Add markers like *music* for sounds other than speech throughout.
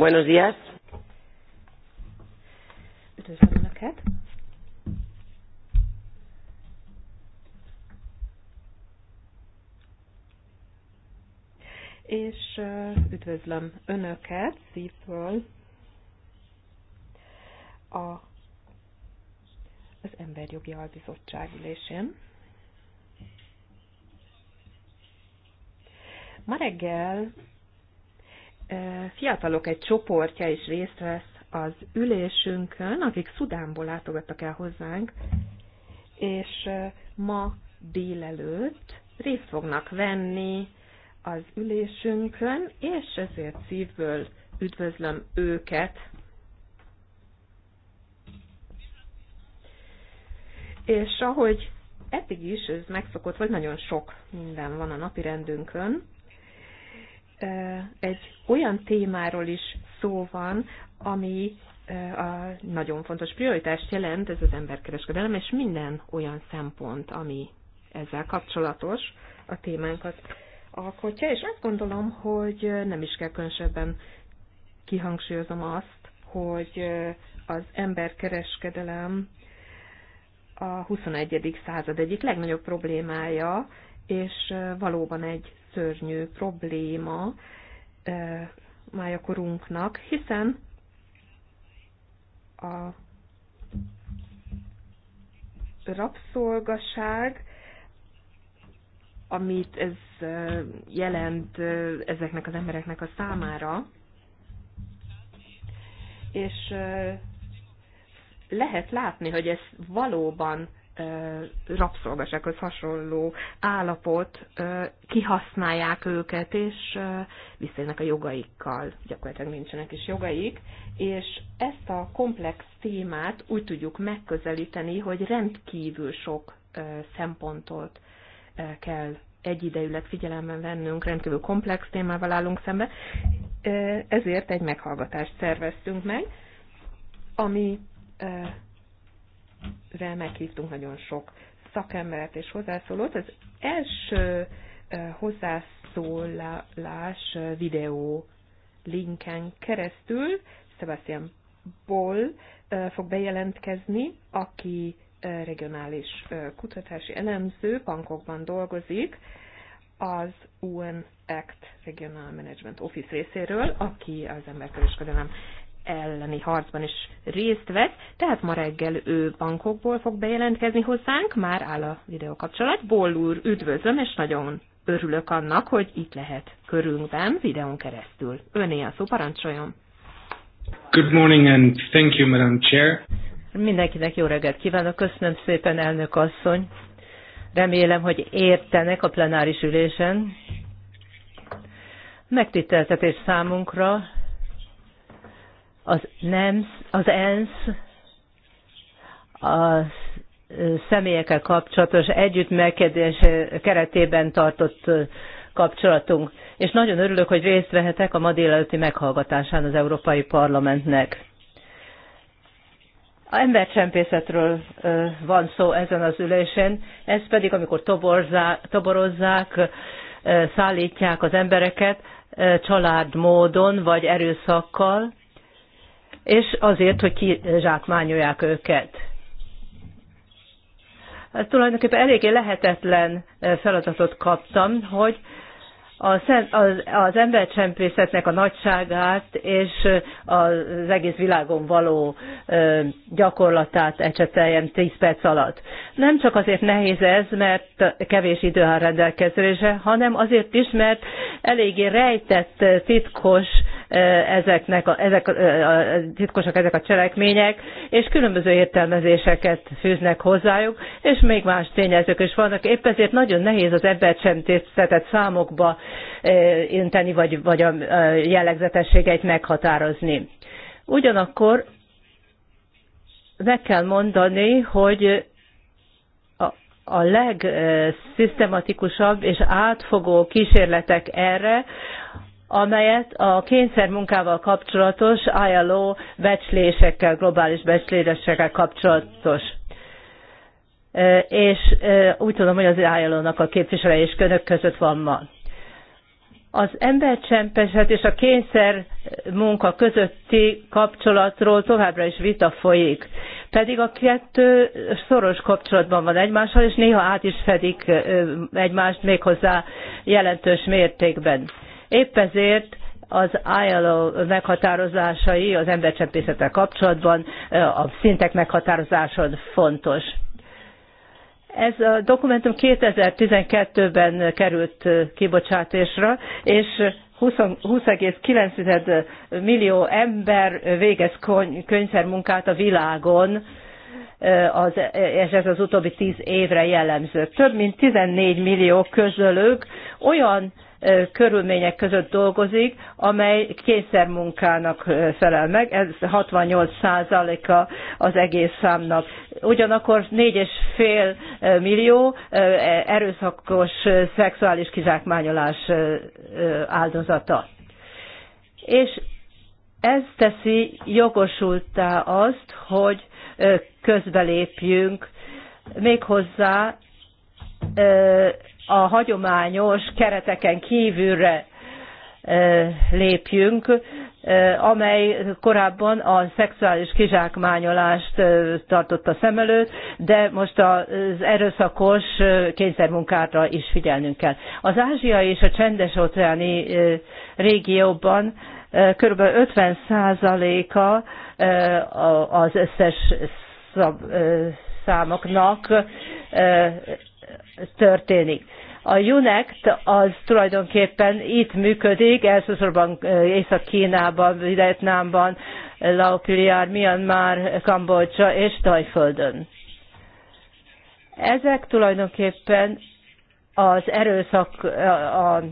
Buenos días. Üdvözlöm Önöket. És üdvözlöm Önöket szívből a, az Emberjogi Albizottság ülésén. Ma reggel fiatalok egy csoportja is részt vesz az ülésünkön, akik Szudánból látogattak el hozzánk, és ma délelőtt részt fognak venni az ülésünkön, és ezért szívből üdvözlöm őket. És ahogy eddig is ez megszokott, vagy nagyon sok minden van a napi rendünkön, egy olyan témáról is szó van, ami a nagyon fontos prioritást jelent, ez az emberkereskedelem, és minden olyan szempont, ami ezzel kapcsolatos a témánkat alkotja, és azt gondolom, hogy nem is kell különösebben kihangsúlyozom azt, hogy az emberkereskedelem a 21. század egyik legnagyobb problémája, és valóban egy szörnyű probléma májakorunknak, hiszen a rabszolgaság, amit ez jelent ezeknek az embereknek a számára, és lehet látni, hogy ez valóban rabszolgasághoz hasonló állapot, kihasználják őket, és visszajönnek a jogaikkal, gyakorlatilag nincsenek is jogaik, és ezt a komplex témát úgy tudjuk megközelíteni, hogy rendkívül sok szempontot kell egyidejűleg figyelemben vennünk, rendkívül komplex témával állunk szembe, ezért egy meghallgatást szerveztünk meg, ami amivel meghívtunk nagyon sok szakembert és hozzászólót. Az első hozzászólás videó linken keresztül Sebastian Boll fog bejelentkezni, aki regionális kutatási elemző, bankokban dolgozik, az UN Act Regional Management Office részéről, aki az emberkereskedelem elleni harcban is részt vett, tehát ma reggel ő bankokból fog bejelentkezni hozzánk, már áll a videókapcsolat. Boll úr, üdvözlöm, és nagyon örülök annak, hogy itt lehet körünkben videón keresztül. Öné a szó, parancsoljon! Good morning and thank you, Madam Chair. Mindenkinek jó reggelt kívánok, köszönöm szépen, elnök asszony. Remélem, hogy értenek a plenáris ülésen. Megtiszteltetés számunkra, az, nems az ENSZ a személyekkel kapcsolatos együttműködés keretében tartott kapcsolatunk. És nagyon örülök, hogy részt vehetek a ma délelőtti meghallgatásán az Európai Parlamentnek. A embercsempészetről van szó ezen az ülésen, ez pedig amikor toborozzák, szállítják az embereket családmódon vagy erőszakkal, és azért, hogy kizsákmányolják őket. Hát tulajdonképpen eléggé lehetetlen feladatot kaptam, hogy az embercsempészetnek a nagyságát és az egész világon való gyakorlatát ecseteljen 10 perc alatt. Nem csak azért nehéz ez, mert kevés idő áll rendelkezésre, hanem azért is, mert eléggé rejtett, titkos ezeknek a, ezek, a, titkosak ezek a cselekmények, és különböző értelmezéseket fűznek hozzájuk, és még más tényezők is vannak. Épp ezért nagyon nehéz az embercsempészetet számokba inteni, vagy, vagy a jellegzetességeit meghatározni. Ugyanakkor meg kell mondani, hogy a legszisztematikusabb és átfogó kísérletek erre, amelyet a kényszermunkával kapcsolatos ILO becslésekkel, globális becslésekkel kapcsolatos. És úgy tudom, hogy az ILO-nak a képviselői is önök között van ma. Az embercsempeset és a kényszer munka közötti kapcsolatról továbbra is vita folyik. Pedig a kettő szoros kapcsolatban van egymással, és néha át is fedik egymást méghozzá jelentős mértékben. Épp ezért az ILO meghatározásai az embercsempészettel kapcsolatban, a szintek meghatározáson fontos. Ez a dokumentum 2012-ben került kibocsátásra, és 20,9 millió ember végez könyvszermunkát a világon, eh, az, és ez az utóbbi tíz évre jellemző. Több mint 14 millió közölők olyan körülmények között dolgozik, amely kényszermunkának felel meg, ez 68 százaléka az egész számnak. Ugyanakkor 4,5 millió erőszakos szexuális kizákmányolás áldozata. És ez teszi jogosultá azt, hogy közbelépjünk méghozzá a hagyományos kereteken kívülre lépjünk, amely korábban a szexuális kizsákmányolást tartotta szem előtt, de most az erőszakos kényszermunkára is figyelnünk kell. Az ázsiai és a csendes óceáni régióban kb. 50%-a az összes számoknak történik. A UNECT az tulajdonképpen itt működik, elsősorban Észak-Kínában, Vietnámban, Laopiliár, Myanmar, Kambodzsa és Tajföldön. Ezek tulajdonképpen az erőszak, a, a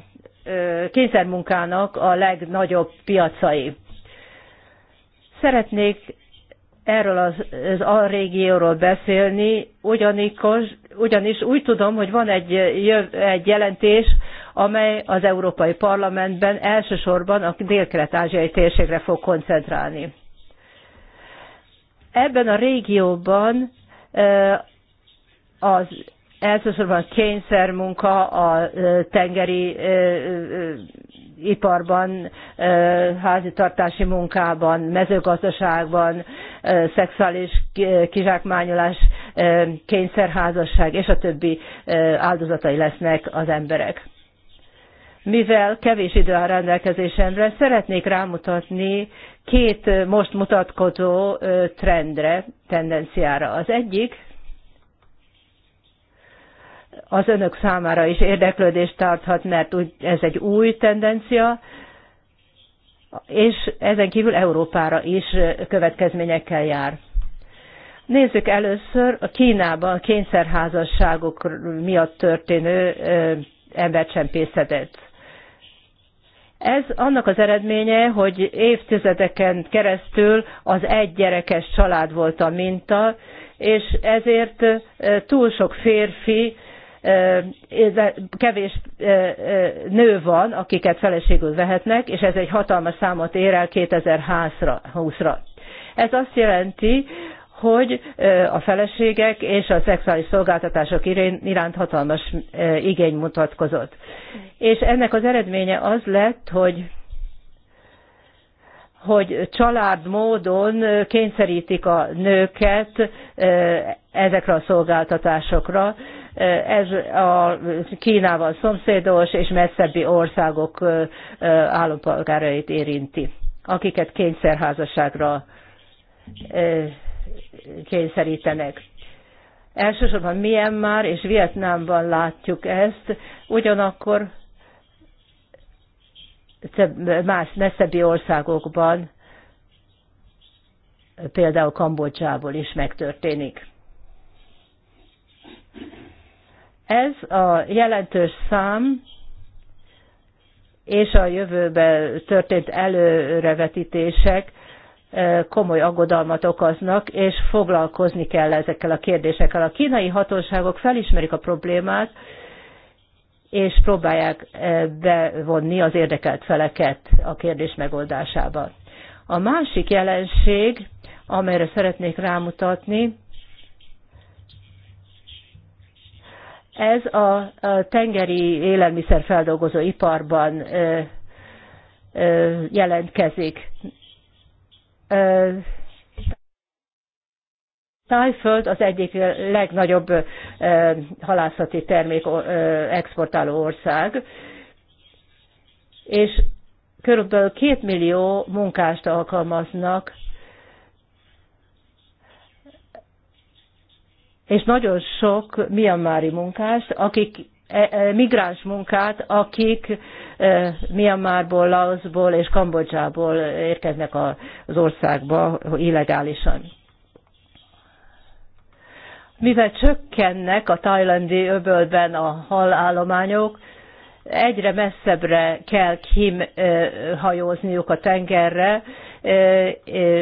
kényszermunkának a legnagyobb piacai. Szeretnék erről az, az a régióról beszélni, ugyanikos, ugyanis úgy tudom, hogy van egy, egy jelentés, amely az Európai Parlamentben elsősorban a dél ázsiai térségre fog koncentrálni. Ebben a régióban az elsősorban kényszermunka a tengeri iparban, házitartási munkában, mezőgazdaságban, szexuális kizsákmányolás, kényszerházasság és a többi áldozatai lesznek az emberek. Mivel kevés idő áll rendelkezésemre, szeretnék rámutatni két most mutatkozó trendre, tendenciára. Az egyik az önök számára is érdeklődést tarthat, mert ez egy új tendencia, és ezen kívül Európára is következményekkel jár. Nézzük először a Kínában a kényszerházasságok miatt történő embercsempészetet. Ez annak az eredménye, hogy évtizedeken keresztül az egygyerekes család volt a minta, és ezért túl sok férfi kevés nő van, akiket feleségül vehetnek, és ez egy hatalmas számot ér el 2020-ra. Ez azt jelenti, hogy a feleségek és a szexuális szolgáltatások iránt hatalmas igény mutatkozott. És ennek az eredménye az lett, hogy hogy család módon kényszerítik a nőket ezekre a szolgáltatásokra, ez a Kínával szomszédos és messzebbi országok állampolgárait érinti, akiket kényszerházasságra kényszerítenek. Elsősorban Myanmar és Vietnámban látjuk ezt, ugyanakkor más messzebbi országokban, például Kambodzsából is megtörténik. Ez a jelentős szám és a jövőben történt előrevetítések eh, komoly aggodalmat okoznak, és foglalkozni kell ezekkel a kérdésekkel. A kínai hatóságok felismerik a problémát, és próbálják eh, bevonni az érdekelt feleket a kérdés megoldásába. A másik jelenség, amelyre szeretnék rámutatni, Ez a tengeri élelmiszerfeldolgozó iparban jelentkezik. Tájföld az egyik legnagyobb halászati termék exportáló ország, és körülbelül két millió munkást alkalmaznak és nagyon sok miamári munkást, akik e, e, migráns munkát, akik e, Myanmarból, Laosból és Kambodzsából érkeznek az országba illegálisan. Mivel csökkennek a tajlandi öbölben a halállományok, egyre messzebbre kell kim hajózniuk a tengerre,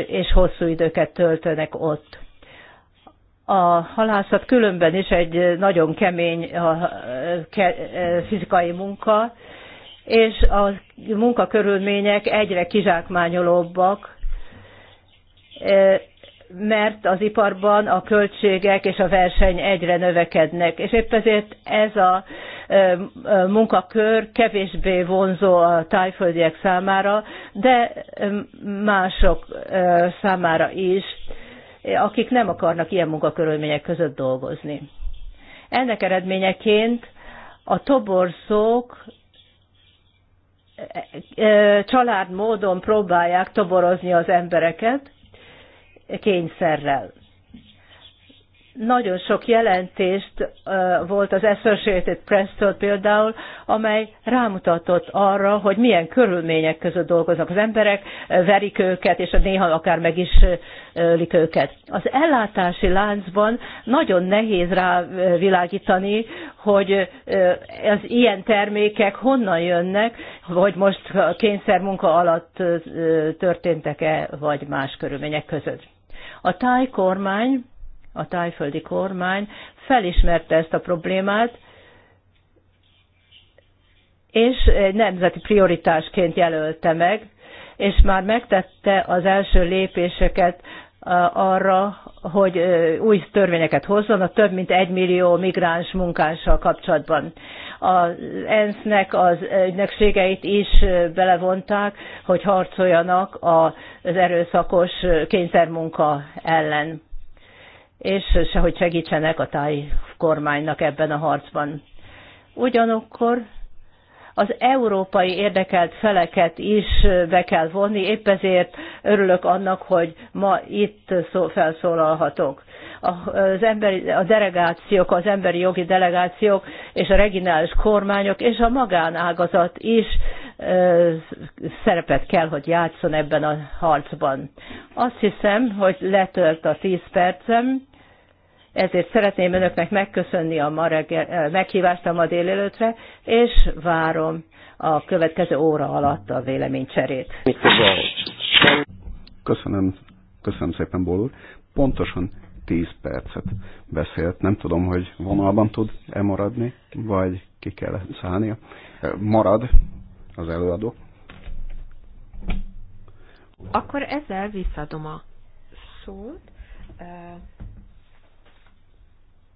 és hosszú időket töltönek ott a halászat különben is egy nagyon kemény fizikai munka, és a munkakörülmények egyre kizsákmányolóbbak, e, mert az iparban a költségek és a verseny egyre növekednek, és épp ezért ez a e, e, munkakör kevésbé vonzó a tájföldiek számára, de mások számára is akik nem akarnak ilyen munkakörülmények között dolgozni. Ennek eredményeként a toborzók e, e, család módon próbálják toborozni az embereket kényszerrel nagyon sok jelentést volt az Associated Press-től például, amely rámutatott arra, hogy milyen körülmények között dolgoznak az emberek, verik őket, és néha akár meg is ölik őket. Az ellátási láncban nagyon nehéz rávilágítani, hogy az ilyen termékek honnan jönnek, vagy most kényszermunka alatt történtek-e, vagy más körülmények között. A táj kormány a tájföldi kormány felismerte ezt a problémát, és egy nemzeti prioritásként jelölte meg, és már megtette az első lépéseket arra, hogy új törvényeket hozzon a több mint egy millió migráns munkással kapcsolatban. Az ENSZ-nek az ügynökségeit is belevonták, hogy harcoljanak az erőszakos kényszermunka ellen és hogy segítsenek a táj kormánynak ebben a harcban. Ugyanakkor az európai érdekelt feleket is be kell vonni, épp ezért örülök annak, hogy ma itt felszólalhatok. Az emberi, a delegációk, az emberi jogi delegációk és a regionális kormányok és a magánágazat is szerepet kell, hogy játszon ebben a harcban. Azt hiszem, hogy letört a tíz percem, ezért szeretném önöknek megköszönni a ma reggel, eh, meghívást a ma délelőtre, és várom a következő óra alatt a véleménycserét. Köszönöm, köszönöm szépen, Ból úr. Pontosan 10 percet beszélt. Nem tudom, hogy vonalban tud elmaradni, vagy ki kell szállnia. Eh, marad az előadó. Akkor ezzel visszadom a szót. Uh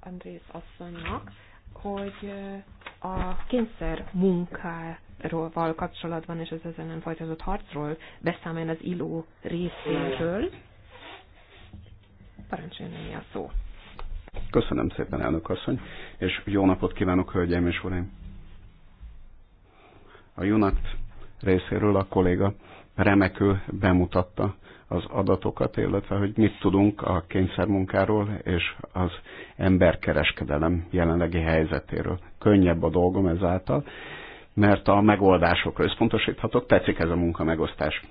Andrész asszonynak, hogy a kényszer munkáról val kapcsolatban és az ezen nem folytatott harcról beszámoljon az illó részéről. Parancsoljon a szó. Köszönöm szépen, elnök asszony, és jó napot kívánok, hölgyeim és uraim! A Junat részéről a kolléga remekül bemutatta az adatokat, illetve hogy mit tudunk a kényszermunkáról és az emberkereskedelem jelenlegi helyzetéről. Könnyebb a dolgom ezáltal, mert a megoldásokra összpontosíthatok, tetszik ez a munka megosztás.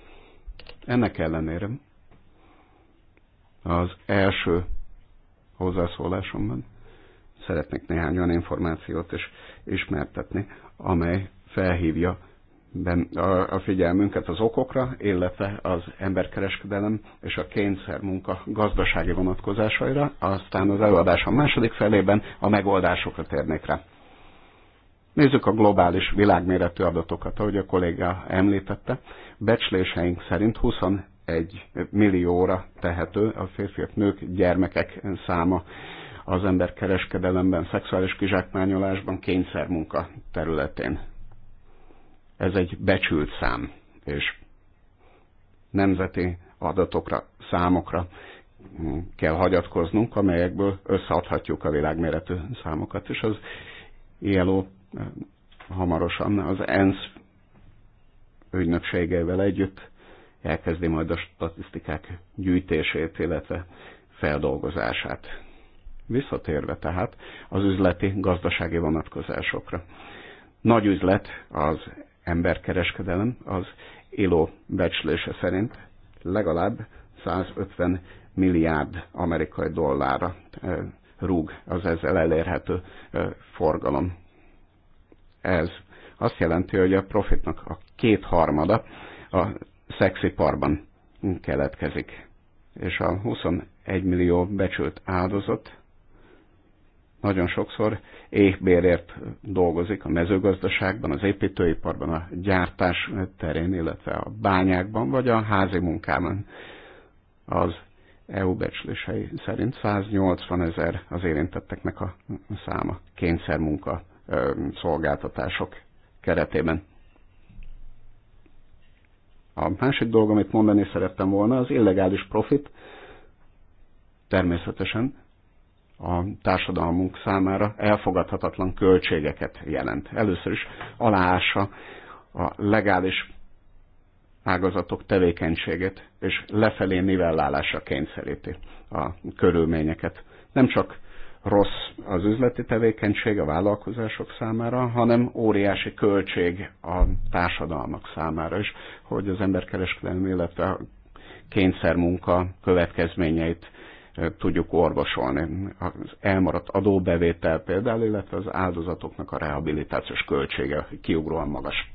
Ennek ellenére az első hozzászólásomban szeretnék néhány olyan információt is ismertetni, amely felhívja a figyelmünket az okokra, illetve az emberkereskedelem és a kényszer munka gazdasági vonatkozásaira, aztán az előadás a második felében a megoldásokra térnék rá. Nézzük a globális világméretű adatokat, ahogy a kolléga említette. Becsléseink szerint 21 millióra tehető a férfiak, nők, gyermekek száma az emberkereskedelemben, szexuális kizsákmányolásban, kényszermunka területén ez egy becsült szám, és nemzeti adatokra, számokra kell hagyatkoznunk, amelyekből összeadhatjuk a világméretű számokat, és az ILO eh, hamarosan az ENSZ ügynökségeivel együtt elkezdi majd a statisztikák gyűjtését, illetve feldolgozását. Visszatérve tehát az üzleti, gazdasági vonatkozásokra. Nagy üzlet az emberkereskedelem az ILO becslése szerint legalább 150 milliárd amerikai dollárra rúg az ezzel elérhető forgalom. Ez azt jelenti, hogy a profitnak a kétharmada a szexiparban keletkezik. És a 21 millió becsült áldozat nagyon sokszor éhbérért dolgozik a mezőgazdaságban, az építőiparban, a gyártás terén, illetve a bányákban, vagy a házi munkában. Az EU becslései szerint 180 ezer az érintetteknek a száma kényszermunka szolgáltatások keretében. A másik dolog, amit mondani szerettem volna, az illegális profit természetesen a társadalmunk számára elfogadhatatlan költségeket jelent. Először is aláássa a legális ágazatok tevékenységét, és lefelé nivellálásra kényszeríti a körülményeket. Nem csak rossz az üzleti tevékenység a vállalkozások számára, hanem óriási költség a társadalmak számára is, hogy az emberkereskedelmi, illetve a kényszermunka következményeit tudjuk orvosolni. Az elmaradt adóbevétel például, illetve az áldozatoknak a rehabilitációs költsége kiugróan magas.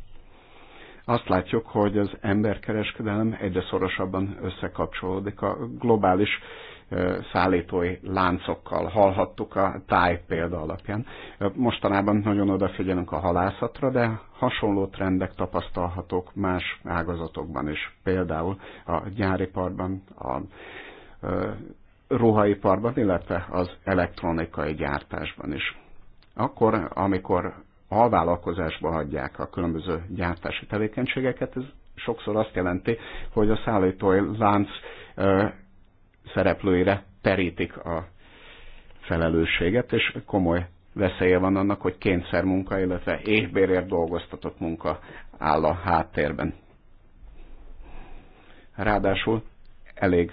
Azt látjuk, hogy az emberkereskedelem egyre szorosabban összekapcsolódik a globális szállítói láncokkal. Hallhattuk a táj példa alapján. Mostanában nagyon odafigyelünk a halászatra, de hasonló trendek tapasztalhatók más ágazatokban is. Például a gyáriparban, a ruhaiparban, illetve az elektronikai gyártásban is. Akkor, amikor alvállalkozásba hagyják a különböző gyártási tevékenységeket, ez sokszor azt jelenti, hogy a szállítói lánc ö, szereplőire terítik a felelősséget, és komoly veszélye van annak, hogy kényszermunka, illetve éhbérért dolgoztatott munka áll a háttérben. Ráadásul elég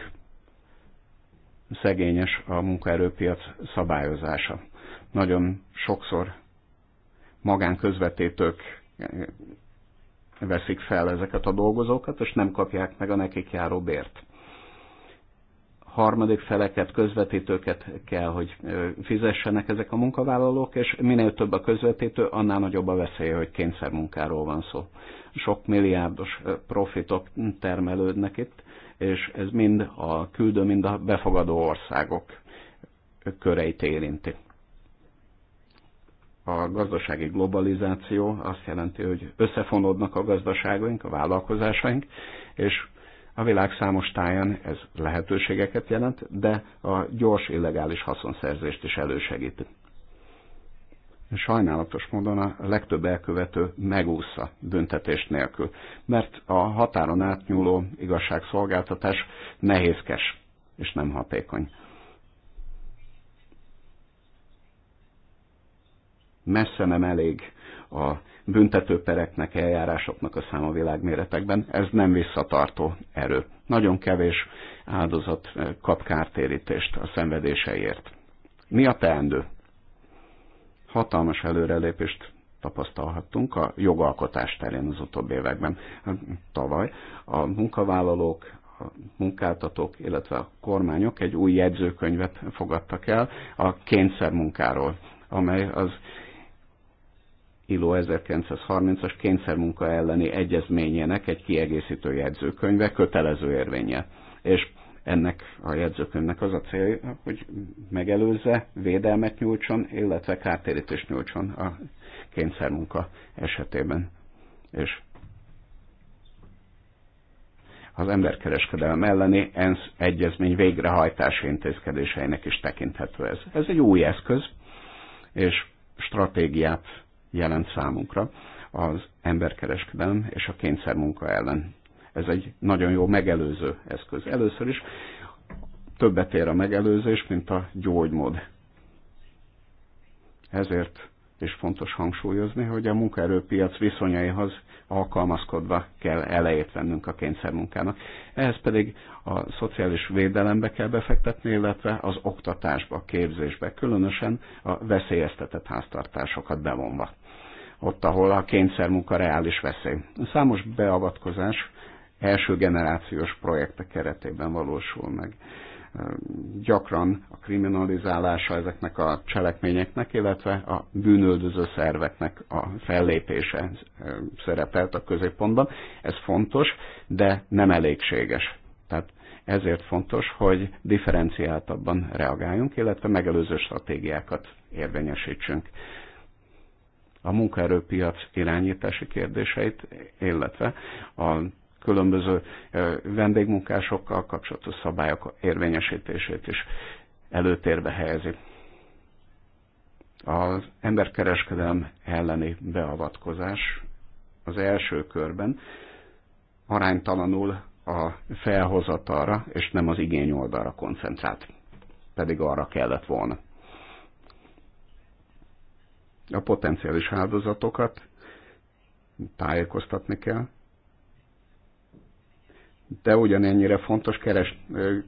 szegényes a munkaerőpiac szabályozása. Nagyon sokszor magánközvetítők eh, veszik fel ezeket a dolgozókat, és nem kapják meg a nekik járó bért. Harmadik feleket, közvetítőket kell, hogy eh, fizessenek ezek a munkavállalók, és minél több a közvetítő, annál nagyobb a veszélye, hogy kényszermunkáról van szó. Sok milliárdos eh, profitok termelődnek itt, és ez mind a küldő, mind a befogadó országok köreit érinti. A gazdasági globalizáció azt jelenti, hogy összefonódnak a gazdaságaink, a vállalkozásaink, és a világ számos táján ez lehetőségeket jelent, de a gyors illegális haszonszerzést is elősegíti sajnálatos módon a legtöbb elkövető megúszza büntetést nélkül, mert a határon átnyúló igazságszolgáltatás nehézkes és nem hatékony. Messze nem elég a büntetőpereknek, eljárásoknak a száma világméretekben, ez nem visszatartó erő. Nagyon kevés áldozat eh, kap kártérítést a szenvedéseért. Mi a teendő? hatalmas előrelépést tapasztalhattunk a jogalkotás terén az utóbbi években. Tavaly a munkavállalók, a munkáltatók, illetve a kormányok egy új jegyzőkönyvet fogadtak el a kényszermunkáról, amely az ILO 1930-as kényszermunka elleni egyezményének egy kiegészítő jegyzőkönyve kötelező érvénye. És ennek a jegyzőkönyvnek az a célja, hogy megelőzze, védelmet nyújtson, illetve kártérítést nyújtson a kényszermunka esetében. És az emberkereskedelem elleni ENSZ egyezmény végrehajtási intézkedéseinek is tekinthető ez. Ez egy új eszköz, és stratégiát jelent számunkra az emberkereskedelem és a kényszermunka ellen ez egy nagyon jó megelőző eszköz. Először is többet ér a megelőzés, mint a gyógymód. Ezért is fontos hangsúlyozni, hogy a munkaerőpiac viszonyaihoz alkalmazkodva kell elejét vennünk a kényszermunkának. Ehhez pedig a szociális védelembe kell befektetni, illetve az oktatásba, a képzésbe, különösen a veszélyeztetett háztartásokat bevonva. Ott, ahol a kényszermunka reális veszély. Számos beavatkozás első generációs projektek keretében valósul meg. Gyakran a kriminalizálása ezeknek a cselekményeknek, illetve a bűnöldöző szerveknek a fellépése eh, szerepelt a középpontban. Ez fontos, de nem elégséges. Tehát ezért fontos, hogy differenciáltabban reagáljunk, illetve megelőző stratégiákat érvényesítsünk. A munkaerőpiac irányítási kérdéseit, illetve a különböző vendégmunkásokkal kapcsolatos szabályok érvényesítését is előtérbe helyezi. Az emberkereskedelem elleni beavatkozás az első körben aránytalanul a felhozatalra és nem az igény oldalra koncentrált, pedig arra kellett volna. A potenciális áldozatokat tájékoztatni kell, de ugyanennyire fontos keres,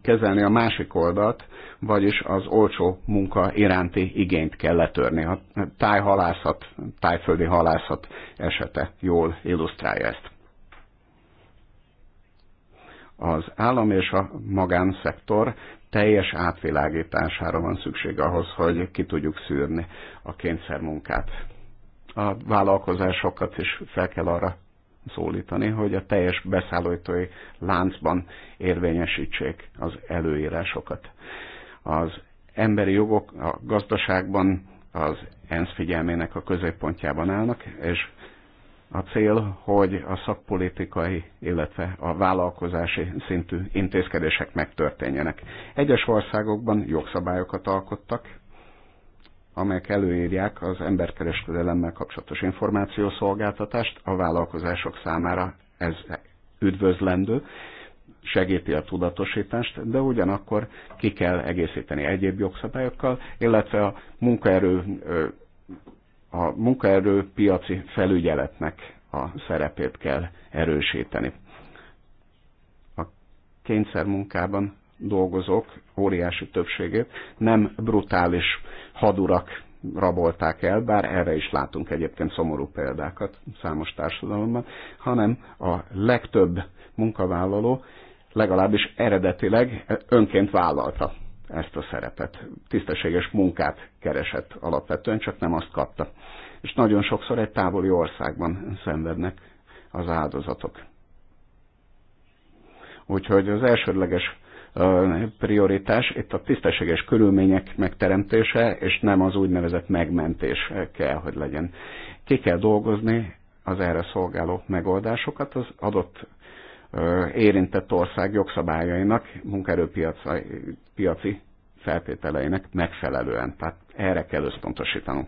kezelni a másik oldalt, vagyis az olcsó munka iránti igényt kell letörni. A tájhalászat, tájföldi halászat esete jól illusztrálja ezt. Az állam és a magánszektor teljes átvilágítására van szükség ahhoz, hogy ki tudjuk szűrni a kényszermunkát. A vállalkozásokat is fel kell arra szólítani, hogy a teljes beszállítói láncban érvényesítsék az előírásokat. Az emberi jogok a gazdaságban az ENSZ figyelmének a középpontjában állnak, és a cél, hogy a szakpolitikai, illetve a vállalkozási szintű intézkedések megtörténjenek. Egyes országokban jogszabályokat alkottak, amelyek előírják az emberkereskedelemmel kapcsolatos információszolgáltatást a vállalkozások számára. Ez üdvözlendő, segíti a tudatosítást, de ugyanakkor ki kell egészíteni egyéb jogszabályokkal, illetve a munkaerő a munkaerőpiaci felügyeletnek a szerepét kell erősíteni. A kényszermunkában dolgozók óriási többségét nem brutális hadurak rabolták el, bár erre is látunk egyébként szomorú példákat számos társadalomban, hanem a legtöbb munkavállaló legalábbis eredetileg önként vállalta ezt a szerepet. Tisztességes munkát keresett alapvetően, csak nem azt kapta. És nagyon sokszor egy távoli országban szenvednek az áldozatok. Úgyhogy az elsődleges prioritás. Itt a tisztességes körülmények megteremtése, és nem az úgynevezett megmentés kell, hogy legyen. Ki kell dolgozni az erre szolgáló megoldásokat az adott érintett ország jogszabályainak, munkaerőpiaci feltételeinek megfelelően. Tehát erre kell összpontosítanunk.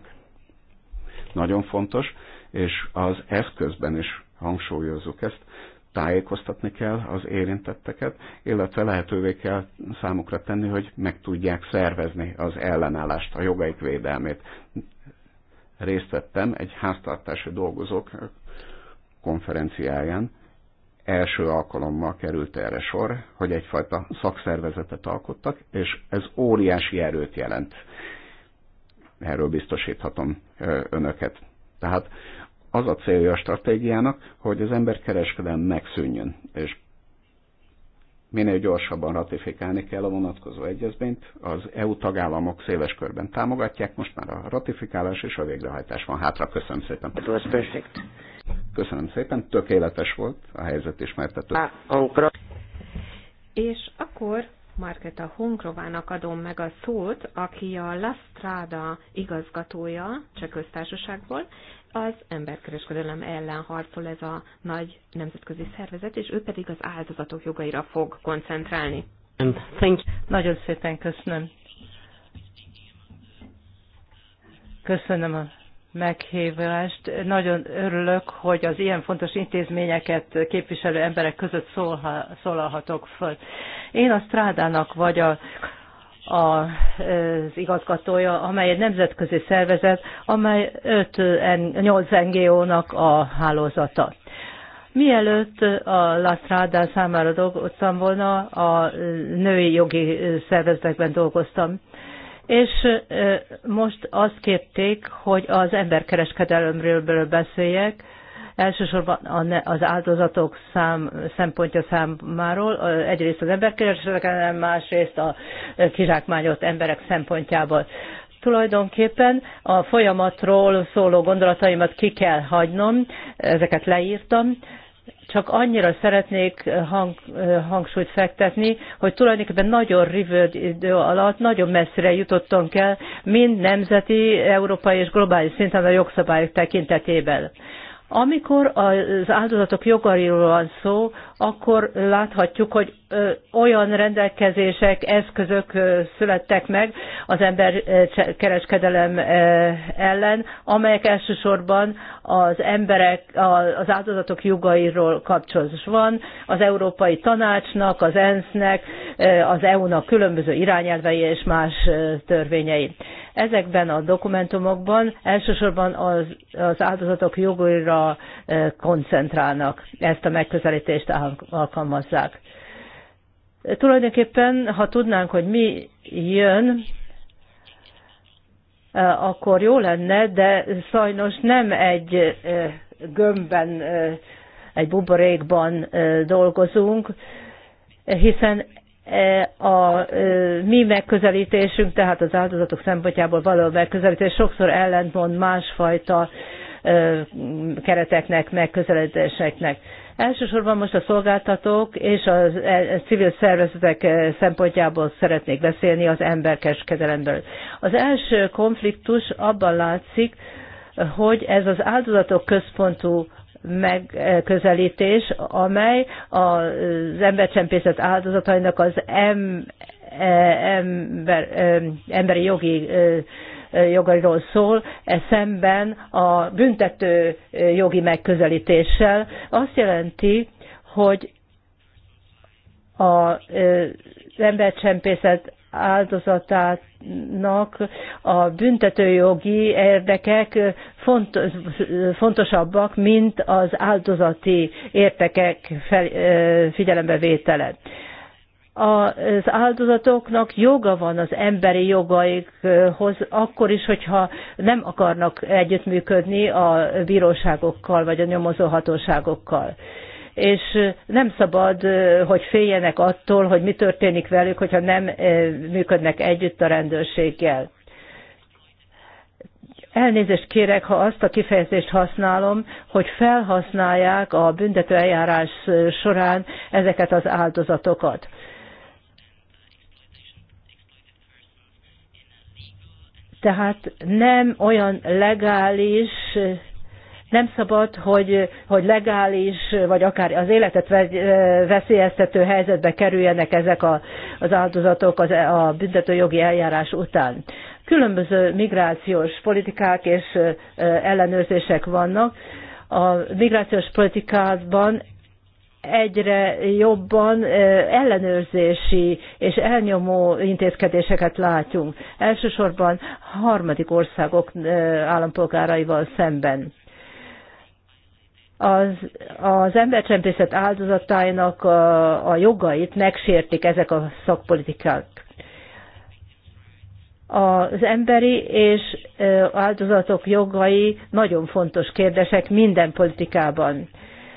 Nagyon fontos, és az eszközben is hangsúlyozzuk ezt, tájékoztatni kell az érintetteket, illetve lehetővé kell számukra tenni, hogy meg tudják szervezni az ellenállást, a jogaik védelmét. Részt vettem egy háztartási dolgozók konferenciáján, első alkalommal került erre sor, hogy egyfajta szakszervezetet alkottak, és ez óriási erőt jelent. Erről biztosíthatom önöket. Tehát az a célja a stratégiának, hogy az emberkereskedelem megszűnjön, és minél gyorsabban ratifikálni kell a vonatkozó egyezményt. Az EU tagállamok széles körben támogatják, most már a ratifikálás és a végrehajtás van hátra. Köszönöm szépen. It was perfect. Köszönöm szépen, tökéletes volt a helyzet ismertető. Ah, és akkor Marketa Honkrovának adom meg a szót, aki a La Strada igazgatója Cseh köztársaságból, az emberkereskedelem ellen harcol ez a nagy nemzetközi szervezet, és ő pedig az áldozatok jogaira fog koncentrálni. Thank Nagyon szépen köszönöm. Köszönöm a meghívást. Nagyon örülök, hogy az ilyen fontos intézményeket képviselő emberek között szólhatok föl. Én a Strádának vagy a az igazgatója, amely egy nemzetközi szervezet, amely 5, 8 NGO-nak a hálózata. Mielőtt a La Strada számára dolgoztam volna, a női jogi szervezetekben dolgoztam. És most azt kérték, hogy az emberkereskedelemről beszéljek, elsősorban az áldozatok szám, szempontja számáról, egyrészt az emberkereskedelem, másrészt a kizsákmányolt emberek szempontjából tulajdonképpen a folyamatról szóló gondolataimat ki kell hagynom, ezeket leírtam, csak annyira szeretnék hang, hangsúlyt fektetni, hogy tulajdonképpen nagyon rövid idő alatt nagyon messzire jutottunk el, mind nemzeti, európai és globális szinten a jogszabályok tekintetében. Amikor az áldozatok jogairól van szó, akkor láthatjuk, hogy olyan rendelkezések, eszközök születtek meg az emberkereskedelem ellen, amelyek elsősorban az emberek, az áldozatok jogairól kapcsolatos van. Az Európai Tanácsnak, az ENSZ-nek, az EU-nak különböző irányelvei és más törvényei. Ezekben a dokumentumokban elsősorban az, az áldozatok jogaira koncentrálnak. Ezt a megközelítést áll alkalmazzák. Tulajdonképpen, ha tudnánk, hogy mi jön, e, akkor jó lenne, de sajnos nem egy e, gömbben, e, egy buborékban dolgozunk, hiszen a mi megközelítésünk, tehát az áldozatok szempontjából való megközelítés sokszor ellentmond másfajta kereteknek, megközelítéseknek. Elsősorban most a szolgáltatók és a e, e, civil szervezetek e, szempontjából szeretnék beszélni az emberkereskedelemről. Az első konfliktus abban látszik, hogy ez az áldozatok központú megközelítés, amely az embercsempészet áldozatainak az em, ember, emberi jogi jogairól szól, e szemben a büntető jogi megközelítéssel azt jelenti, hogy az embercsempészet áldozatának a büntetőjogi érdekek fontosabbak, mint az áldozati értekek fel, figyelembevétele az áldozatoknak joga van az emberi jogaikhoz, akkor is, hogyha nem akarnak együttműködni a bíróságokkal vagy a nyomozóhatóságokkal, És nem szabad, hogy féljenek attól, hogy mi történik velük, hogyha nem eh, működnek együtt a rendőrséggel. Elnézést kérek, ha azt a kifejezést használom, hogy felhasználják a büntetőeljárás során ezeket az áldozatokat. Tehát nem olyan legális, nem szabad, hogy, hogy legális, vagy akár az életet veszélyeztető helyzetbe kerüljenek ezek a, az áldozatok az, a büntetőjogi eljárás után. Különböző migrációs politikák és ellenőrzések vannak. A migrációs politikában egyre jobban ellenőrzési és elnyomó intézkedéseket látjunk, elsősorban harmadik országok állampolgáraival szemben. Az, az embercsempészet áldozatáinak a, a jogait megsértik ezek a szakpolitikák. Az emberi és áldozatok jogai nagyon fontos kérdések minden politikában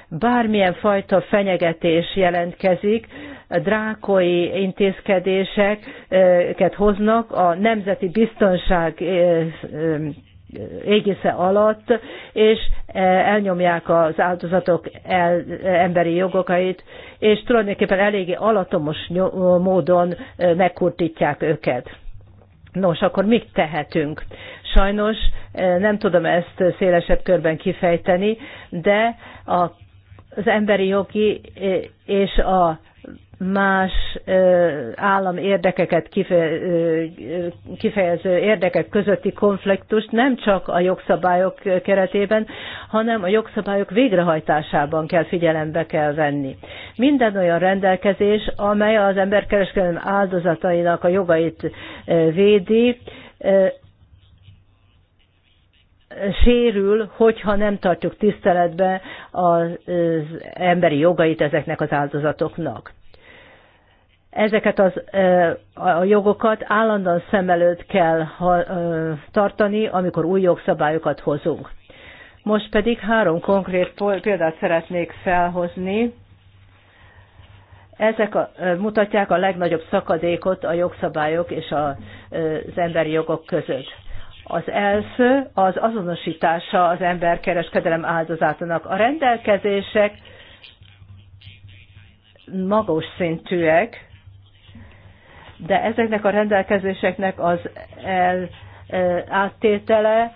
bármilyen fajta fenyegetés jelentkezik, drákoi intézkedéseket hoznak a nemzeti biztonság eh, eh, égisze alatt, és eh, elnyomják az áldozatok el, emberi jogokait, és tulajdonképpen eléggé alatomos módon megkurtítják őket. Nos, akkor mit tehetünk? Sajnos nem tudom ezt szélesebb körben kifejteni, de a az emberi jogi eh, és a más eh, állam érdekeket eh, kifejező érdekek közötti konfliktust nem csak a jogszabályok keretében, hanem a jogszabályok végrehajtásában kell figyelembe kell venni. Minden olyan rendelkezés, amely az emberkereskedelem áldozatainak a jogait védi, sérül, hogyha nem tartjuk tiszteletbe az emberi jogait ezeknek az áldozatoknak. Ezeket az, a jogokat állandóan szem előtt kell tartani, amikor új jogszabályokat hozunk. Most pedig három konkrét példát szeretnék felhozni. Ezek a, mutatják a legnagyobb szakadékot a jogszabályok és az emberi jogok között az első az azonosítása az emberkereskedelem áldozatának. A rendelkezések magas szintűek, de ezeknek a rendelkezéseknek az el, e, áttétele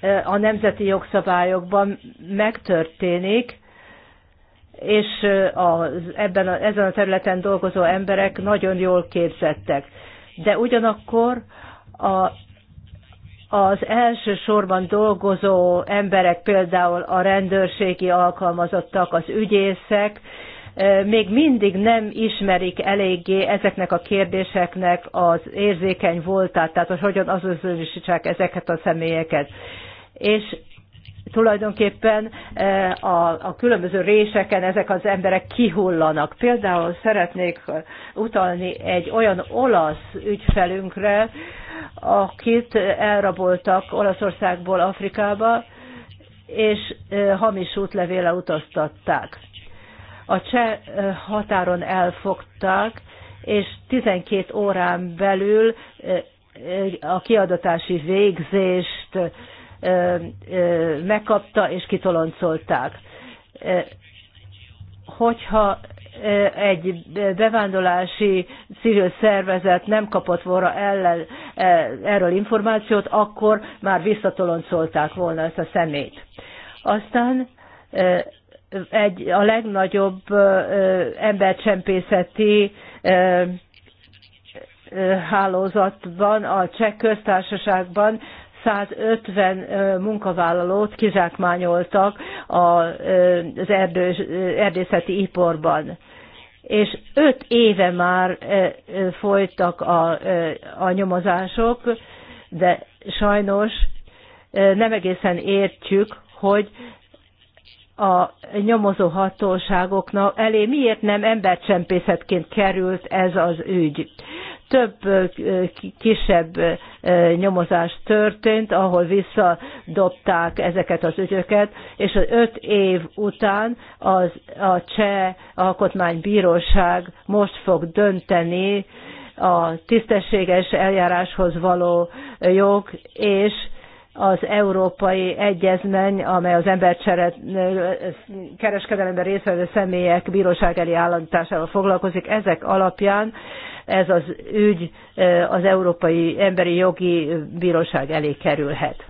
e, a nemzeti jogszabályokban megtörténik, és e, az, ebben a, ezen a területen dolgozó emberek nagyon jól képzettek de ugyanakkor a, az első sorban dolgozó emberek, például a rendőrségi alkalmazottak, az ügyészek, eh, még mindig nem ismerik eléggé ezeknek a kérdéseknek az érzékeny voltát, tehát hogy hogyan azonosítsák ezeket a személyeket. És tulajdonképpen eh, a, a különböző réseken ezek az emberek kihullanak. Például szeretnék eh, utalni egy olyan olasz ügyfelünkre, akit elraboltak Olaszországból Afrikába, és eh, hamis útlevéle utaztatták. A cseh határon elfogták, és 12 órán belül a kiadatási végzést megkapta és kitoloncolták. Hogyha egy bevándorlási civil szervezet nem kapott volna ellen, erről információt, akkor már visszatoloncolták volna ezt a szemét. Aztán egy, a legnagyobb embercsempészeti hálózatban, a cseh köztársaságban 150 munkavállalót kizsákmányoltak az erdős, erdészeti iparban. És öt éve már folytak a, a nyomozások, de sajnos nem egészen értjük, hogy a nyomozó hatóságoknak elé miért nem embercsempészetként került ez az ügy több kisebb nyomozás történt, ahol visszadobták ezeket az ügyöket, és az öt év után az, a Cseh Alkotmánybíróság most fog dönteni a tisztességes eljáráshoz való jog és az európai egyezmény, amely az embercsere kereskedelemben részvevő személyek bíróság elé állításával foglalkozik, ezek alapján ez az ügy az Európai Emberi Jogi Bíróság elé kerülhet.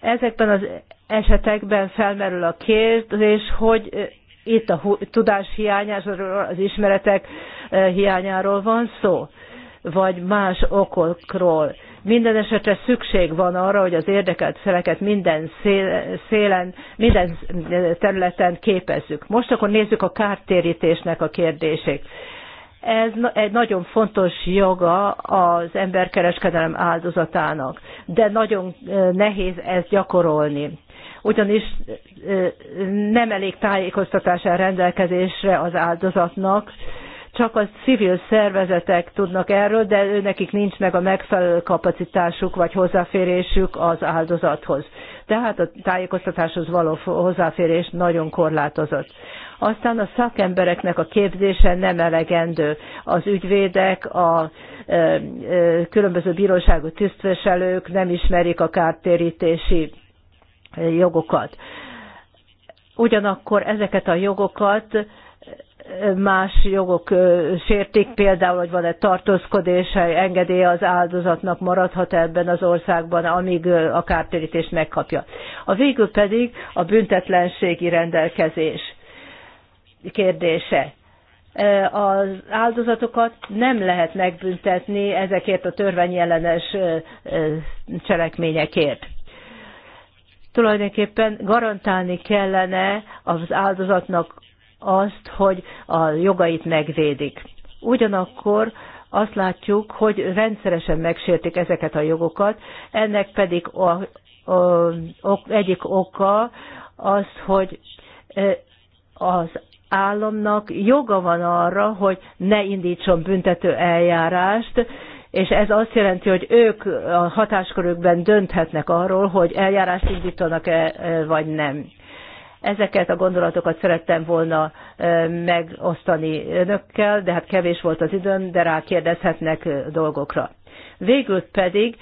Ezekben az esetekben felmerül a kérdés, hogy itt a tudás hiányáról, az ismeretek hiányáról van szó, vagy más okokról. Minden esetre szükség van arra, hogy az érdekelt feleket minden szélen, minden területen képezzük. Most akkor nézzük a kártérítésnek a kérdését. Ez egy nagyon fontos joga az emberkereskedelem áldozatának, de nagyon nehéz ezt gyakorolni ugyanis nem elég tájékoztatás áll rendelkezésre az áldozatnak, csak a civil szervezetek tudnak erről, de nekik nincs meg a megfelelő kapacitásuk vagy hozzáférésük az áldozathoz. Tehát a tájékoztatáshoz való hozzáférés nagyon korlátozott. Aztán a szakembereknek a képzése nem elegendő. Az ügyvédek, a különböző bíróságú tisztviselők nem ismerik a kártérítési jogokat ugyanakkor ezeket a jogokat más jogok sértik, például, hogy van-e tartózkodás, engedélye az áldozatnak, maradhat ebben az országban, amíg a kártérítést megkapja. A végül pedig a büntetlenségi rendelkezés kérdése. Az áldozatokat nem lehet megbüntetni ezekért a törvényellenes cselekményekért tulajdonképpen garantálni kellene az áldozatnak azt, hogy a jogait megvédik. Ugyanakkor azt látjuk, hogy rendszeresen megsértik ezeket a jogokat, ennek pedig a, a, ok, egyik oka az, hogy e, az államnak joga van arra, hogy ne indítson büntető eljárást, és ez azt jelenti, hogy ők a hatáskörükben dönthetnek arról, hogy eljárást indítanak-e e, vagy nem. Ezeket a gondolatokat szerettem volna megosztani önökkel, de hát kevés volt az időm, de rá kérdezhetnek dolgokra. Végül pedig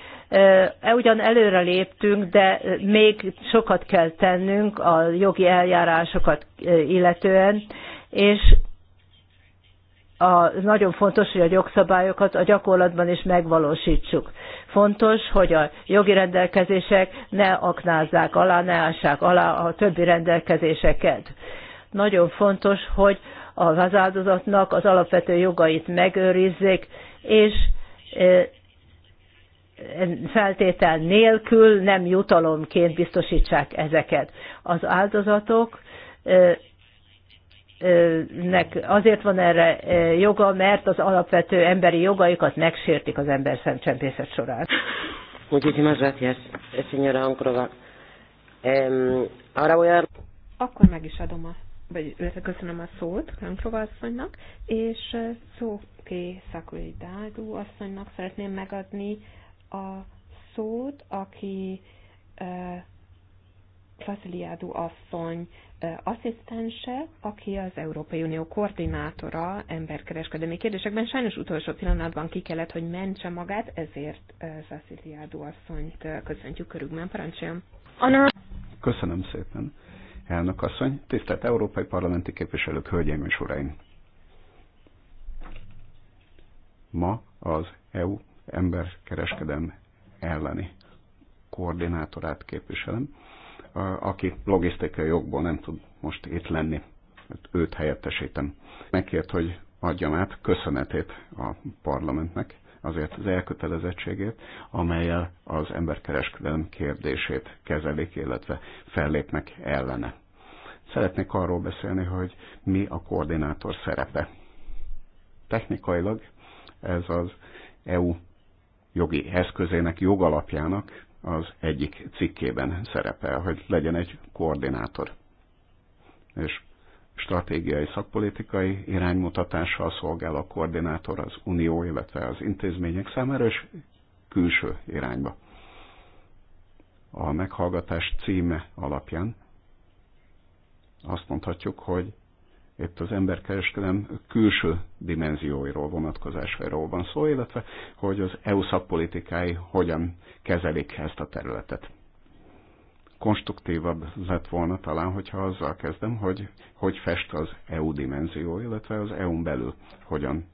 e ugyan előre léptünk, de még sokat kell tennünk a jogi eljárásokat illetően, és a, nagyon fontos, hogy a jogszabályokat a gyakorlatban is megvalósítsuk. Fontos, hogy a jogi rendelkezések ne aknázzák alá, ne ássák alá a többi rendelkezéseket. Nagyon fontos, hogy a áldozatnak az alapvető jogait megőrizzék, és e, feltétel nélkül nem jutalomként biztosítsák ezeket. Az áldozatok e, nek azért van erre e, joga, mert az alapvető emberi jogaikat megsértik az ember szemcsempészet során. Muchísimas gracias, señora Ankrova. Ahora voy a... Akkor meg is adom a, vagy köszönöm a szót Ankrova asszonynak, és e, Szóké Szakuri Dádu asszonynak szeretném megadni a szót, aki uh, e, Vasiliádu asszony asszisztense, aki az Európai Unió koordinátora emberkereskedelmi kérdésekben. Sajnos utolsó pillanatban ki kellett, hogy mentse magát, ezért Ceciliádó asszonyt köszöntjük körükben, Parancsoljon! Köszönöm szépen, elnök asszony, tisztelt európai parlamenti képviselők, hölgyeim és uraim! Ma az EU emberkereskedelmi elleni koordinátorát képviselem aki logisztikai jogból nem tud most itt lenni. Hát őt helyettesítem. Megkért, hogy adjam át köszönetét a parlamentnek azért az elkötelezettségét, amelyel az emberkereskedelem kérdését kezelik, illetve fellépnek ellene. Szeretnék arról beszélni, hogy mi a koordinátor szerepe. Technikailag ez az EU jogi eszközének, jogalapjának az egyik cikkében szerepel, hogy legyen egy koordinátor. És stratégiai szakpolitikai iránymutatással szolgál a koordinátor az unió, illetve az intézmények számára, és külső irányba. A meghallgatás címe alapján azt mondhatjuk, hogy itt az emberkereskedelem külső dimenzióiról, vonatkozásairól van szó, illetve hogy az EU szakpolitikái hogyan kezelik ezt a területet. Konstruktívabb lett volna talán, hogyha azzal kezdem, hogy hogy fest az EU dimenzió, illetve az EU-n belül hogyan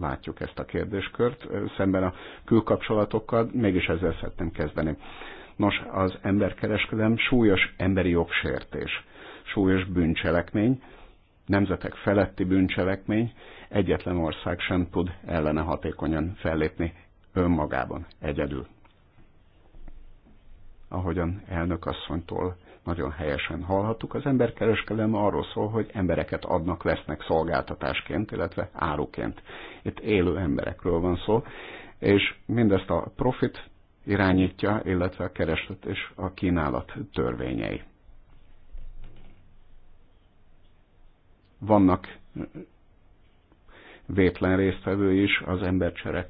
látjuk ezt a kérdéskört, szemben a külkapcsolatokkal, mégis ezzel szeretném kezdeni. Nos, az emberkereskedelem súlyos emberi jogsértés, súlyos bűncselekmény, nemzetek feletti bűncselekmény, egyetlen ország sem tud ellene hatékonyan fellépni önmagában, egyedül. Ahogyan elnök asszonytól nagyon helyesen hallhattuk, az emberkereskedelem arról szól, hogy embereket adnak, vesznek szolgáltatásként, illetve áruként. Itt élő emberekről van szó, és mindezt a profit irányítja, illetve a kereslet és a kínálat törvényei. vannak vétlen résztvevő is az, embercsere,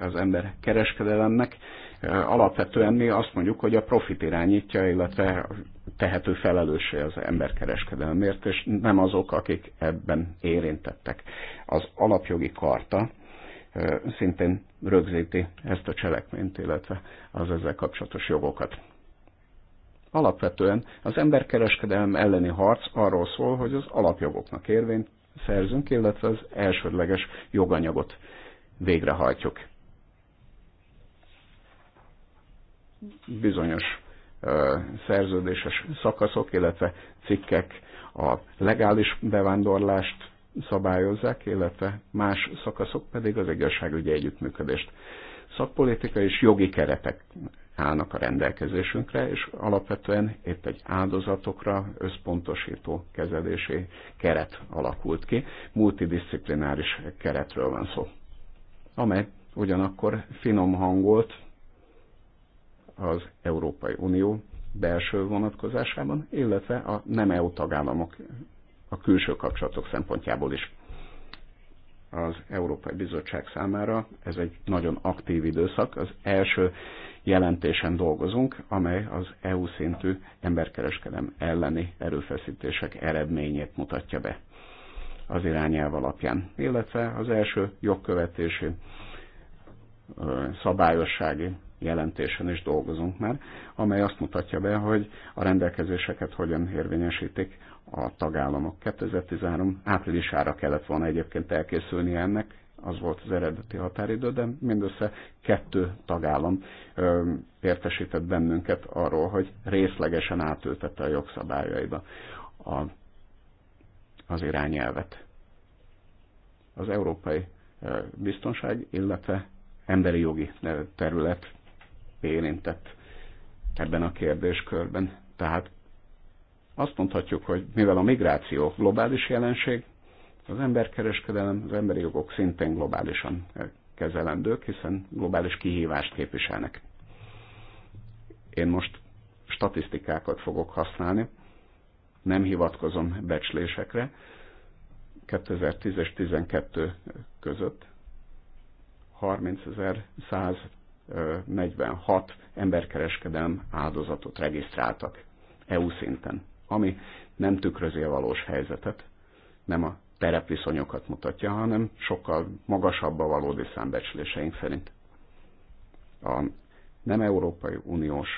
az ember kereskedelemnek. Alapvetően mi azt mondjuk, hogy a profit irányítja, illetve tehető felelőssé az emberkereskedelemért, és nem azok, akik ebben érintettek. Az alapjogi karta szintén rögzíti ezt a cselekményt, illetve az ezzel kapcsolatos jogokat. Alapvetően az emberkereskedelem elleni harc arról szól, hogy az alapjogoknak érvényt szerzünk, illetve az elsődleges joganyagot végrehajtjuk. Bizonyos ö, szerződéses szakaszok, illetve cikkek a legális bevándorlást szabályozzák, illetve más szakaszok pedig az igazságügyi együttműködést. Szakpolitika és jogi keretek állnak a rendelkezésünkre, és alapvetően épp egy áldozatokra összpontosító kezelési keret alakult ki. Multidisziplináris keretről van szó, amely ugyanakkor finom hangolt az Európai Unió belső vonatkozásában, illetve a nem EU tagállamok a külső kapcsolatok szempontjából is az Európai Bizottság számára. Ez egy nagyon aktív időszak. Az első jelentésen dolgozunk, amely az EU szintű emberkereskedem elleni erőfeszítések eredményét mutatja be az irányelv alapján, illetve az első jogkövetési szabályossági jelentésen is dolgozunk már, amely azt mutatja be, hogy a rendelkezéseket hogyan érvényesítik a tagállamok. 2013 áprilisára kellett volna egyébként elkészülni ennek, az volt az eredeti határidő, de mindössze kettő tagállam ö, értesített bennünket arról, hogy részlegesen átültette a jogszabályaiba a, az irányelvet. Az európai ö, biztonság, illetve emberi jogi terület érintett ebben a kérdéskörben. Tehát azt mondhatjuk, hogy mivel a migráció globális jelenség, az emberkereskedelem, az emberi jogok szintén globálisan eh, kezelendők, hiszen globális kihívást képviselnek. Én most statisztikákat fogok használni, nem hivatkozom becslésekre. 2010 és 2012 között 30.146 emberkereskedelem áldozatot regisztráltak EU szinten, ami nem tükrözi a valós helyzetet, nem a terepviszonyokat mutatja, hanem sokkal magasabb a valódi számbecsléseink szerint. A nem Európai Uniós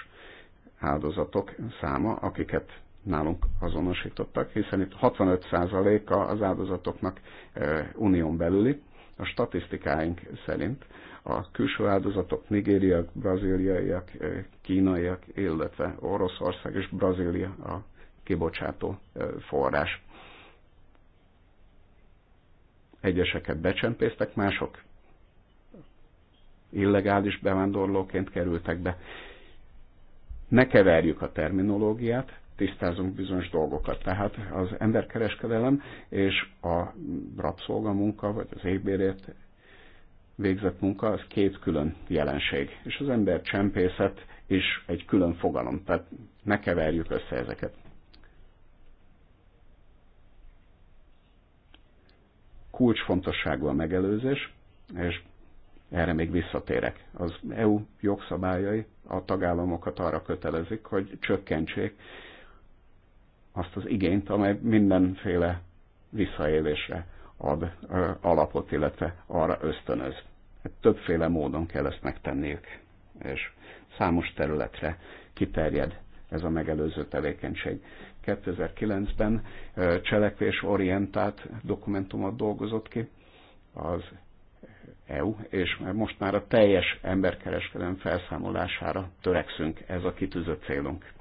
áldozatok száma, akiket nálunk azonosítottak, hiszen itt 65%-a az áldozatoknak unión belüli, a statisztikáink szerint a külső áldozatok nigériak, braziliaiak, kínaiak, illetve Oroszország és Brazília a kibocsátó forrás egyeseket becsempésztek, mások illegális bevándorlóként kerültek be. Ne keverjük a terminológiát, tisztázunk bizonyos dolgokat. Tehát az emberkereskedelem és a rabszolgamunka, vagy az égbérért végzett munka, az két külön jelenség. És az ember csempészet is egy külön fogalom, tehát ne keverjük össze ezeket. kulcsfontosságú a megelőzés, és erre még visszatérek. Az EU jogszabályai a tagállamokat arra kötelezik, hogy csökkentsék azt az igényt, amely mindenféle visszaélésre ad alapot, illetve arra ösztönöz. Hát többféle módon kell ezt megtenniük, és számos területre kiterjed ez a megelőző tevékenység. 2009-ben cselekvésorientált dokumentumot dolgozott ki az EU, és most már a teljes emberkereskedelem felszámolására törekszünk, ez a kitűzött célunk.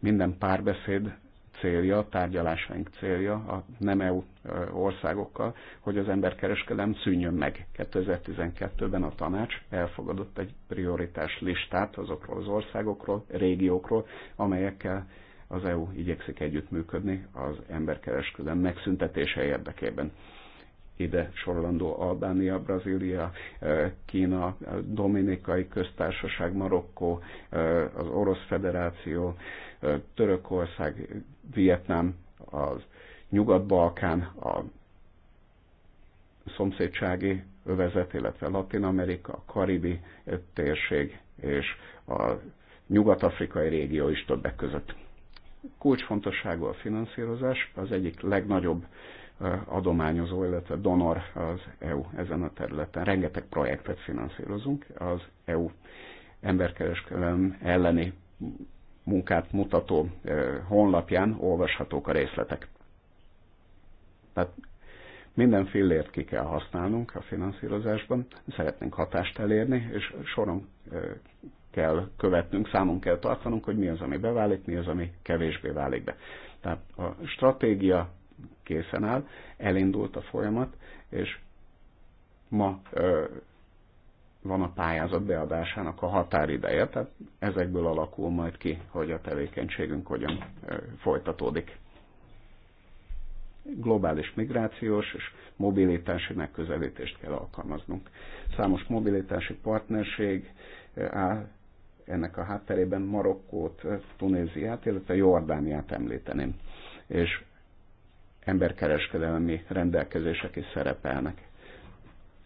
Minden párbeszéd célja, a tárgyalásaink célja a nem EU e, országokkal, hogy az emberkereskedelem szűnjön meg. 2012-ben a tanács elfogadott egy prioritás listát azokról az országokról, régiókról, amelyekkel az EU igyekszik együttműködni az emberkereskedelem megszüntetése érdekében. Ide sorolandó Albánia, Brazília, e, Kína, e, Dominikai Köztársaság, Marokkó, az Orosz Federáció, Törökország, Vietnám, az Nyugat-Balkán, a szomszédsági övezet, illetve Latin Amerika, a karibi térség és a nyugat-afrikai régió is többek között. Kulcsfontosságú a finanszírozás, az egyik legnagyobb adományozó, illetve donor az EU ezen a területen. Rengeteg projektet finanszírozunk az EU emberkereskedelem elleni munkát mutató honlapján olvashatók a részletek. Tehát minden fillért ki kell használnunk a finanszírozásban, szeretnénk hatást elérni, és soron kell követnünk, számon kell tartanunk, hogy mi az, ami beválik, mi az, ami kevésbé válik be. Tehát a stratégia készen áll, elindult a folyamat, és ma van a pályázat beadásának a határideje, tehát ezekből alakul majd ki, hogy a tevékenységünk hogyan folytatódik. Globális migrációs és mobilitási megközelítést kell alkalmaznunk. Számos mobilitási partnerség áll ennek a hátterében Marokkót, Tunéziát, illetve Jordániát említeném. És emberkereskedelmi rendelkezések is szerepelnek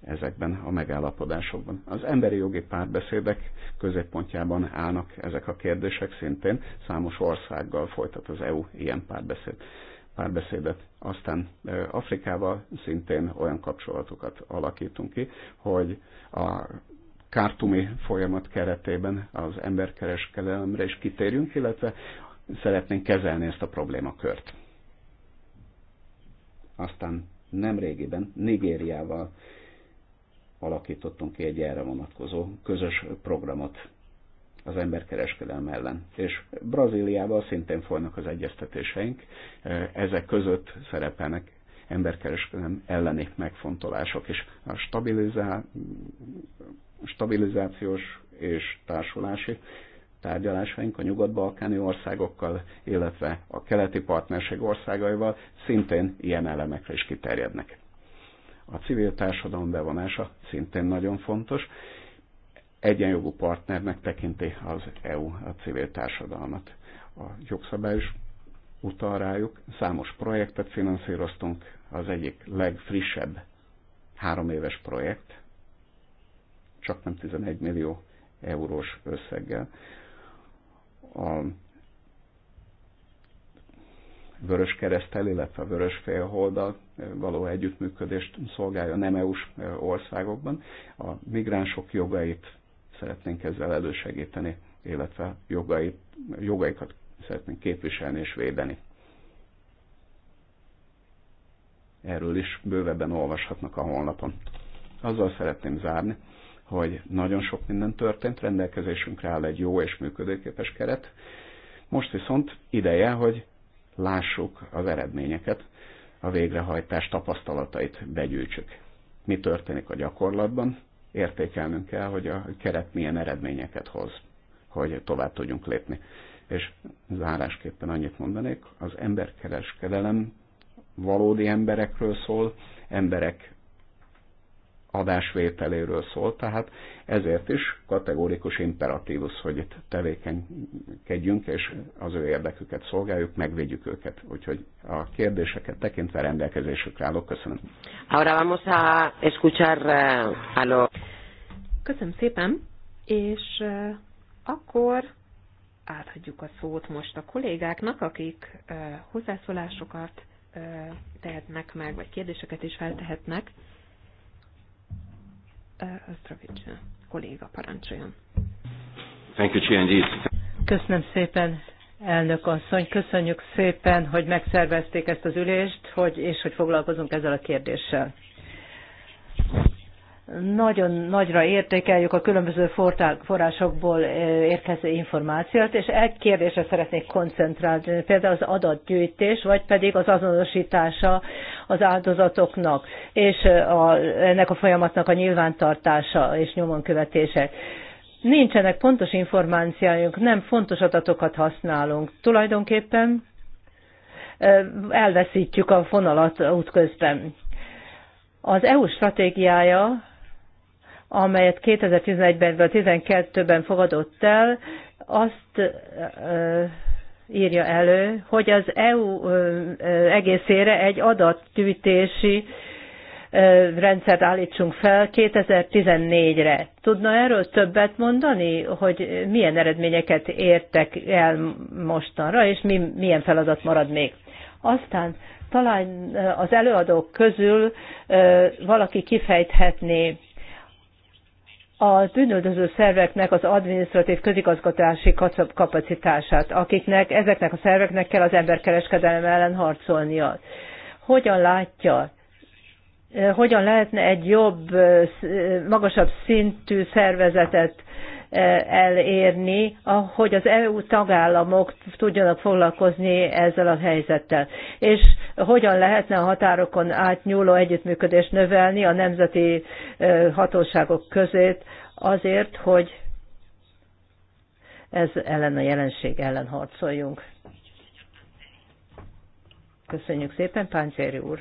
ezekben a megállapodásokban. Az emberi jogi párbeszédek középpontjában állnak ezek a kérdések szintén, számos országgal folytat az EU ilyen párbeszéd, párbeszédet. Aztán Afrikával szintén olyan kapcsolatokat alakítunk ki, hogy a kártumi folyamat keretében az emberkereskedelemre is kitérjünk, illetve szeretnénk kezelni ezt a problémakört. Aztán nem régiben Nigériával alakítottunk ki egy erre vonatkozó közös programot az emberkereskedelme ellen. És Brazíliában szintén folynak az egyeztetéseink, ezek között szerepelnek emberkereskedelem elleni megfontolások, és a stabilizá... stabilizációs és társulási tárgyalásaink a nyugat-balkáni országokkal, illetve a keleti partnerség országaival szintén ilyen elemekre is kiterjednek a civil társadalom bevonása szintén nagyon fontos. Egyenjogú partnernek tekinti az EU a civil társadalmat. A jogszabályos utal rájuk. Számos projektet finanszíroztunk, az egyik legfrissebb három éves projekt, csak nem 11 millió eurós összeggel. A Vörös Keresztel, illetve a Vörös Félholdal való együttműködést szolgálja nem EU-s országokban. A migránsok jogait szeretnénk ezzel elősegíteni, illetve jogait, jogaikat szeretnénk képviselni és védeni. Erről is bővebben olvashatnak a honlapon. Azzal szeretném zárni, hogy nagyon sok minden történt, rendelkezésünkre áll egy jó és működőképes keret. Most viszont ideje, hogy lássuk az eredményeket, a végrehajtás tapasztalatait begyűjtsük. Mi történik a gyakorlatban, értékelnünk kell, hogy a keret milyen eredményeket hoz, hogy tovább tudjunk lépni. És zárásképpen annyit mondanék, az emberkereskedelem valódi emberekről szól, emberek adásvételéről szól, tehát ezért is kategórikus imperatívus, hogy itt tevékenykedjünk, és az ő érdeküket szolgáljuk, megvédjük őket. Úgyhogy a kérdéseket tekintve rendelkezésükre állok. Köszönöm. Ahora vamos a escuchar eh, a lo... Köszönöm szépen, és eh, akkor átadjuk a szót most a kollégáknak, akik eh, hozzászólásokat tehetnek meg, vagy kérdéseket is feltehetnek. Ostrovics kolléga parancsoljon. Thank you, Köszönöm szépen, elnök asszony. Köszönjük szépen, hogy megszervezték ezt az ülést, hogy, és hogy foglalkozunk ezzel a kérdéssel nagyon nagyra értékeljük a különböző forrásokból érkező információt, és egy kérdésre szeretnék koncentrálni, például az adatgyűjtés, vagy pedig az azonosítása az áldozatoknak, és a, ennek a folyamatnak a nyilvántartása és nyomon követése. Nincsenek pontos információink, nem fontos adatokat használunk. Tulajdonképpen elveszítjük a fonalat útközben. Az EU stratégiája amelyet 2011-ben, 2012-ben fogadott el, azt írja elő, hogy az EU egészére egy adatgyűjtési rendszert állítsunk fel 2014-re. Tudna erről többet mondani, hogy milyen eredményeket értek el mostanra, és mi, milyen feladat marad még? Aztán talán az előadók közül valaki kifejthetné a bűnöldöző szerveknek az adminisztratív közigazgatási kapacitását, akiknek, ezeknek a szerveknek kell az emberkereskedelem ellen harcolnia. Hogyan látja, eh, hogyan lehetne egy jobb, eh, eh, magasabb szintű szervezetet elérni, hogy az EU tagállamok tudjanak foglalkozni ezzel a helyzettel. És hogyan lehetne a határokon átnyúló együttműködést növelni a nemzeti hatóságok között azért, hogy ez ellen a jelenség ellen harcoljunk. Köszönjük szépen, Páncéri úr!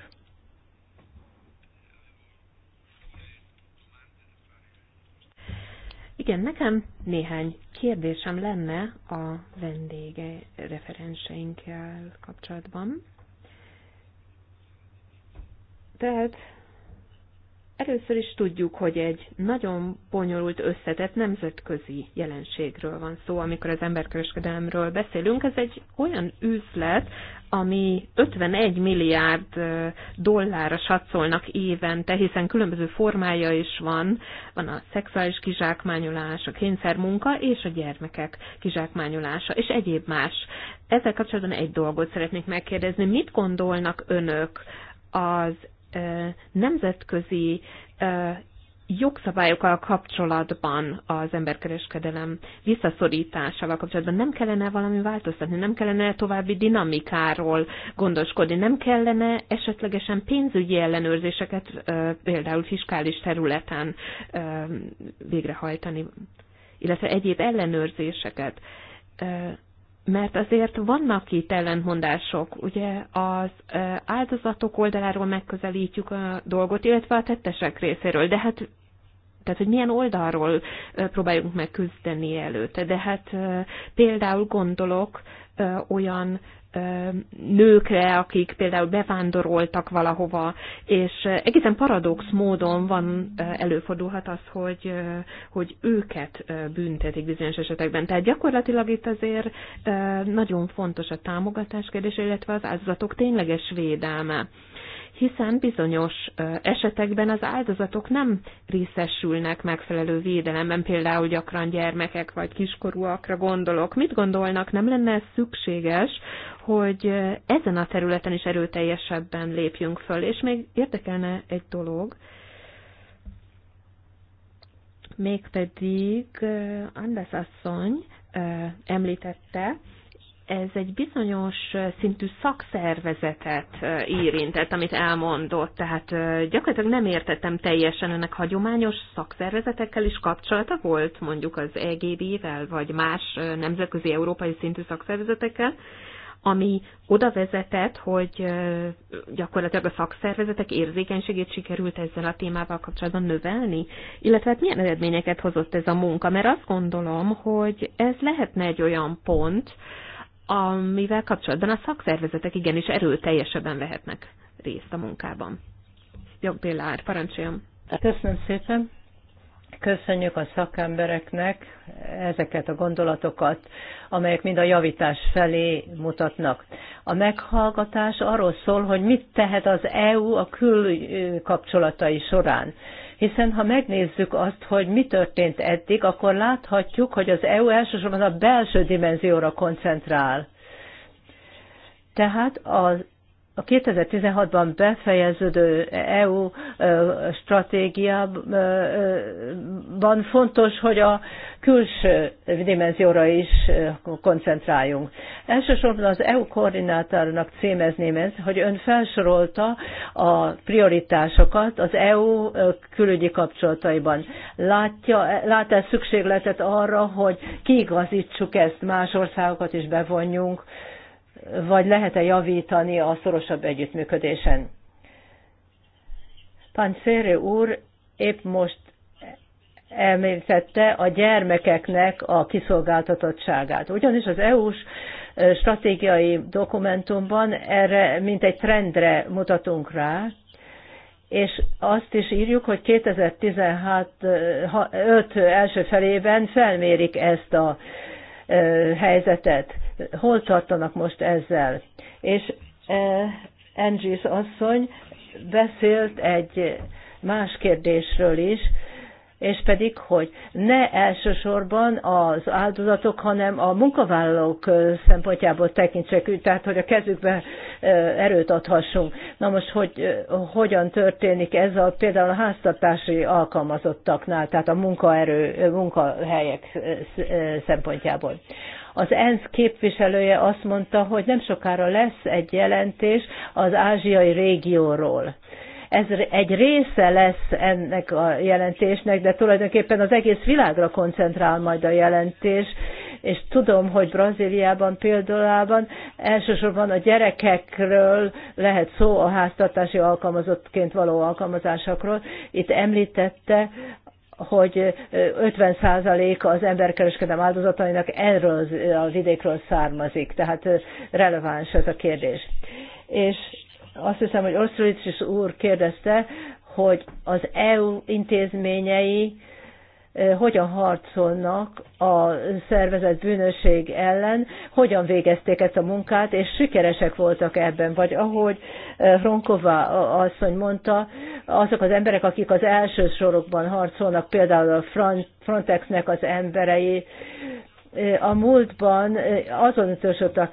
Igen, nekem néhány kérdésem lenne a vendége referenseinkkel kapcsolatban. Tehát Először is tudjuk, hogy egy nagyon bonyolult, összetett nemzetközi jelenségről van szó, amikor az emberkereskedelemről beszélünk. Ez egy olyan üzlet, ami 51 milliárd dollárra satszolnak évente, hiszen különböző formája is van. Van a szexuális kizsákmányolás, a kényszermunka és a gyermekek kizsákmányolása, és egyéb más. Ezzel kapcsolatban egy dolgot szeretnék megkérdezni. Mit gondolnak önök az nemzetközi jogszabályokkal kapcsolatban az emberkereskedelem visszaszorításával kapcsolatban nem kellene valami változtatni, nem kellene további dinamikáról gondoskodni, nem kellene esetlegesen pénzügyi ellenőrzéseket például fiskális területen végrehajtani, illetve egyéb ellenőrzéseket mert azért vannak itt ellentmondások. Ugye az áldozatok oldaláról megközelítjük a dolgot, illetve a tettesek részéről, de hát tehát, hogy milyen oldalról próbáljunk meg küzdeni előtte. De hát például gondolok olyan nőkre, akik például bevándoroltak valahova, és egészen paradox módon van előfordulhat az, hogy, hogy őket büntetik bizonyos esetekben. Tehát gyakorlatilag itt azért nagyon fontos a támogatás kérdése, illetve az áldozatok tényleges védelme hiszen bizonyos esetekben az áldozatok nem részesülnek megfelelő védelemben, például gyakran gyermekek vagy kiskorúakra gondolok. Mit gondolnak, nem lenne szükséges, hogy ezen a területen is erőteljesebben lépjünk föl? És még érdekelne egy dolog, mégpedig Andes asszony említette, ez egy bizonyos szintű szakszervezetet érintett, amit elmondott, tehát gyakorlatilag nem értettem teljesen, ennek hagyományos szakszervezetekkel is kapcsolata volt, mondjuk az EGB-vel, vagy más nemzetközi európai szintű szakszervezetekkel, ami oda vezetett, hogy gyakorlatilag a szakszervezetek érzékenységét sikerült ezzel a témával kapcsolatban növelni, illetve hát milyen eredményeket hozott ez a munka, mert azt gondolom, hogy ez lehetne egy olyan pont, amivel kapcsolatban a szakszervezetek igenis erőteljesebben vehetnek részt a munkában. Jó, Pillár, parancsoljon. Köszönöm szépen. Köszönjük a szakembereknek ezeket a gondolatokat, amelyek mind a javítás felé mutatnak. A meghallgatás arról szól, hogy mit tehet az EU a külkapcsolatai során hiszen ha megnézzük azt, hogy mi történt eddig, akkor láthatjuk, hogy az EU elsősorban a belső dimenzióra koncentrál. Tehát az a 2016-ban befejeződő EU stratégiában fontos, hogy a külső dimenzióra is koncentráljunk. Elsősorban az EU koordinátornak címezném ez, hogy ön felsorolta a prioritásokat az EU külügyi kapcsolataiban. Látja, lát -e szükségletet arra, hogy kiigazítsuk ezt, más országokat is bevonjunk, vagy lehet-e javítani a szorosabb együttműködésen. Pancéri úr épp most említette a gyermekeknek a kiszolgáltatottságát. Ugyanis az EU-s stratégiai dokumentumban erre mint egy trendre mutatunk rá, és azt is írjuk, hogy 2015 első felében felmérik ezt a helyzetet hol tartanak most ezzel. És e, Angie asszony beszélt egy más kérdésről is, és pedig, hogy ne elsősorban az áldozatok, hanem a munkavállalók szempontjából tekintsek, tehát hogy a kezükbe e, erőt adhassunk. Na most, hogy e, hogyan történik ez a, például a háztartási alkalmazottaknál, tehát a munkaerő, munkahelyek szempontjából. Az ENSZ képviselője azt mondta, hogy nem sokára lesz egy jelentés az ázsiai régióról ez egy része lesz ennek a jelentésnek, de tulajdonképpen az egész világra koncentrál majd a jelentés, és tudom, hogy Brazíliában például elsősorban a gyerekekről lehet szó a háztartási alkalmazottként való alkalmazásakról. Itt említette hogy 50% az emberkereskedem áldozatainak erről a vidékről származik, tehát releváns ez a kérdés. És azt hiszem, hogy Osztrovics úr kérdezte, hogy az EU intézményei hogyan harcolnak a szervezet bűnösség ellen, hogyan végezték ezt a munkát, és sikeresek voltak ebben. Vagy ahogy Ronkova asszony mondta, azok az emberek, akik az első sorokban harcolnak, például a Frontexnek az emberei, a múltban azon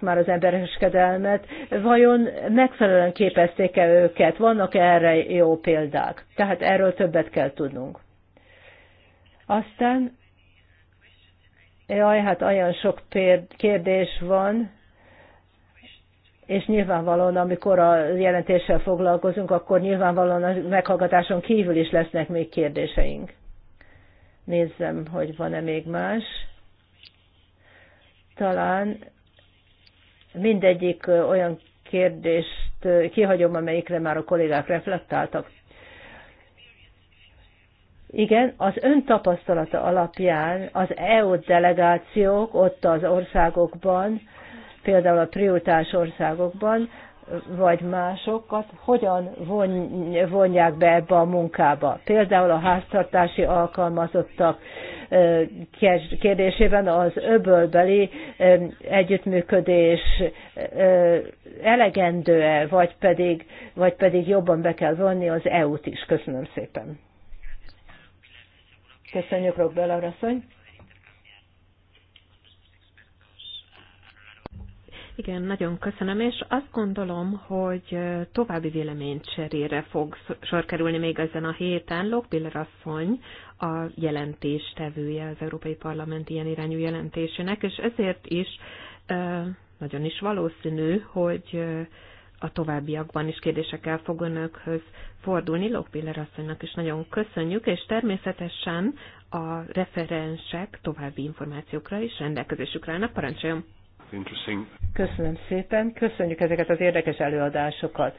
már az embereskedelmet, vajon megfelelően képezték-e őket, vannak -e erre jó példák? Tehát erről többet kell tudnunk. Aztán, jaj, hát olyan sok kérdés van, és nyilvánvalóan, amikor a jelentéssel foglalkozunk, akkor nyilvánvalóan a meghallgatáson kívül is lesznek még kérdéseink. Nézzem, hogy van-e még más. Talán mindegyik olyan kérdést kihagyom, amelyikre már a kollégák reflektáltak. Igen, az ön tapasztalata alapján az EU delegációk ott az országokban, például a prioritás országokban, vagy másokat, hogyan vonják be ebbe a munkába. Például a háztartási alkalmazottak kérdésében az öbölbeli együttműködés elegendő-e, vagy pedig, vagy pedig jobban be kell vonni az EU-t is. Köszönöm szépen. Köszönjük, Rockbell asszony. Igen, nagyon köszönöm, és azt gondolom, hogy további cserére fog sor kerülni még ezen a héten. Lokbiller asszony a jelentéstevője az Európai Parlament ilyen irányú jelentésének, és ezért is nagyon is valószínű, hogy a továbbiakban is kérdésekkel fog önökhöz fordulni. Lókpiller asszonynak is nagyon köszönjük, és természetesen a referensek további információkra is rendelkezésükre állnak. Parancsoljon! Köszönöm szépen, köszönjük ezeket az érdekes előadásokat.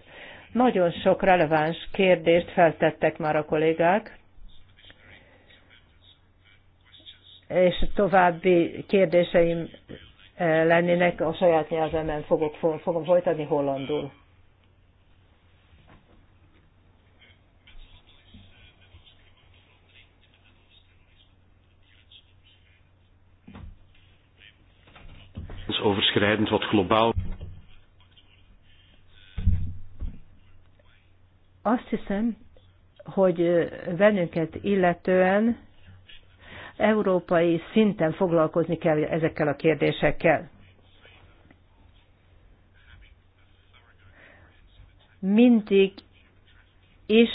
Nagyon sok releváns kérdést feltettek már a kollégák, és további kérdéseim lennének, a saját nyelvemen fogok, fogom folytatni hollandul. overschrijdend wat globaal. Azt hiszem, hogy eh, bennünket illetően európai szinten foglalkozni kell ezekkel a kérdésekkel. Mindig is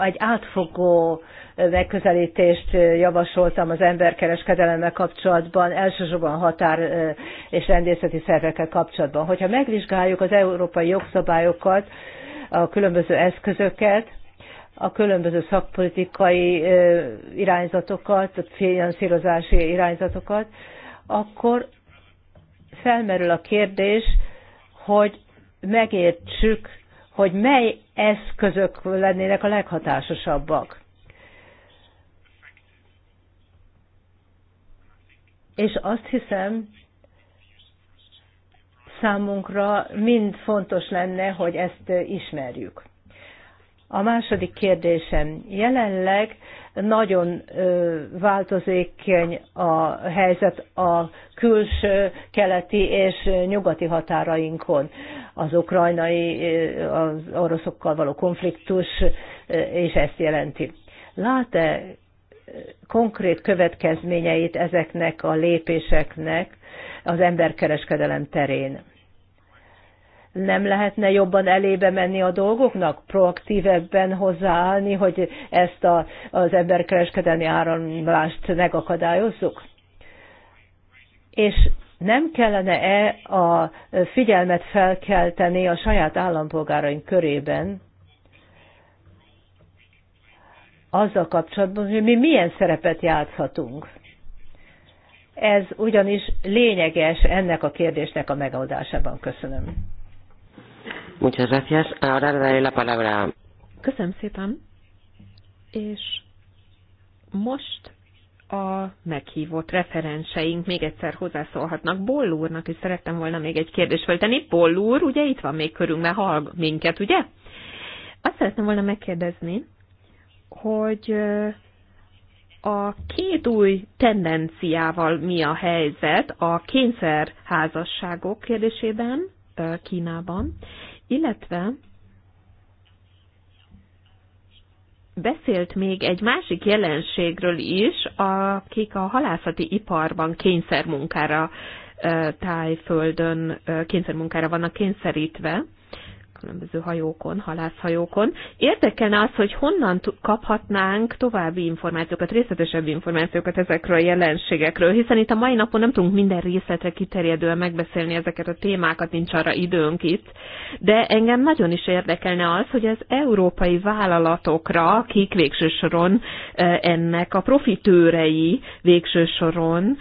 egy átfogó megközelítést javasoltam az emberkereskedelemmel kapcsolatban, elsősorban határ és rendészeti szervekkel kapcsolatban. Hogyha megvizsgáljuk az európai jogszabályokat, a különböző eszközöket, a különböző szakpolitikai irányzatokat, a finanszírozási irányzatokat, akkor felmerül a kérdés, hogy megértsük, hogy mely eszközök lennének a leghatásosabbak. És azt hiszem, számunkra mind fontos lenne, hogy ezt ismerjük. A második kérdésem. Jelenleg nagyon változékeny a helyzet a külső, keleti és nyugati határainkon. Az ukrajnai, az oroszokkal való konfliktus, és ezt jelenti. Lát-e konkrét következményeit ezeknek a lépéseknek az emberkereskedelem terén? nem lehetne jobban elébe menni a dolgoknak, proaktívebben hozzáállni, hogy ezt a, az emberkereskedelmi áramlást megakadályozzuk? És nem kellene-e a figyelmet felkelteni a saját állampolgáraink körében azzal kapcsolatban, hogy mi milyen szerepet játszhatunk? Ez ugyanis lényeges ennek a kérdésnek a megoldásában. Köszönöm. Muchas gracias. Ahora daré la palabra. Köszönöm szépen. És most a meghívott referenseink még egyszer hozzászólhatnak. Boll úrnak is szerettem volna még egy kérdést feltenni. Boll úr, ugye itt van még mert hall minket, ugye? Azt szeretném volna megkérdezni, hogy a két új tendenciával mi a helyzet a kényszerházasságok kérdésében, Kínában, illetve beszélt még egy másik jelenségről is, akik a halászati iparban kényszermunkára tájföldön kényszermunkára vannak kényszerítve, különböző hajókon, halászhajókon. Érdekelne az, hogy honnan kaphatnánk további információkat, részletesebb információkat ezekről a jelenségekről, hiszen itt a mai napon nem tudunk minden részletre kiterjedően megbeszélni ezeket a témákat, nincs arra időnk itt, de engem nagyon is érdekelne az, hogy az európai vállalatokra, akik végső soron eh, ennek a profitőrei végső soron,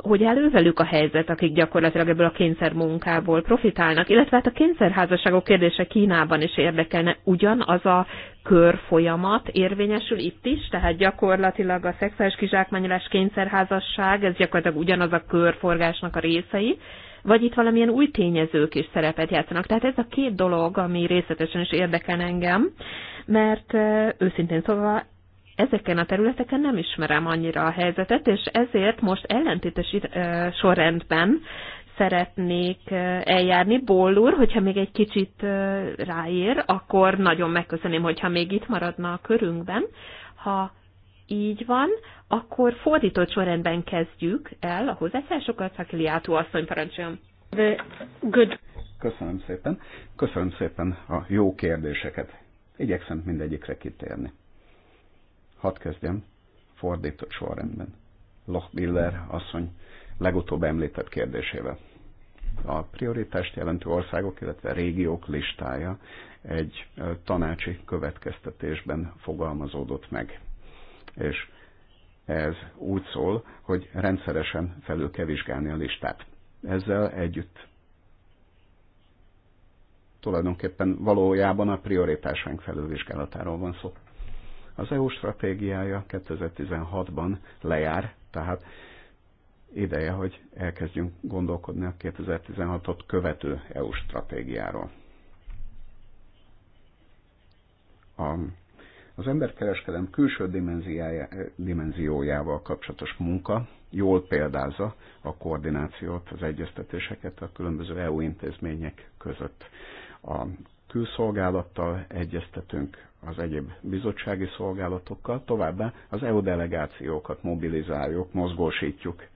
hogy elővelük a helyzet, akik gyakorlatilag ebből a kényszermunkából profitálnak, illetve hát a kényszerházasságok kérdése Kínában is érdekelne. Ugyanaz a kör folyamat érvényesül itt is, tehát gyakorlatilag a szexuális kizsákmányolás kényszerházasság, ez gyakorlatilag ugyanaz a körforgásnak a részei, vagy itt valamilyen új tényezők is szerepet játszanak. Tehát ez a két dolog, ami részletesen is érdekel engem, mert őszintén szóval ezeken a területeken nem ismerem annyira a helyzetet, és ezért most ellentétes sorrendben szeretnék eljárni. Boll úr, hogyha még egy kicsit ráér, akkor nagyon megköszönném, hogyha még itt maradna a körünkben. Ha így van, akkor fordított sorrendben kezdjük el a hozzászásokat. Kiliátó asszony parancsoljon. Good. Köszönöm szépen. Köszönöm szépen a jó kérdéseket. Igyekszem mindegyikre kitérni. Hadd kezdjem fordított sorrendben. Lochbiller asszony legutóbb említett kérdésével. A prioritást jelentő országok, illetve régiók listája egy tanácsi következtetésben fogalmazódott meg. És ez úgy szól, hogy rendszeresen felül kell vizsgálni a listát. Ezzel együtt tulajdonképpen valójában a prioritásaink felülvizsgálatáról van szó. Az EU stratégiája 2016-ban lejár, tehát ideje, hogy elkezdjünk gondolkodni a 2016-ot követő EU stratégiáról. A, az emberkereskedelem külső dimenziójával kapcsolatos munka jól példázza a koordinációt, az egyeztetéseket a különböző EU intézmények között. A külszolgálattal egyeztetünk, az egyéb bizottsági szolgálatokkal, továbbá az EU delegációkat mobilizáljuk, mozgósítjuk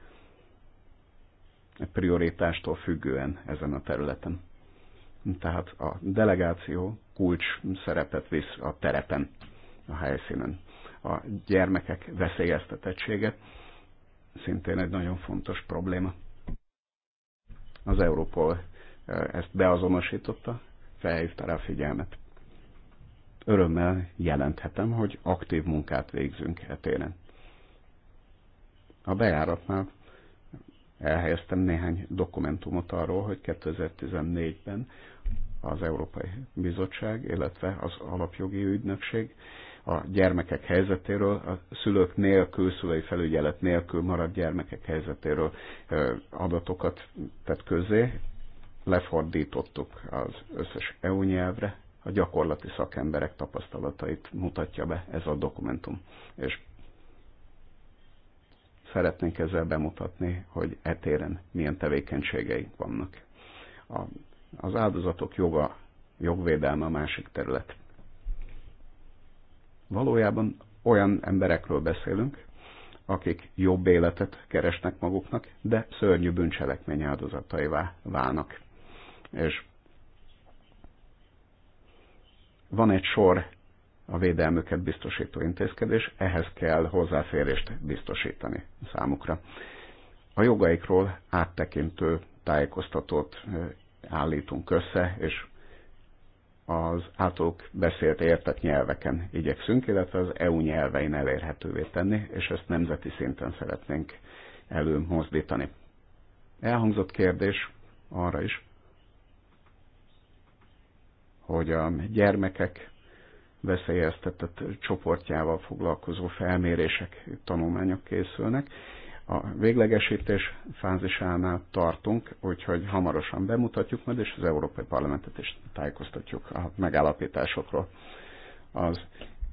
prioritástól függően ezen a területen. Tehát a delegáció kulcs szerepet visz a terepen, a helyszínen. A gyermekek veszélyeztetettsége szintén egy nagyon fontos probléma. Az Európol eh, ezt beazonosította, felhívta rá a figyelmet. Örömmel jelenthetem, hogy aktív munkát végzünk téren. A bejáratnál elhelyeztem néhány dokumentumot arról, hogy 2014-ben az Európai Bizottság, illetve az Alapjogi Ügynökség a gyermekek helyzetéről, a szülők nélkül, szülői felügyelet nélkül maradt gyermekek helyzetéről adatokat tett közé, lefordítottuk az összes EU nyelvre, a gyakorlati szakemberek tapasztalatait mutatja be ez a dokumentum. És szeretnénk ezzel bemutatni, hogy etéren milyen tevékenységeink vannak. A, az áldozatok joga, jogvédelme a másik terület. Valójában olyan emberekről beszélünk, akik jobb életet keresnek maguknak, de szörnyű bűncselekmény áldozataivá válnak. És van egy sor a védelmüket biztosító intézkedés, ehhez kell hozzáférést biztosítani számukra. A jogaikról áttekintő tájékoztatót állítunk össze, és az általuk beszélt értett nyelveken igyekszünk, illetve az EU nyelvein elérhetővé tenni, és ezt nemzeti szinten szeretnénk előmozdítani. Elhangzott kérdés arra is, hogy a gyermekek veszélyeztetett csoportjával foglalkozó felmérések, tanulmányok készülnek. A véglegesítés fázisánál tartunk, úgyhogy hamarosan bemutatjuk majd, és az Európai Parlamentet is tájékoztatjuk a megállapításokról. Az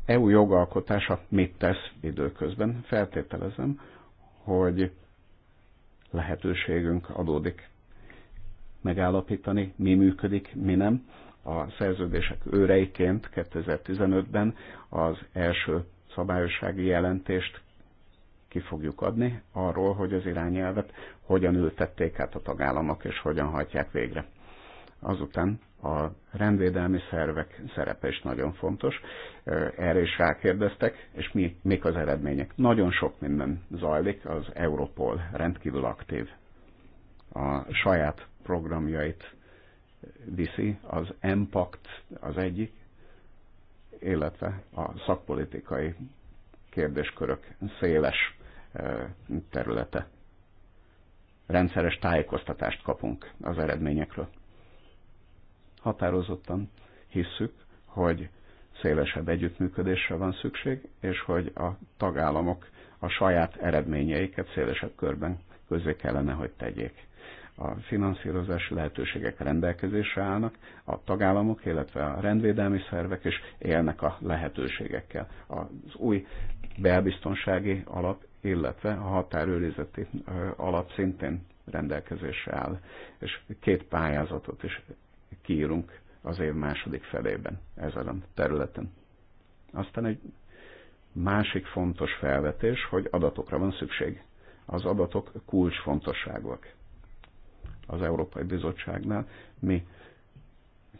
EU jogalkotása mit tesz időközben? Feltételezem, hogy lehetőségünk adódik megállapítani, mi működik, mi nem a szerződések őreiként 2015-ben az első szabályossági jelentést ki fogjuk adni arról, hogy az irányelvet hogyan ültették át a tagállamok és hogyan hajtják végre. Azután a rendvédelmi szervek szerepe is nagyon fontos. Erre is rákérdeztek, és mi, mik az eredmények. Nagyon sok minden zajlik, az Europol rendkívül aktív. A saját programjait viszi az impact az egyik, illetve a szakpolitikai kérdéskörök széles e, területe. Rendszeres tájékoztatást kapunk az eredményekről. Határozottan hisszük, hogy szélesebb együttműködésre van szükség, és hogy a tagállamok a saját eredményeiket szélesebb körben közé kellene, hogy tegyék a finanszírozási lehetőségek rendelkezésre állnak, a tagállamok, illetve a rendvédelmi szervek is élnek a lehetőségekkel. Az új belbiztonsági alap, illetve a határőrizeti alap szintén rendelkezésre áll, és két pályázatot is kiírunk az év második felében ezen a területen. Aztán egy másik fontos felvetés, hogy adatokra van szükség. Az adatok kulcsfontosságúak az Európai Bizottságnál. Mi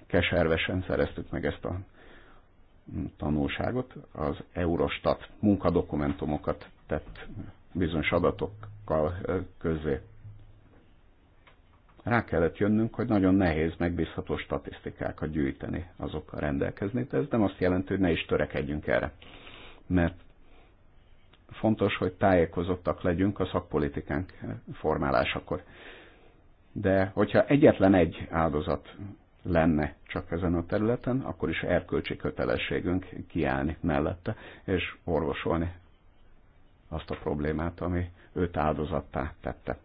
keservesen szereztük meg ezt a tanulságot, az Eurostat munkadokumentumokat tett bizonyos adatokkal közé. Rá kellett jönnünk, hogy nagyon nehéz megbízható statisztikákat gyűjteni, azokkal rendelkezni, de ez nem azt jelenti, hogy ne is törekedjünk erre. Mert fontos, hogy tájékozottak legyünk a szakpolitikánk formálásakor de hogyha egyetlen egy áldozat lenne csak ezen a területen, akkor is erkölcsi kötelességünk kiállni mellette, és orvosolni azt a problémát, ami őt áldozattá tette.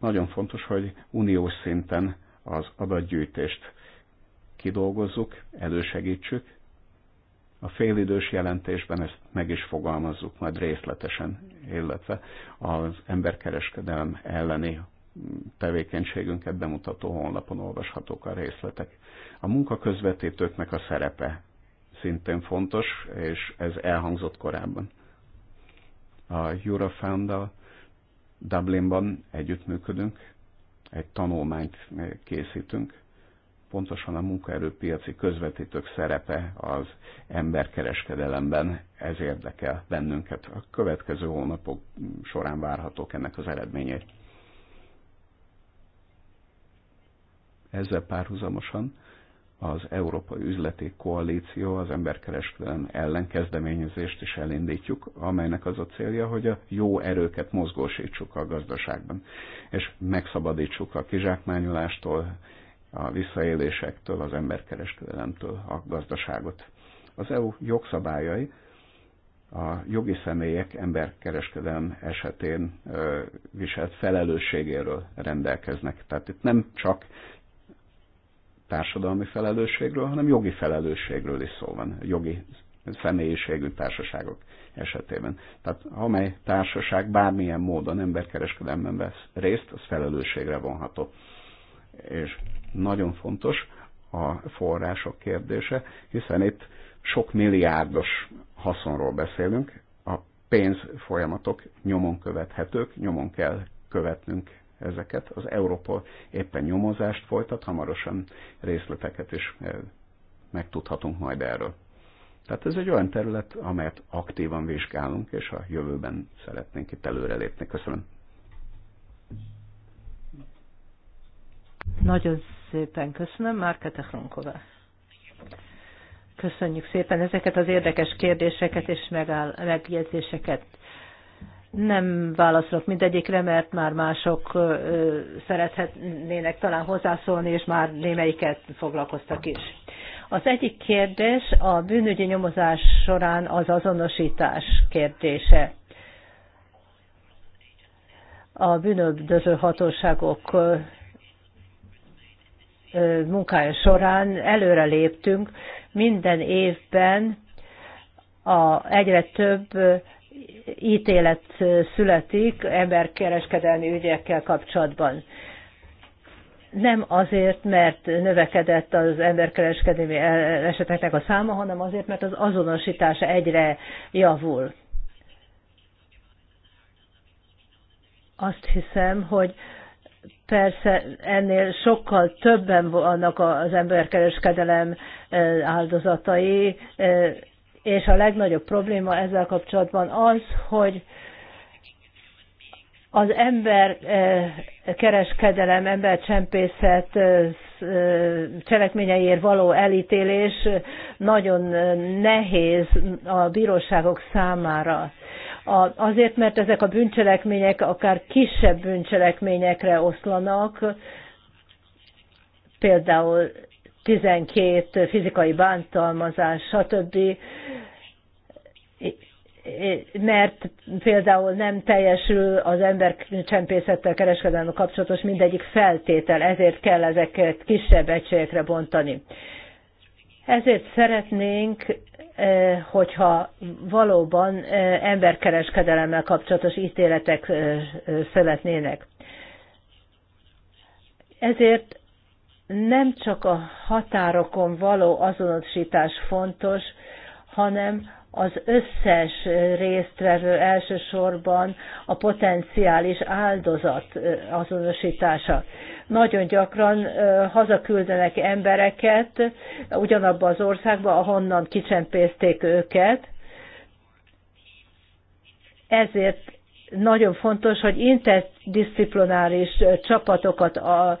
Nagyon fontos, hogy uniós szinten az adatgyűjtést kidolgozzuk, elősegítsük. A félidős jelentésben ezt meg is fogalmazzuk majd részletesen, illetve az emberkereskedelem elleni tevékenységünket bemutató honlapon olvashatók a részletek. A munkaközvetítőknek a szerepe szintén fontos, és ez elhangzott korábban. A Eurofound-dal Dublinban együttműködünk, egy tanulmányt készítünk, pontosan a munkaerőpiaci közvetítők szerepe az emberkereskedelemben, ez érdekel bennünket. A következő hónapok során várhatók ennek az eredményei. Ezzel párhuzamosan az Európai Üzleti Koalíció az emberkereskedelem ellen kezdeményezést is elindítjuk, amelynek az a célja, hogy a jó erőket mozgósítsuk a gazdaságban, és megszabadítsuk a kizsákmányolástól, a visszaélésektől, az emberkereskedelemtől a gazdaságot. Az EU jogszabályai a jogi személyek emberkereskedelem esetén viselt felelősségéről rendelkeznek. Tehát itt nem csak társadalmi felelősségről, hanem jogi felelősségről is szó van, jogi személyiségű társaságok esetében. Tehát amely társaság bármilyen módon emberkereskedelmen vesz részt, az felelősségre vonható. És nagyon fontos a források kérdése, hiszen itt sok milliárdos haszonról beszélünk, a pénzfolyamatok nyomon követhetők, nyomon kell követnünk ezeket. Az Európol éppen nyomozást folytat, hamarosan részleteket is eh, megtudhatunk majd erről. Tehát ez egy olyan terület, amelyet aktívan vizsgálunk, és a jövőben szeretnénk itt előrelépni. Köszönöm. Nagyon szépen köszönöm, Márka Techronková. Köszönjük szépen ezeket az érdekes kérdéseket és megjegyzéseket. Nem válaszolok mindegyikre, mert már mások szerethetnének talán hozzászólni, és már némelyiket foglalkoztak is. Az egyik kérdés a bűnügyi nyomozás során az azonosítás kérdése. A bűnöldöző hatóságok munkája során előre léptünk. Minden évben a, egyre több ítélet születik emberkereskedelmi ügyekkel kapcsolatban. Nem azért, mert növekedett az emberkereskedelmi eseteknek a száma, hanem azért, mert az azonosítása egyre javul. Azt hiszem, hogy persze ennél sokkal többen vannak az emberkereskedelem áldozatai, és a legnagyobb probléma ezzel kapcsolatban az, hogy az ember eh, kereskedelem, embercsempészet eh, eh, cselekményeiért való elítélés nagyon nehéz a bíróságok számára. Azért, mert ezek a bűncselekmények akár kisebb bűncselekményekre oszlanak, például 12 fizikai bántalmazás, stb. Mert például nem teljesül az ember csempészettel kereskedelme kapcsolatos mindegyik feltétel, ezért kell ezeket kisebb egységekre bontani. Ezért szeretnénk, eh, hogyha valóban eh, emberkereskedelemmel kapcsolatos ítéletek eh, szeretnének. Ezért nem csak a határokon való azonosítás fontos, hanem az összes résztvevő elsősorban a potenciális áldozat azonosítása. Nagyon gyakran hazaküldenek embereket ugyanabba az országba, ahonnan kicsempészték őket. Ezért nagyon fontos, hogy interdisziplináris csapatokat a,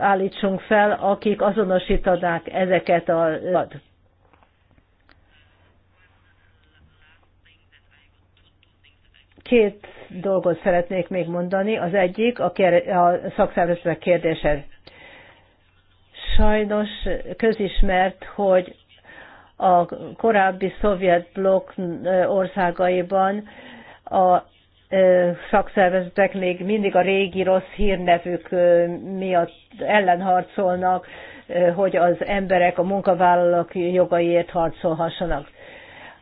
állítsunk fel, akik azonosítanák ezeket a Két dolgot szeretnék még mondani. Az egyik a, a szakszervezetek kérdése. Sajnos közismert, hogy a korábbi szovjet blokk országaiban a szakszervezetek még mindig a régi rossz hírnevük miatt ellenharcolnak, hogy az emberek, a munkavállalók jogaiért harcolhassanak.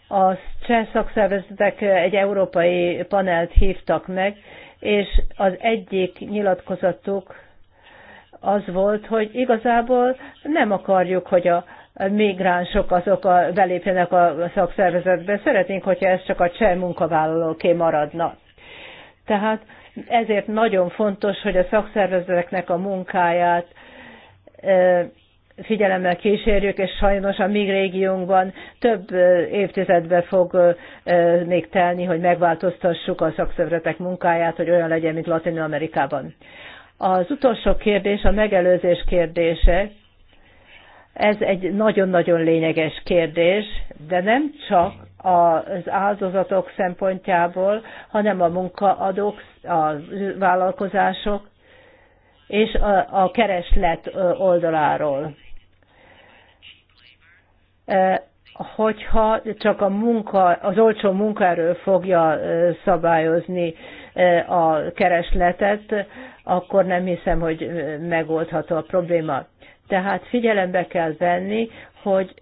A cseh szakszervezetek egy európai panelt hívtak meg, és az egyik nyilatkozatuk az volt, hogy igazából nem akarjuk, hogy a migránsok azok a, belépjenek a szakszervezetbe. Szeretnénk, hogyha ez csak a cseh munkavállalóké maradna tehát ezért nagyon fontos, hogy a szakszervezeteknek a munkáját figyelemmel kísérjük, és sajnos a mi régiónkban több évtizedbe fog még telni, hogy megváltoztassuk a szakszervezetek munkáját, hogy olyan legyen, mint Latin Amerikában. Az utolsó kérdés, a megelőzés kérdése, ez egy nagyon-nagyon lényeges kérdés, de nem csak az áldozatok szempontjából, hanem a munkaadók, a vállalkozások és a, a kereslet oldaláról. Hogyha csak a munka, az olcsó munkaerő fogja szabályozni a keresletet, akkor nem hiszem, hogy megoldható a probléma. Tehát figyelembe kell venni, hogy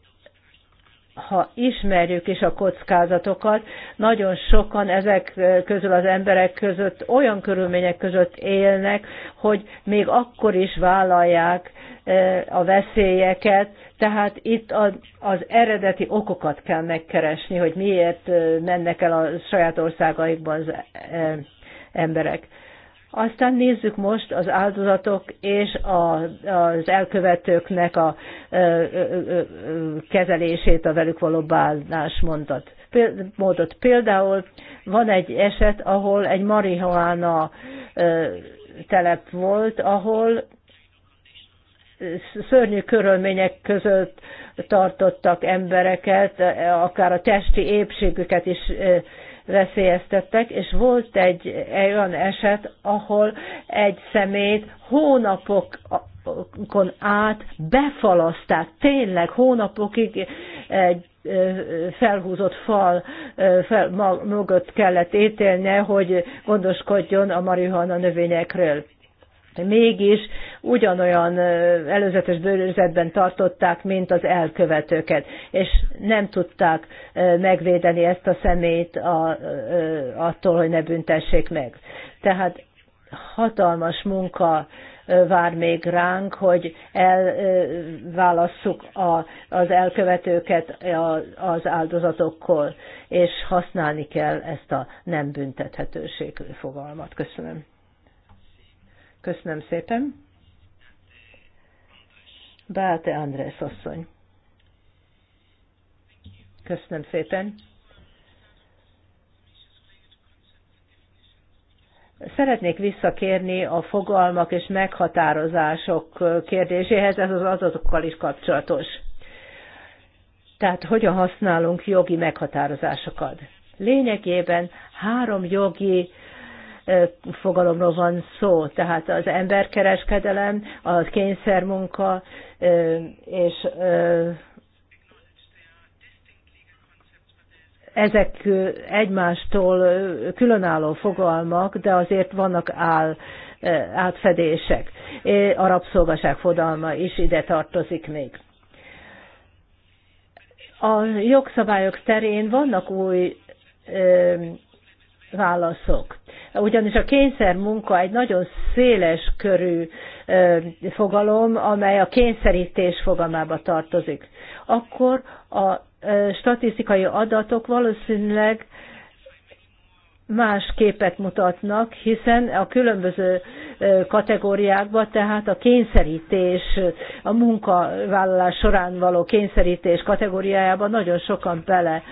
ha ismerjük is a kockázatokat, nagyon sokan ezek közül az emberek között olyan körülmények között élnek, hogy még akkor is vállalják e, a veszélyeket, tehát itt az eredeti okokat kell megkeresni, hogy miért e, mennek el a saját országaikban az e, emberek. Aztán nézzük most az áldozatok és az elkövetőknek a kezelését, a velük való bánásmódot. Módot. Például van egy eset, ahol egy marihuana telep volt, ahol szörnyű körülmények között tartottak embereket, akár a testi épségüket is veszélyeztettek, és volt egy, egy olyan eset, ahol egy szemét hónapokon át befalaszták, tényleg hónapokig egy felhúzott fal fel, mögött kellett ételne, hogy gondoskodjon a marihuana növényekről mégis ugyanolyan előzetes bőrözetben tartották, mint az elkövetőket, és nem tudták megvédeni ezt a szemét a, attól, hogy ne büntessék meg. Tehát hatalmas munka vár még ránk, hogy elválasszuk a, az elkövetőket az áldozatokkal, és használni kell ezt a nem büntethetőség fogalmat. Köszönöm. Köszönöm szépen. Beáte Andrész asszony. Köszönöm szépen. Szeretnék visszakérni a fogalmak és meghatározások kérdéséhez, ez az adatokkal is kapcsolatos. Tehát hogyan használunk jogi meghatározásokat? Lényegében három jogi fogalomról van szó. Tehát az emberkereskedelem, a kényszermunka és ezek egymástól különálló fogalmak, de azért vannak áll, átfedések. A rabszolgaság fogalma is ide tartozik még. A jogszabályok terén vannak új válaszok. Ugyanis a kényszer munka egy nagyon széles körű fogalom, amely a kényszerítés fogalmába tartozik. Akkor a statisztikai adatok valószínűleg más képet mutatnak, hiszen a különböző kategóriákban, tehát a kényszerítés, a munkavállalás során való kényszerítés kategóriájában nagyon sokan bele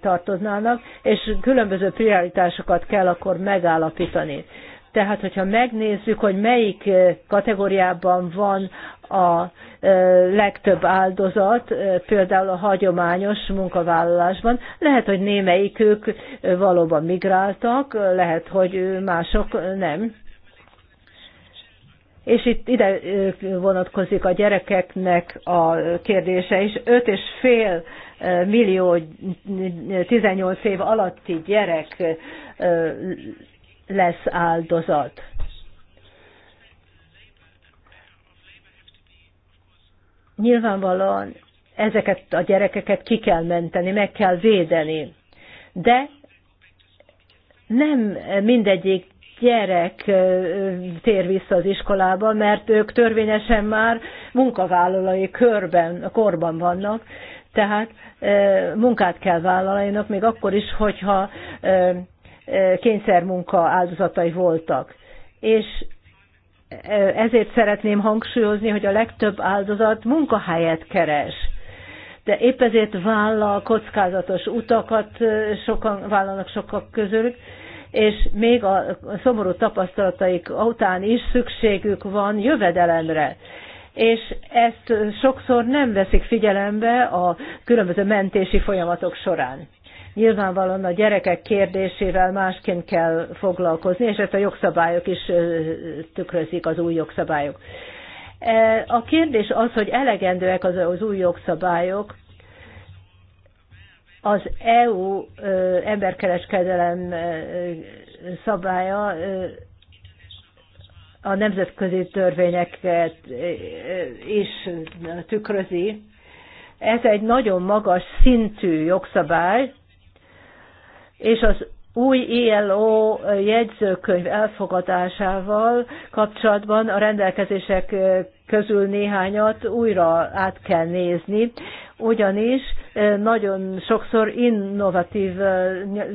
tartoznának, és különböző prioritásokat kell akkor megállapítani. Tehát, hogyha megnézzük, hogy melyik kategóriában van a legtöbb áldozat, például a hagyományos munkavállalásban, lehet, hogy némelyikük valóban migráltak, lehet, hogy mások nem. És itt ide vonatkozik a gyerekeknek a kérdése is. 5,5 millió 18 év alatti gyerek lesz áldozat. Nyilvánvalóan ezeket a gyerekeket ki kell menteni, meg kell védeni. De nem mindegyik gyerek tér vissza az iskolába, mert ők törvényesen már munkavállalói körben, korban vannak, tehát munkát kell vállalniuk, még akkor is, hogyha kényszermunka áldozatai voltak. És ezért szeretném hangsúlyozni, hogy a legtöbb áldozat munkahelyet keres. De épp ezért vállal kockázatos utakat, sokan vállalnak sokak közülük, és még a szomorú tapasztalataik után is szükségük van jövedelemre. És ezt sokszor nem veszik figyelembe a különböző mentési folyamatok során. Nyilvánvalóan a gyerekek kérdésével másként kell foglalkozni, és ezt a jogszabályok is tükrözik, az új jogszabályok. E, a kérdés az, hogy elegendőek az, az új jogszabályok, az EU emberkereskedelem szabálya a nemzetközi törvényeket is tükrözi. Ez egy nagyon magas szintű jogszabály, és az új ILO jegyzőkönyv elfogadásával kapcsolatban a rendelkezések közül néhányat újra át kell nézni, ugyanis nagyon sokszor innovatív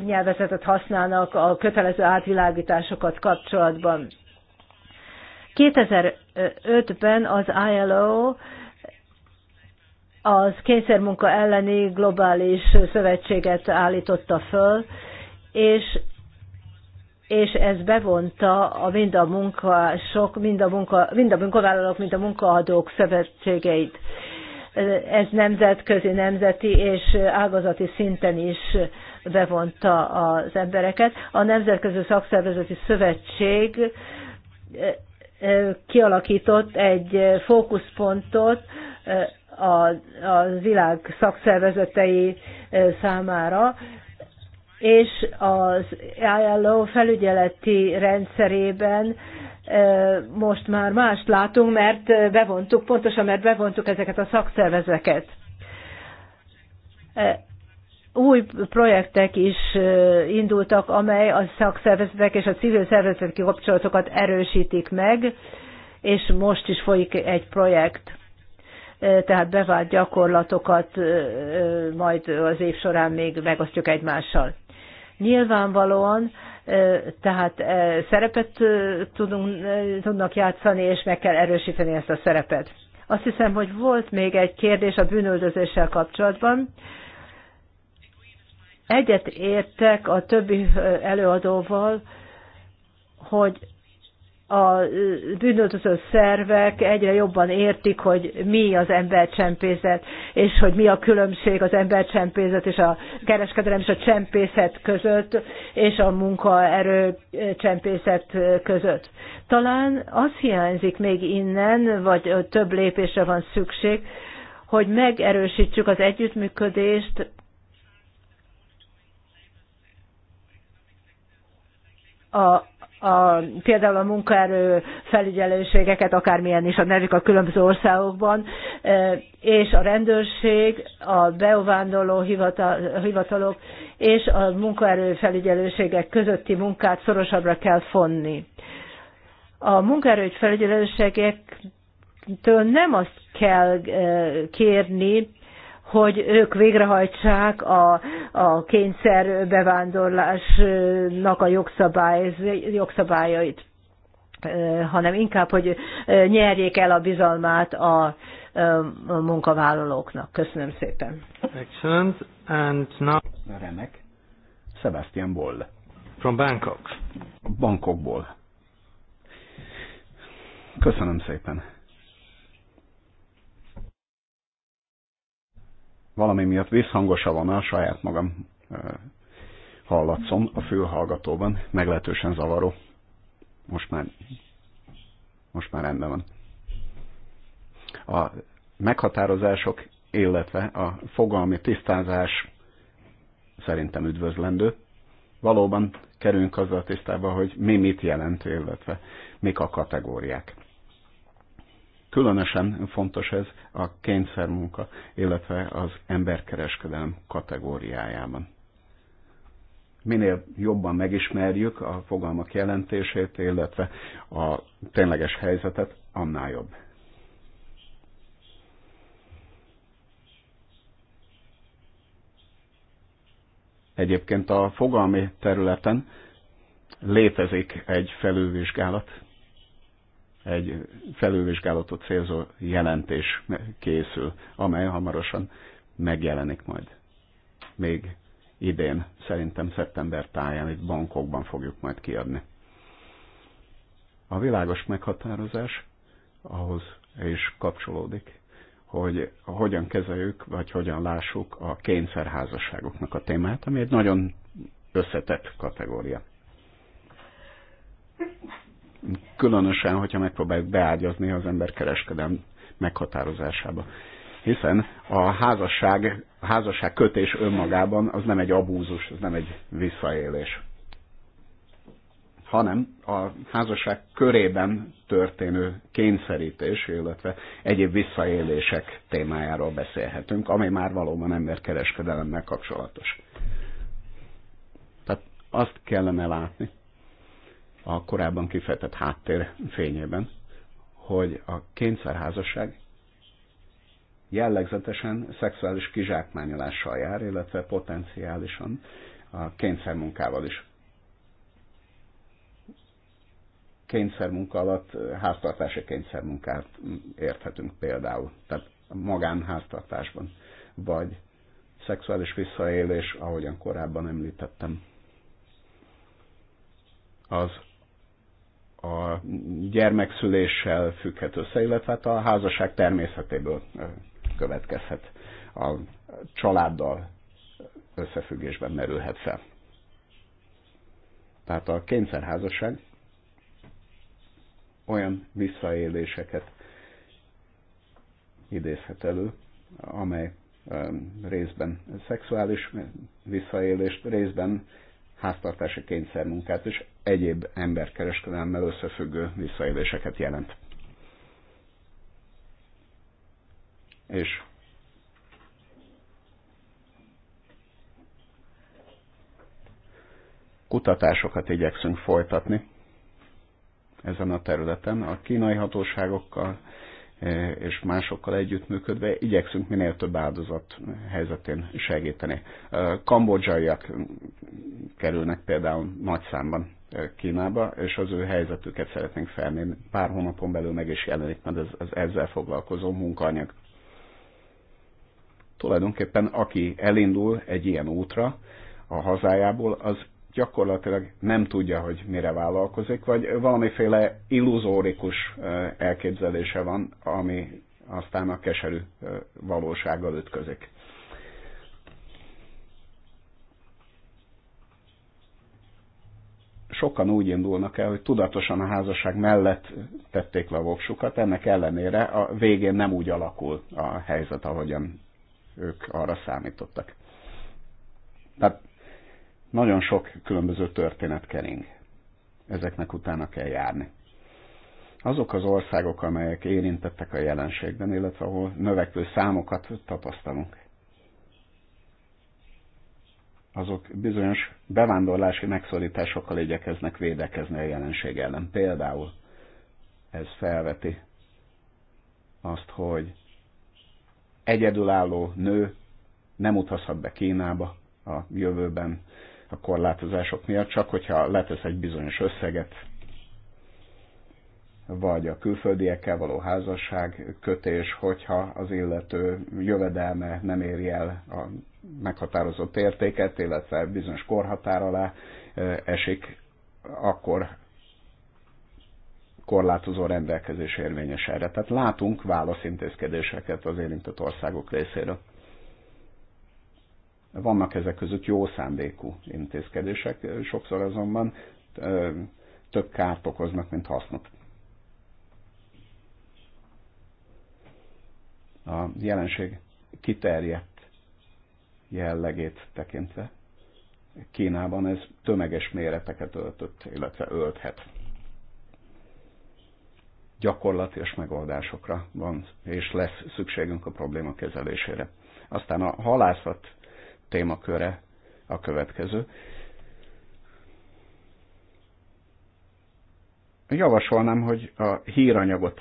nyelvezetet használnak a kötelező átvilágításokat kapcsolatban. 2005-ben az ILO az kényszermunka elleni globális szövetséget állította föl, és és ez bevonta a mind a munkások, mind a, munka, mind a munkavállalók, mind a munkaadók szövetségeit. Ez nemzetközi, nemzeti és ágazati szinten is bevonta az embereket. A Nemzetközi Szakszervezeti Szövetség eh, eh, kialakított egy fókuszpontot eh, a, a világ szakszervezetei eh, számára, és az ILO felügyeleti rendszerében eh, most már mást látunk, mert bevontuk, pontosan mert bevontuk ezeket a szakszervezeket. Eh, új projektek is indultak, amely a szakszervezetek és a civil szervezetek kapcsolatokat erősítik meg, és most is folyik egy projekt tehát bevált gyakorlatokat majd az év során még megosztjuk egymással. Nyilvánvalóan tehát szerepet tudunk, tudnak játszani, és meg kell erősíteni ezt a szerepet. Azt hiszem, hogy volt még egy kérdés a bűnöldözéssel kapcsolatban. Egyet értek a többi előadóval, hogy a bűnöltöző szervek egyre jobban értik, hogy mi az embercsempészet, és hogy mi a különbség az embercsempészet és a kereskedelem és a csempészet között, és a munkaerő csempészet között. Talán az hiányzik még innen, vagy több lépésre van szükség, hogy megerősítsük az együttműködést a a, például a munkaerő felügyelőségeket, akármilyen is a nevük a különböző országokban, e, és a rendőrség, a beovándorló hivatal, hivatalok és a munkaerő felügyelőségek közötti munkát szorosabbra kell fonni. A munkaerő felügyelőségektől nem azt kell e, kérni, hogy ők végrehajtsák a, a kényszer bevándorlásnak a jogszabály, jogszabályait hanem inkább, hogy nyerjék el a bizalmát a munkavállalóknak. Köszönöm szépen. Excellent. And now... Remek. Sebastian Boll. From Bangkok. Bangkokból. Köszönöm szépen. valami miatt visszhangosa van a saját magam hallatszom a fülhallgatóban, meglehetősen zavaró. Most már, most már rendben van. A meghatározások, illetve a fogalmi tisztázás szerintem üdvözlendő. Valóban kerülünk azzal tisztába, hogy mi mit jelent, illetve mik a kategóriák. Különösen fontos ez a kényszermunka, illetve az emberkereskedelem kategóriájában. Minél jobban megismerjük a fogalmak jelentését, illetve a tényleges helyzetet, annál jobb. Egyébként a fogalmi területen létezik egy felülvizsgálat, egy felülvizsgálatot célzó jelentés készül, amely hamarosan megjelenik majd. Még idén, szerintem szeptember táján itt bankokban fogjuk majd kiadni. A világos meghatározás ahhoz is kapcsolódik, hogy hogyan kezeljük, vagy hogyan lássuk a kényszerházasságoknak a témát, ami egy nagyon összetett kategória különösen, hogyha megpróbáljuk beágyazni az emberkereskedelm meghatározásába. Hiszen a házasság, a házasság kötés önmagában az nem egy abúzus, az nem egy visszaélés hanem a házasság körében történő kényszerítés, illetve egyéb visszaélések témájáról beszélhetünk, amely már valóban emberkereskedelemmel kapcsolatos. Tehát azt kellene látni, a korábban kifejtett háttér fényében, hogy a kényszerházasság jellegzetesen szexuális kizsákmányolással jár, illetve potenciálisan a kényszermunkával is. Kényszermunka alatt háztartási kényszermunkát érthetünk például, tehát magánháztartásban, vagy szexuális visszaélés, ahogyan korábban említettem, az a gyermekszüléssel függhet össze, illetve hát a házasság természetéből következhet. A családdal összefüggésben merülhet fel. Tehát a kényszerházasság olyan visszaéléseket idézhet elő, amely részben szexuális visszaélést, részben háztartási kényszermunkát és egyéb emberkereskedelemmel összefüggő visszaéléseket jelent. És kutatásokat igyekszünk folytatni ezen a területen a kínai hatóságokkal, E, és másokkal együttműködve igyekszünk minél több áldozat helyzetén segíteni. E, Kambodzsaiak kerülnek például nagy számban e, Kínába, és az ő helyzetüket szeretnénk felmérni. Pár hónapon belül meg is jelenik, mert ez, ez ezzel foglalkozó munkaanyag. Tulajdonképpen aki elindul egy ilyen útra a hazájából, az gyakorlatilag nem tudja, hogy mire vállalkozik, vagy valamiféle illuzórikus elképzelése van, ami aztán a keserű valósággal ütközik. sokan úgy indulnak el, hogy tudatosan a házasság mellett tették le a voksukat, ennek ellenére a végén nem úgy alakul a helyzet, ahogyan ők arra számítottak. Tehát nagyon sok különböző történet kering. Ezeknek utána kell járni. Azok az országok, amelyek érintettek a jelenségben, illetve ahol növekvő számokat tapasztalunk, azok bizonyos bevándorlási megszorításokkal igyekeznek védekezni a jelenség ellen. Például ez felveti azt, hogy egyedülálló nő nem utazhat be Kínába a jövőben, a korlátozások miatt, csak hogyha letesz egy bizonyos összeget, vagy a külföldiekkel való házasság kötés, hogyha az illető jövedelme nem éri el a meghatározott értéket, illetve bizonyos korhatár alá esik, akkor korlátozó rendelkezés érvényes erre. Tehát látunk válaszintézkedéseket az érintett országok részéről. Vannak ezek között jó szándékú intézkedések, sokszor azonban több kárt okoznak, mint hasznot. A jelenség kiterjedt jellegét tekintve Kínában ez tömeges méreteket öltött, illetve ölthet. Gyakorlatilag megoldásokra van, és lesz szükségünk a probléma kezelésére. Aztán a halászat témaköre a következő. Javasolnám, hogy a híranyagot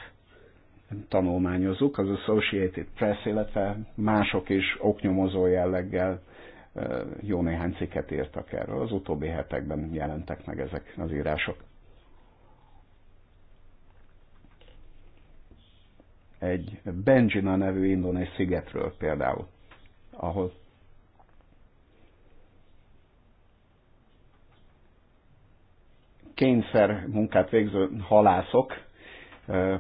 tanulmányozzuk, az Associated Press, illetve mások is oknyomozó jelleggel jó néhány cikket írtak erről. Az utóbbi hetekben jelentek meg ezek az írások. Egy Benjina nevű indonész szigetről például, ahol kényszer munkát végző halászok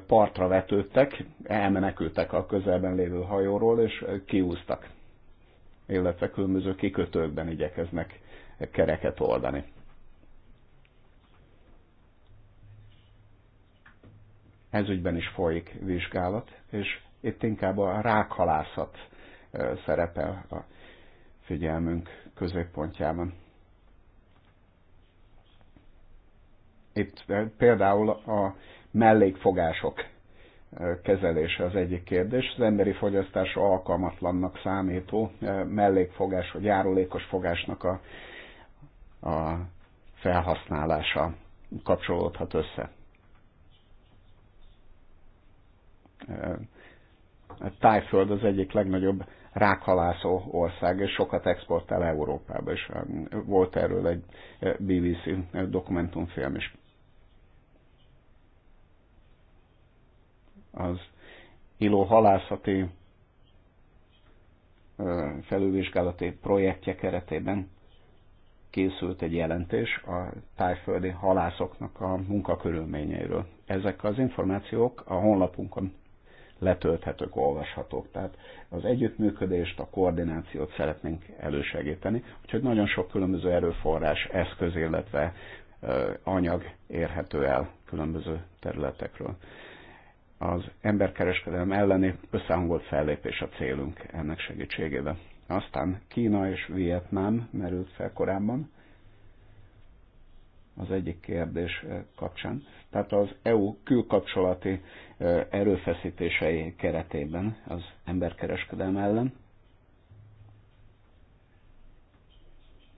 partra vetődtek, elmenekültek a közelben lévő hajóról, és kiúztak, illetve különböző kikötőkben igyekeznek kereket oldani. Ezügyben is folyik vizsgálat, és itt inkább a rákhalászat szerepel a figyelmünk középpontjában. Itt például a mellékfogások kezelése az egyik kérdés. Az emberi fogyasztás alkalmatlannak számító mellékfogás vagy járulékos fogásnak a, a felhasználása kapcsolódhat össze. A Tájföld az egyik legnagyobb rákhalászó ország, és sokat exportál Európába, és volt erről egy BBC dokumentumfilm is. az ILO halászati felülvizsgálati projektje keretében készült egy jelentés a tájföldi halászoknak a munkakörülményeiről. Ezek az információk a honlapunkon letölthetők, olvashatók. Tehát az együttműködést, a koordinációt szeretnénk elősegíteni. Úgyhogy nagyon sok különböző erőforrás, eszköz, illetve anyag érhető el különböző területekről az emberkereskedelem elleni összehangolt fellépés a célunk ennek segítségével. Aztán Kína és Vietnám merült fel korábban az egyik kérdés eh, kapcsán. Tehát az EU külkapcsolati eh, erőfeszítései keretében az emberkereskedelem ellen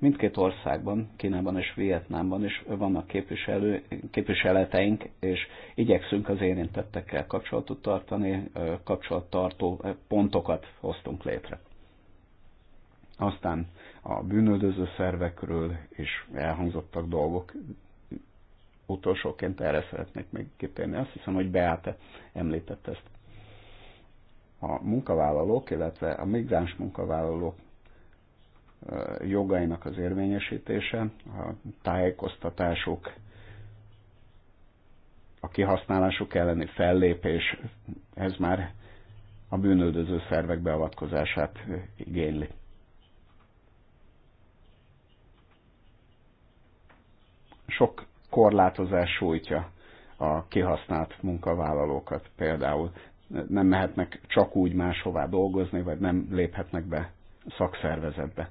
Mindkét országban, Kínában és Vietnámban is vannak képviselő, képviseleteink, és igyekszünk az érintettekkel kapcsolatot tartani, kapcsolattartó pontokat hoztunk létre. Aztán a bűnöldöző szervekről is elhangzottak dolgok. Utolsóként erre szeretnék még kitérni. Azt hiszem, hogy Beáte említett ezt. A munkavállalók, illetve a migráns munkavállalók jogainak az érvényesítése, a tájékoztatásuk, a kihasználásuk elleni fellépés, ez már a bűnöldöző szervek beavatkozását igényli. Sok korlátozás sújtja a kihasznált munkavállalókat például. Nem mehetnek csak úgy máshová dolgozni, vagy nem léphetnek be szakszervezetbe.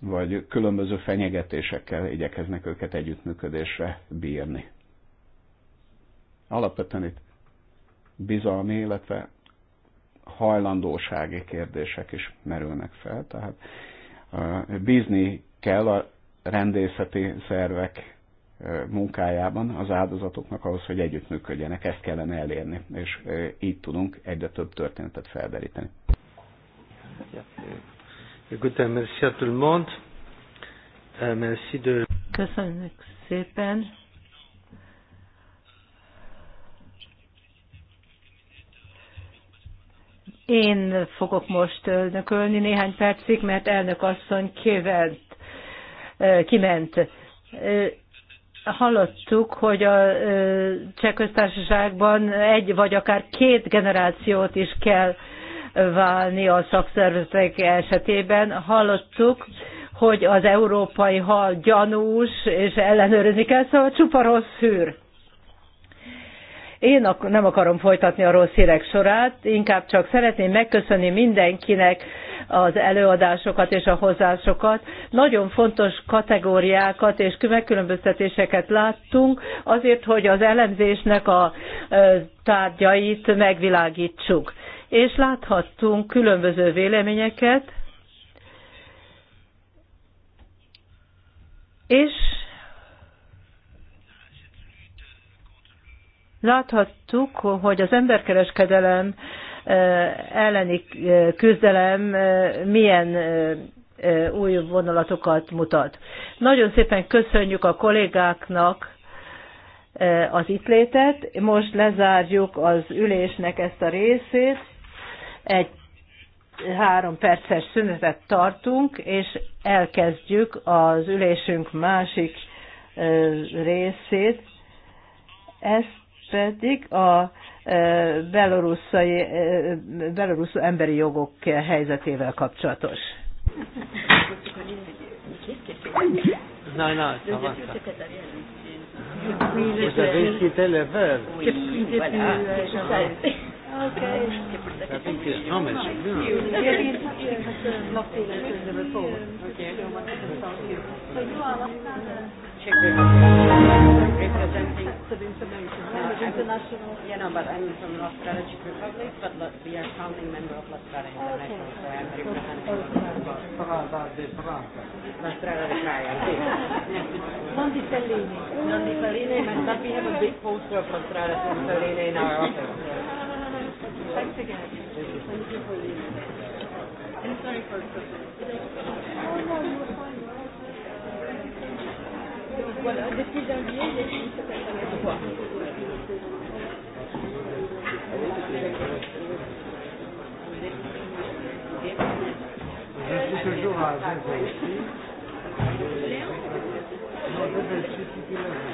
Vagy különböző fenyegetésekkel igyekeznek őket együttműködésre bírni. Alapvetően itt bizalmi, illetve hajlandósági kérdések is merülnek fel. Tehát bízni kell a rendészeti szervek munkájában az áldozatoknak ahhoz, hogy együttműködjenek. Ezt kellene elérni, és így tudunk egyre több történetet felderíteni. Euh, Köszönjük szépen. Én fogok most elnökölni néhány percig, mert elnök asszony kivent, kiment. Hallottuk, hogy a cseh köztársaságban egy vagy akár két generációt is kell válni a szakszervezetek esetében. Hallottuk, hogy az európai hal gyanús, és ellenőrizni kell, szóval csupa rossz hűr. Én nem akarom folytatni a rossz hírek sorát, inkább csak szeretném megköszönni mindenkinek az előadásokat és a hozzásokat. Nagyon fontos kategóriákat és megkülönböztetéseket láttunk, azért, hogy az elemzésnek a tárgyait megvilágítsuk és láthattunk különböző véleményeket, és láthattuk, hogy az emberkereskedelem eh, elleni eh, küzdelem eh, milyen új vonalatokat mutat. Nagyon szépen köszönjük a kollégáknak az itt létet. Most lezárjuk az ülésnek ezt a részét egy három perces szünetet tartunk, és elkezdjük az ülésünk másik részét. Ez pedig a belorusszai, belorusz emberi jogok helyzetével kapcsolatos. Na, na, ça Okay. I think it's Thomas. Yeah. Get in touch with Lottie in the report. Okay. So you are representing international. Yeah, no, but I'm from Nostrada Czech Republic, but we are founding member of Nostrada International, so I'm representing Nostrada de Praga. Nostrada de Praga, sì. Non di Fellini. Non di Fellini, but we have a big poster of Nostrada de Fellini in our office. Thanks again. Thank you for your And for Oh no, you were fine. Donc voilà, depuis janvier, j'ai fini cette année de voir. Je suis toujours à Genève ici. Non, je suis titulaire.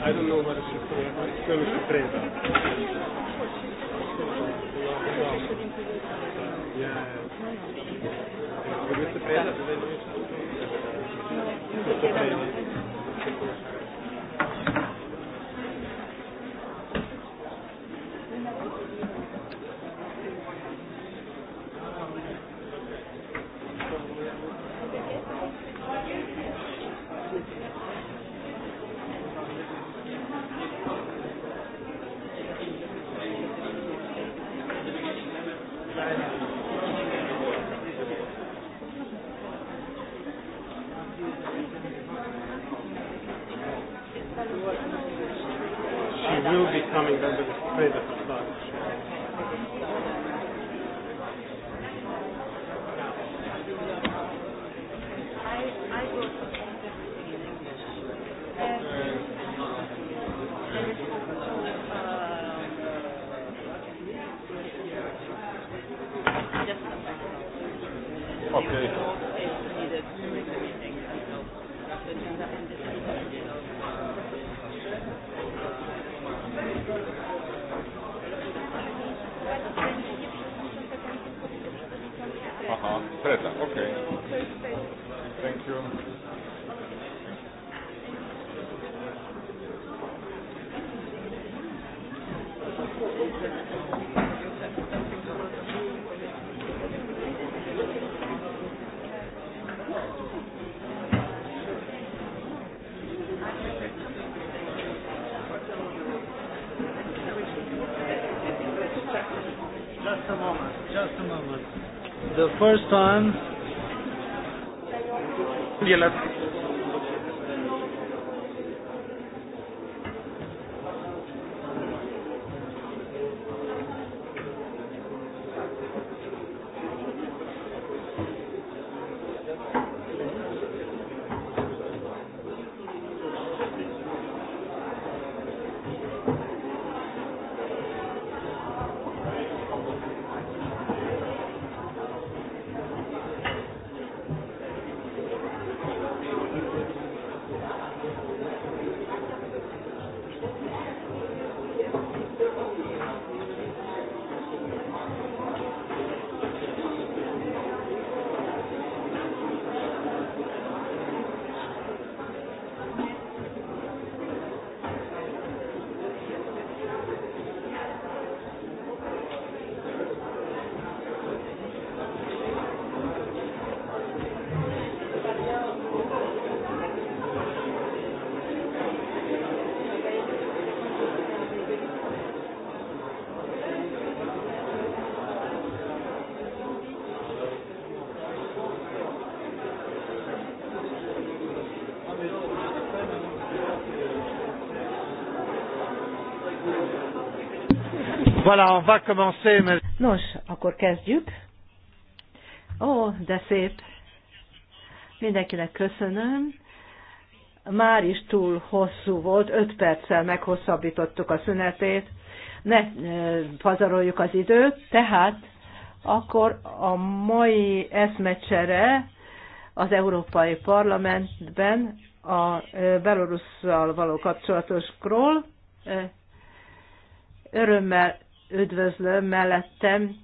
I don't know what is Supreme. It's going to first time. Yeah, let's Voilà, on va commencer. Mais... Nos, akkor kezdjük. Ó, de szép. Mindenkinek köszönöm. Már is túl hosszú volt, öt perccel meghosszabbítottuk a szünetét. Ne eh, pazaroljuk az időt, tehát akkor a mai eszmecsere az Európai Parlamentben a eh, Belorusszal való kapcsolatosról eh, örömmel üdvözlöm mellettem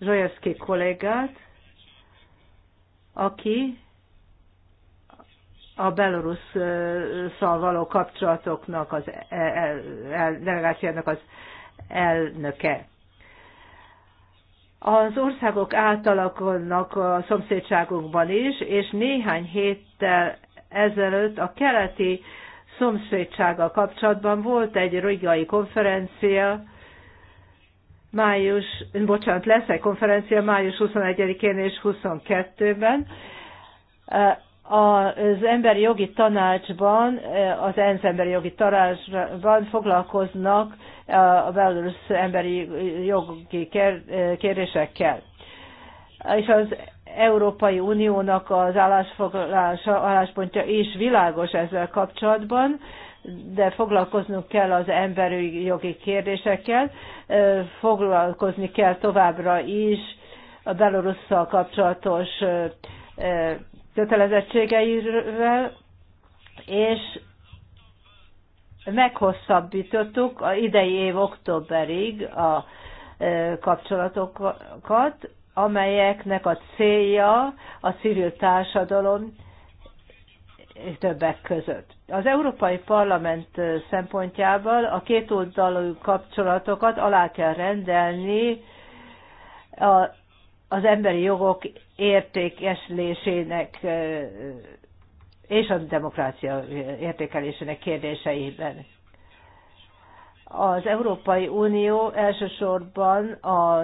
Zsajewski kollégát, aki a Belorusszal való kapcsolatoknak, az e, e, el, el, delegáciának az elnöke. Az országok átalakulnak a szomszédságunkban is, és néhány héttel ezelőtt a keleti szomszédsággal kapcsolatban volt egy rigai konferencia, május, bocsánat, lesz egy konferencia május 21-én és 22-ben. Az emberi jogi tanácsban, az ENSZ emberi jogi tanácsban foglalkoznak a belarus emberi jogi kérésekkel. És az Európai Uniónak az álláspontja is világos ezzel kapcsolatban, de foglalkoznunk kell az emberi jogi kérdésekkel, foglalkozni kell továbbra is a Belorusszal kapcsolatos kötelezettségeivel, és meghosszabbítottuk a idei év októberig a kapcsolatokat, amelyeknek a célja a civil társadalom többek között. Az Európai Parlament szempontjából a kétoldalú kapcsolatokat alá kell rendelni a, az emberi jogok értékeslésének és a demokrácia értékelésének kérdéseiben az Európai Unió elsősorban a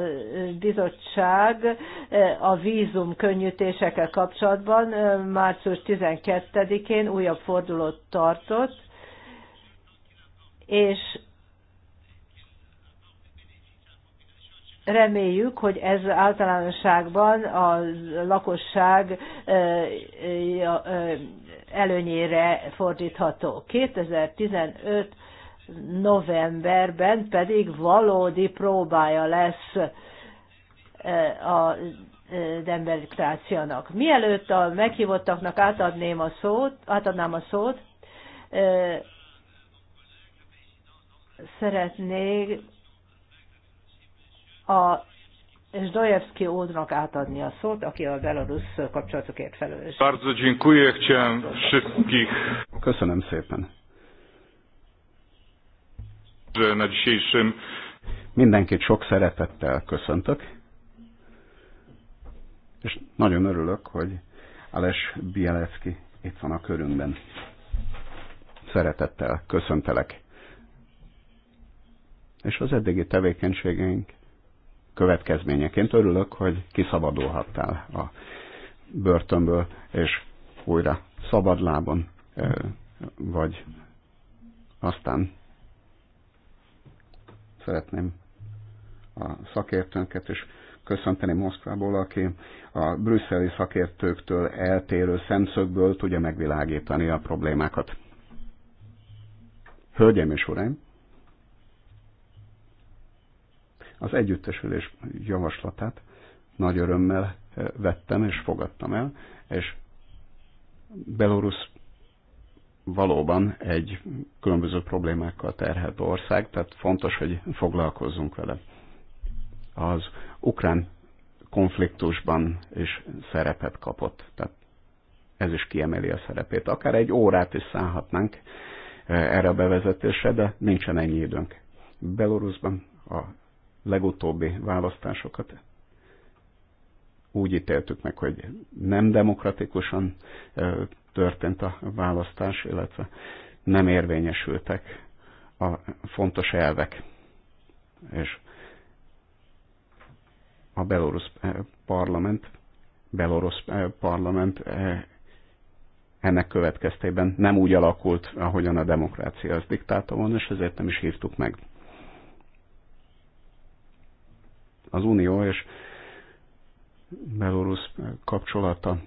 bizottság eh, a vízum könnyítésekkel kapcsolatban eh, március 12-én újabb fordulót tartott, és reméljük, hogy ez általánosságban a lakosság eh, előnyére fordítható. 2015 novemberben pedig valódi próbája lesz e, a e, demokráciának. Mielőtt a meghívottaknak átadném a szót, átadnám a szót, e, szeretnék a Zdojewski úrnak átadni a szót, aki a belarusz kapcsolatokért felelős. Bardzo dziękuję, chciałem wszystkich. Köszönöm szépen na dzisiejszym. Mindenkit sok szeretettel köszöntök, és nagyon örülök, hogy Ales Bielecki itt van a körünkben. Szeretettel köszöntelek. És az eddigi tevékenységeink következményeként örülök, hogy kiszabadulhattál a börtönből, és újra szabadlábon vagy aztán Szeretném a szakértőnket is köszönteni Moszkvából, aki a brüsszeli szakértőktől eltérő szemszögből tudja megvilágítani a problémákat. Hölgyeim és uraim! Az együttesülés javaslatát nagy örömmel eh, vettem és fogadtam el, és Belarus valóban egy különböző problémákkal terhelt ország, tehát fontos, hogy foglalkozzunk vele. Az ukrán konfliktusban is szerepet kapott, tehát ez is kiemeli a szerepét. Akár egy órát is szállhatnánk eh, erre a bevezetésre, de nincsen ennyi időnk. Belarusban a legutóbbi választásokat úgy ítéltük meg, hogy nem demokratikusan eh, történt a választás, illetve nem érvényesültek a fontos elvek. És a belorusz eh, parlament, belorusz eh, parlament eh, ennek következtében nem úgy alakult, ahogyan a demokrácia az diktálta volna, és ezért nem is hívtuk meg. Az Unió és belorusz kapcsolata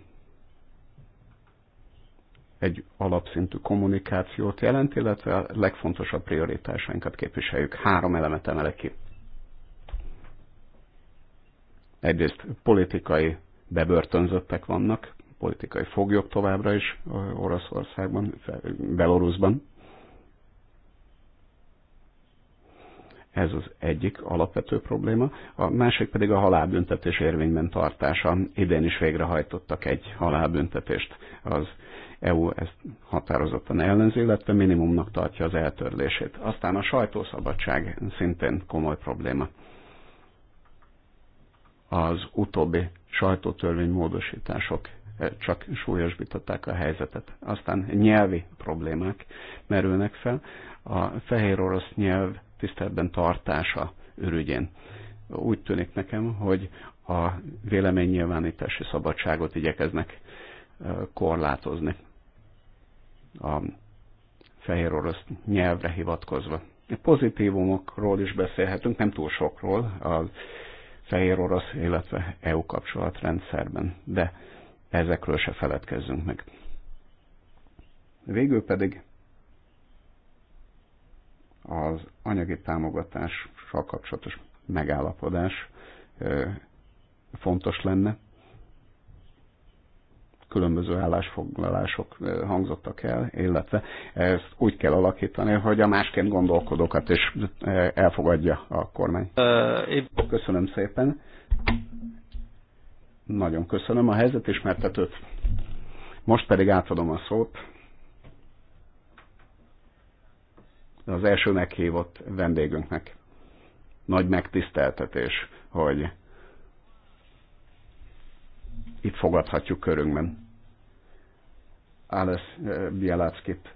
egy alapszintű kommunikációt jelent, illetve a legfontosabb prioritásainkat képviseljük. Három elemet emelek ki. Egyrészt politikai bebörtönzöttek vannak, politikai foglyok továbbra is Oroszországban, Belarusban. Ez az egyik alapvető probléma. A másik pedig a halálbüntetés érvényben tartása. Idén is végrehajtottak egy halálbüntetést az EU ezt határozottan ellenzi, illetve minimumnak tartja az eltörlését. Aztán a sajtószabadság szintén komoly probléma. Az utóbbi sajtótörvény módosítások eh, csak súlyosbították a helyzetet. Aztán nyelvi problémák merülnek fel. A fehér orosz nyelv tiszteletben tartása ürügyén. Úgy tűnik nekem, hogy a véleménynyilvánítási szabadságot igyekeznek eh, korlátozni a fehér orosz nyelvre hivatkozva. Pozitívumokról is beszélhetünk, nem túl sokról a fehér orosz, illetve EU kapcsolatrendszerben, de ezekről se feledkezzünk meg. Végül pedig az anyagi támogatással kapcsolatos megállapodás fontos lenne, különböző állásfoglalások hangzottak el, illetve ezt úgy kell alakítani, hogy a másként gondolkodókat is elfogadja a kormány. Köszönöm szépen. Nagyon köszönöm a helyzet ismertetőt. Most pedig átadom a szót az első meghívott vendégünknek. Nagy megtiszteltetés, hogy itt fogadhatjuk körünkben. Áles eh, Bielackit,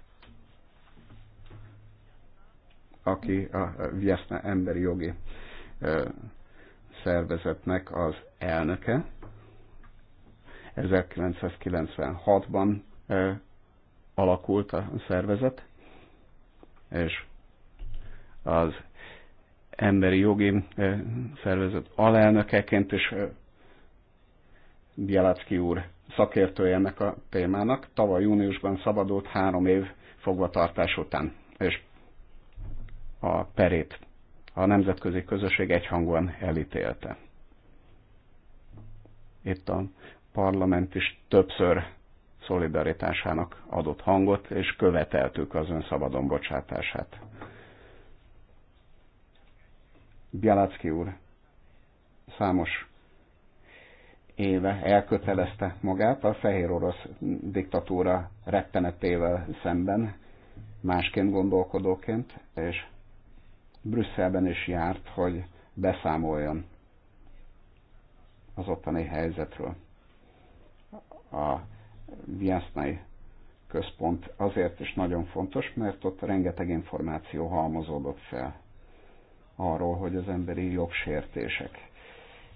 aki a Vieszne Emberi Jogi eh, Szervezetnek az elnöke. 1996-ban eh, alakult a szervezet, és az emberi jogi szervezet alelnökeként is Bielacki úr szakértője ennek a témának. Tavaly júniusban szabadult három év fogvatartás után, és a perét a nemzetközi közösség egyhangúan elítélte. Itt a parlament is többször szolidaritásának adott hangot, és követeltük az ön szabadon bocsátását. Bialacki úr számos éve elkötelezte magát a fehér orosz diktatúra rettenetével szemben, másként gondolkodóként, és Brüsszelben is járt, hogy beszámoljon az ottani helyzetről. A Viasznai központ azért is nagyon fontos, mert ott rengeteg információ halmozódott fel arról, hogy az emberi jogsértések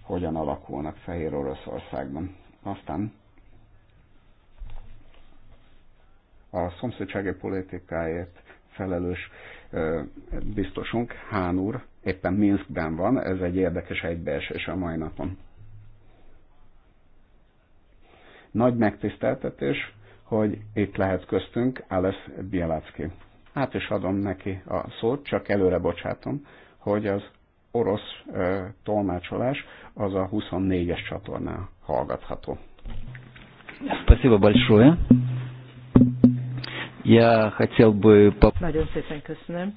hogyan alakulnak Fehér Oroszországban. Aztán a szomszédsági politikáért felelős biztosunk, Hán úr, éppen Minskben van, ez egy érdekes egybeesés a mai napon. Nagy megtiszteltetés, hogy itt lehet köztünk Alesz Bielacki. Hát is adom neki a szót, csak előre bocsátom, hogy az orosz ö, tolmácsolás az a 24-es csatornán hallgatható. Спасибо большое. Я хотел бы... Nagyon szépen köszönöm.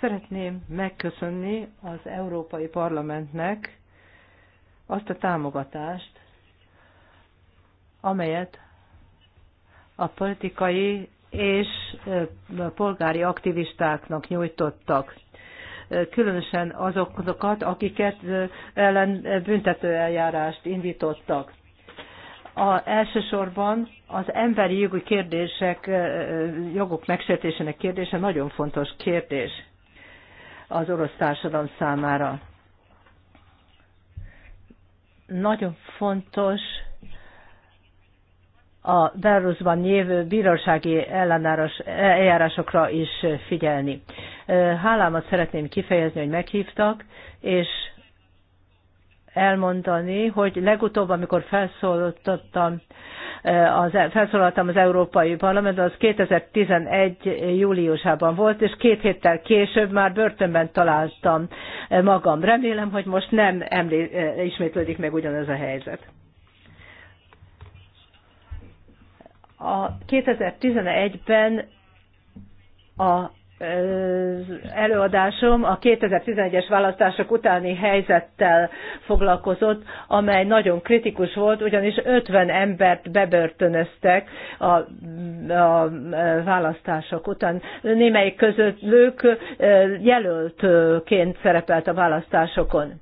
Szeretném megköszönni az Európai Parlamentnek azt a támogatást, amelyet a politikai és polgári aktivistáknak nyújtottak különösen azokat, akiket ellen büntető eljárást indítottak. A, elsősorban az emberi jogi kérdések, jogok megsértésének kérdése nagyon fontos kérdés az orosz társadalom számára. Nagyon fontos, a Belarusban lévő bírósági ellenáros, eljárásokra is figyelni. Hálámat szeretném kifejezni, hogy meghívtak, és elmondani, hogy legutóbb, amikor felszólaltam, az, felszólaltam az Európai Parlament, az 2011. júliusában volt, és két héttel később már börtönben találtam magam. Remélem, hogy most nem emlé- ismétlődik meg ugyanez a helyzet. A 2011-ben a előadásom a 2011-es választások utáni helyzettel foglalkozott, amely nagyon kritikus volt, ugyanis 50 embert bebörtönöztek a, a választások után. Némelyik között ők jelöltként szerepelt a választásokon.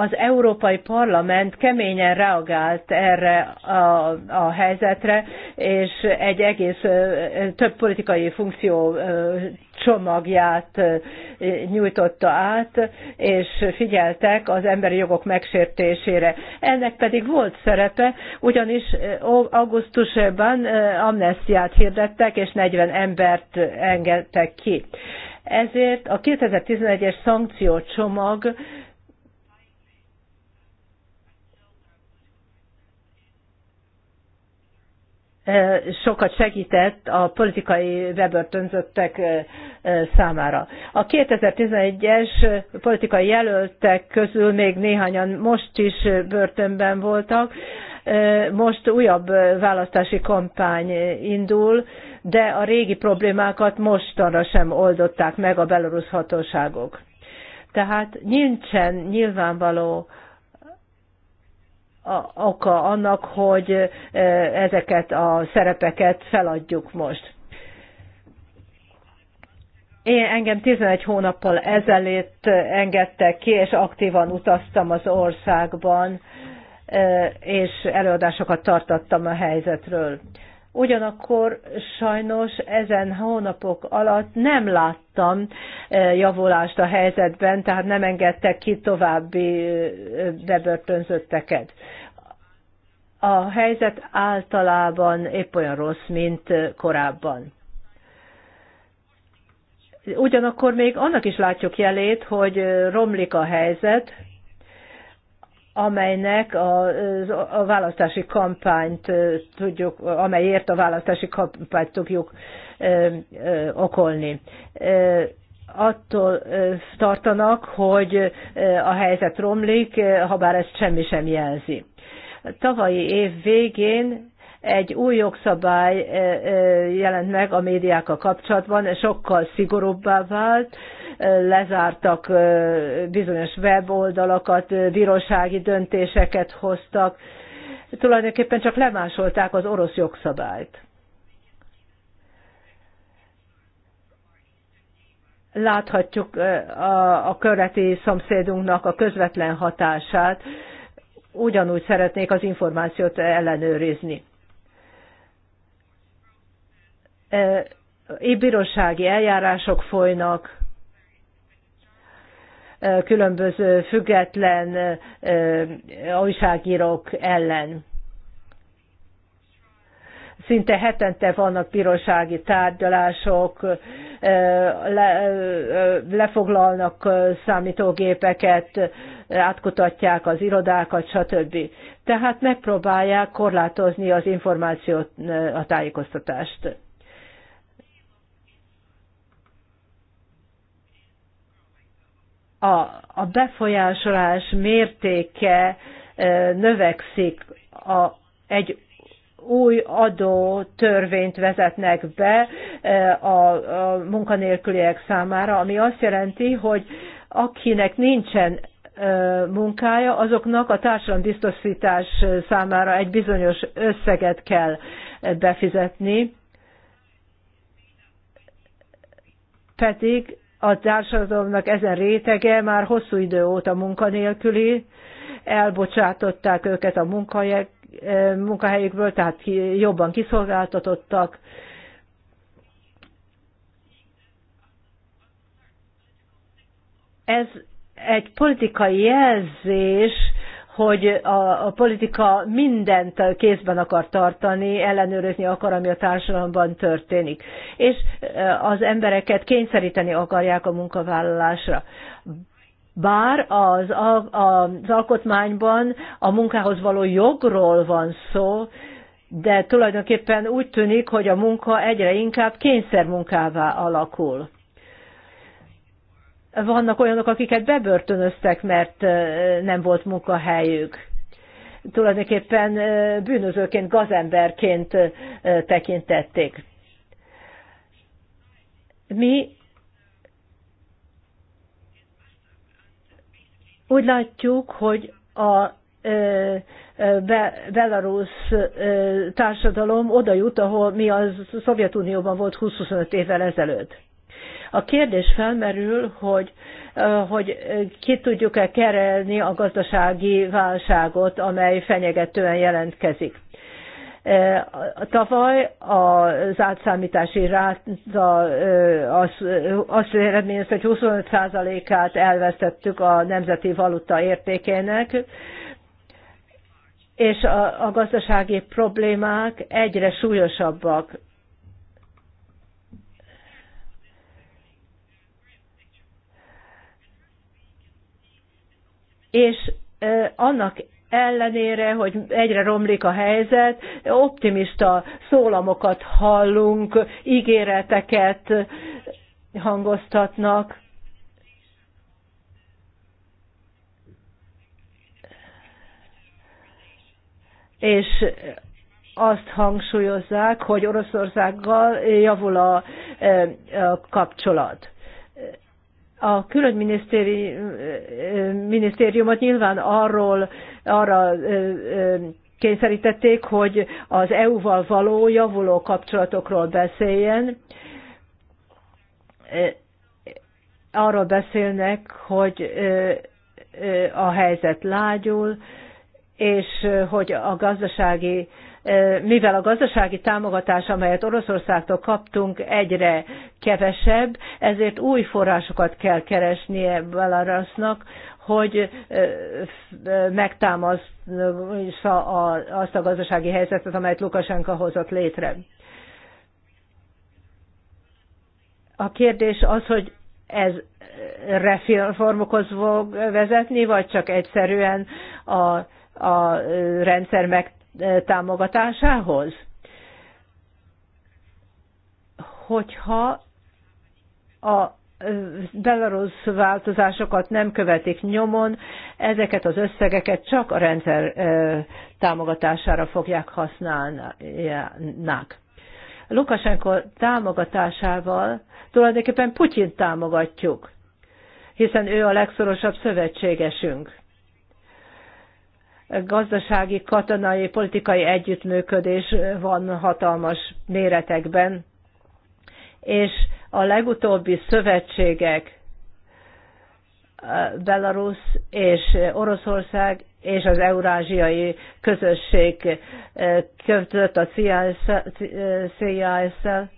az Európai Parlament keményen reagált erre a, a helyzetre, és egy egész több politikai funkció csomagját nyújtotta át, és figyeltek az emberi jogok megsértésére. Ennek pedig volt szerepe, ugyanis augusztusban amnestiát hirdettek, és 40 embert engedtek ki. Ezért a 2011-es szankciócsomag csomag sokat segített a politikai bebörtönzöttek számára. A 2011-es politikai jelöltek közül még néhányan most is börtönben voltak, most újabb választási kampány indul, de a régi problémákat mostanra sem oldották meg a belorusz hatóságok. Tehát nincsen nyilvánvaló a, oka annak, hogy ezeket a szerepeket feladjuk most. Én engem 11 hónappal ezelőtt engedtek ki, és aktívan utaztam az országban, és előadásokat tartottam a helyzetről. Ugyanakkor sajnos ezen hónapok alatt nem láttam e, javulást a helyzetben, tehát nem engedtek ki további e, bebörtönzötteket. A helyzet általában épp olyan rossz, mint korábban. Ugyanakkor még annak is látjuk jelét, hogy romlik a helyzet, amelynek a, a választási kampányt tudjuk, amelyért a választási kampányt tudjuk ö, ö, okolni. Ö, attól tartanak, hogy a helyzet romlik, ha bár ezt semmi sem jelzi. Tavalyi év végén egy új jogszabály jelent meg a médiákkal kapcsolatban, sokkal szigorúbbá vált, lezártak bizonyos weboldalakat, bírósági döntéseket hoztak. Tulajdonképpen csak lemásolták az orosz jogszabályt. Láthatjuk a, a körleti szomszédunknak a közvetlen hatását. Ugyanúgy szeretnék az információt ellenőrizni bírósági eljárások folynak, különböző független újságírók ellen. Szinte hetente vannak bírósági tárgyalások, le, lefoglalnak számítógépeket, átkutatják az irodákat, stb. Tehát megpróbálják korlátozni az információt, a tájékoztatást. a, a befolyásolás mértéke e, növekszik, a, egy új adó törvényt vezetnek be e, a, a munkanélküliek számára, ami azt jelenti, hogy akinek nincsen e, munkája, azoknak a társadalombiztosítás számára egy bizonyos összeget kell befizetni, pedig a társadalomnak ezen rétege már hosszú idő óta munkanélküli, elbocsátották őket a munkahelyek, eh, munkahelyükből, tehát jobban kiszolgáltatottak. Ez egy politikai jelzés, hogy a, a politika mindent kézben akar tartani, ellenőrizni akar, ami a társadalomban történik. És e, az embereket kényszeríteni akarják a munkavállalásra. Bár az, a, az alkotmányban a munkához való jogról van szó, de tulajdonképpen úgy tűnik, hogy a munka egyre inkább kényszermunkává alakul vannak olyanok, akiket bebörtönöztek, mert nem volt munkahelyük. Tulajdonképpen bűnözőként, gazemberként tekintették. Mi úgy látjuk, hogy a belarusz társadalom oda jut, ahol mi a Szovjetunióban volt 20-25 évvel ezelőtt a kérdés felmerül, hogy, hogy ki tudjuk-e kerelni a gazdasági válságot, amely fenyegetően jelentkezik. Tavaly az átszámítási ráta azt, azt eredményezte, hogy 25%-át elvesztettük a nemzeti valuta értékének, és a, a gazdasági problémák egyre súlyosabbak. és annak ellenére, hogy egyre romlik a helyzet, optimista szólamokat hallunk, ígéreteket hangoztatnak. És azt hangsúlyozzák, hogy Oroszországgal javul a, a kapcsolat a külön minisztéri, minisztériumot nyilván arról, arra kényszerítették, hogy az EU-val való javuló kapcsolatokról beszéljen. Arról beszélnek, hogy a helyzet lágyul, és hogy a gazdasági mivel a gazdasági támogatás, amelyet Oroszországtól kaptunk, egyre kevesebb, ezért új forrásokat kell keresnie Belarusnak, hogy megtámaszza azt a gazdasági helyzetet, amelyet Lukasenka hozott létre. A kérdés az, hogy ez reformokhoz fog vezetni, vagy csak egyszerűen a, a rendszer meg támogatásához. Hogyha a belarusz változásokat nem követik nyomon, ezeket az összegeket csak a rendszer támogatására fogják használnák. Lukasenko támogatásával tulajdonképpen Putyint támogatjuk, hiszen ő a legszorosabb szövetségesünk gazdasági, katonai, politikai együttműködés van hatalmas méretekben, és a legutóbbi szövetségek, eh, Belarus és Oroszország és az eurázsiai közösség eh, között a CIS-szel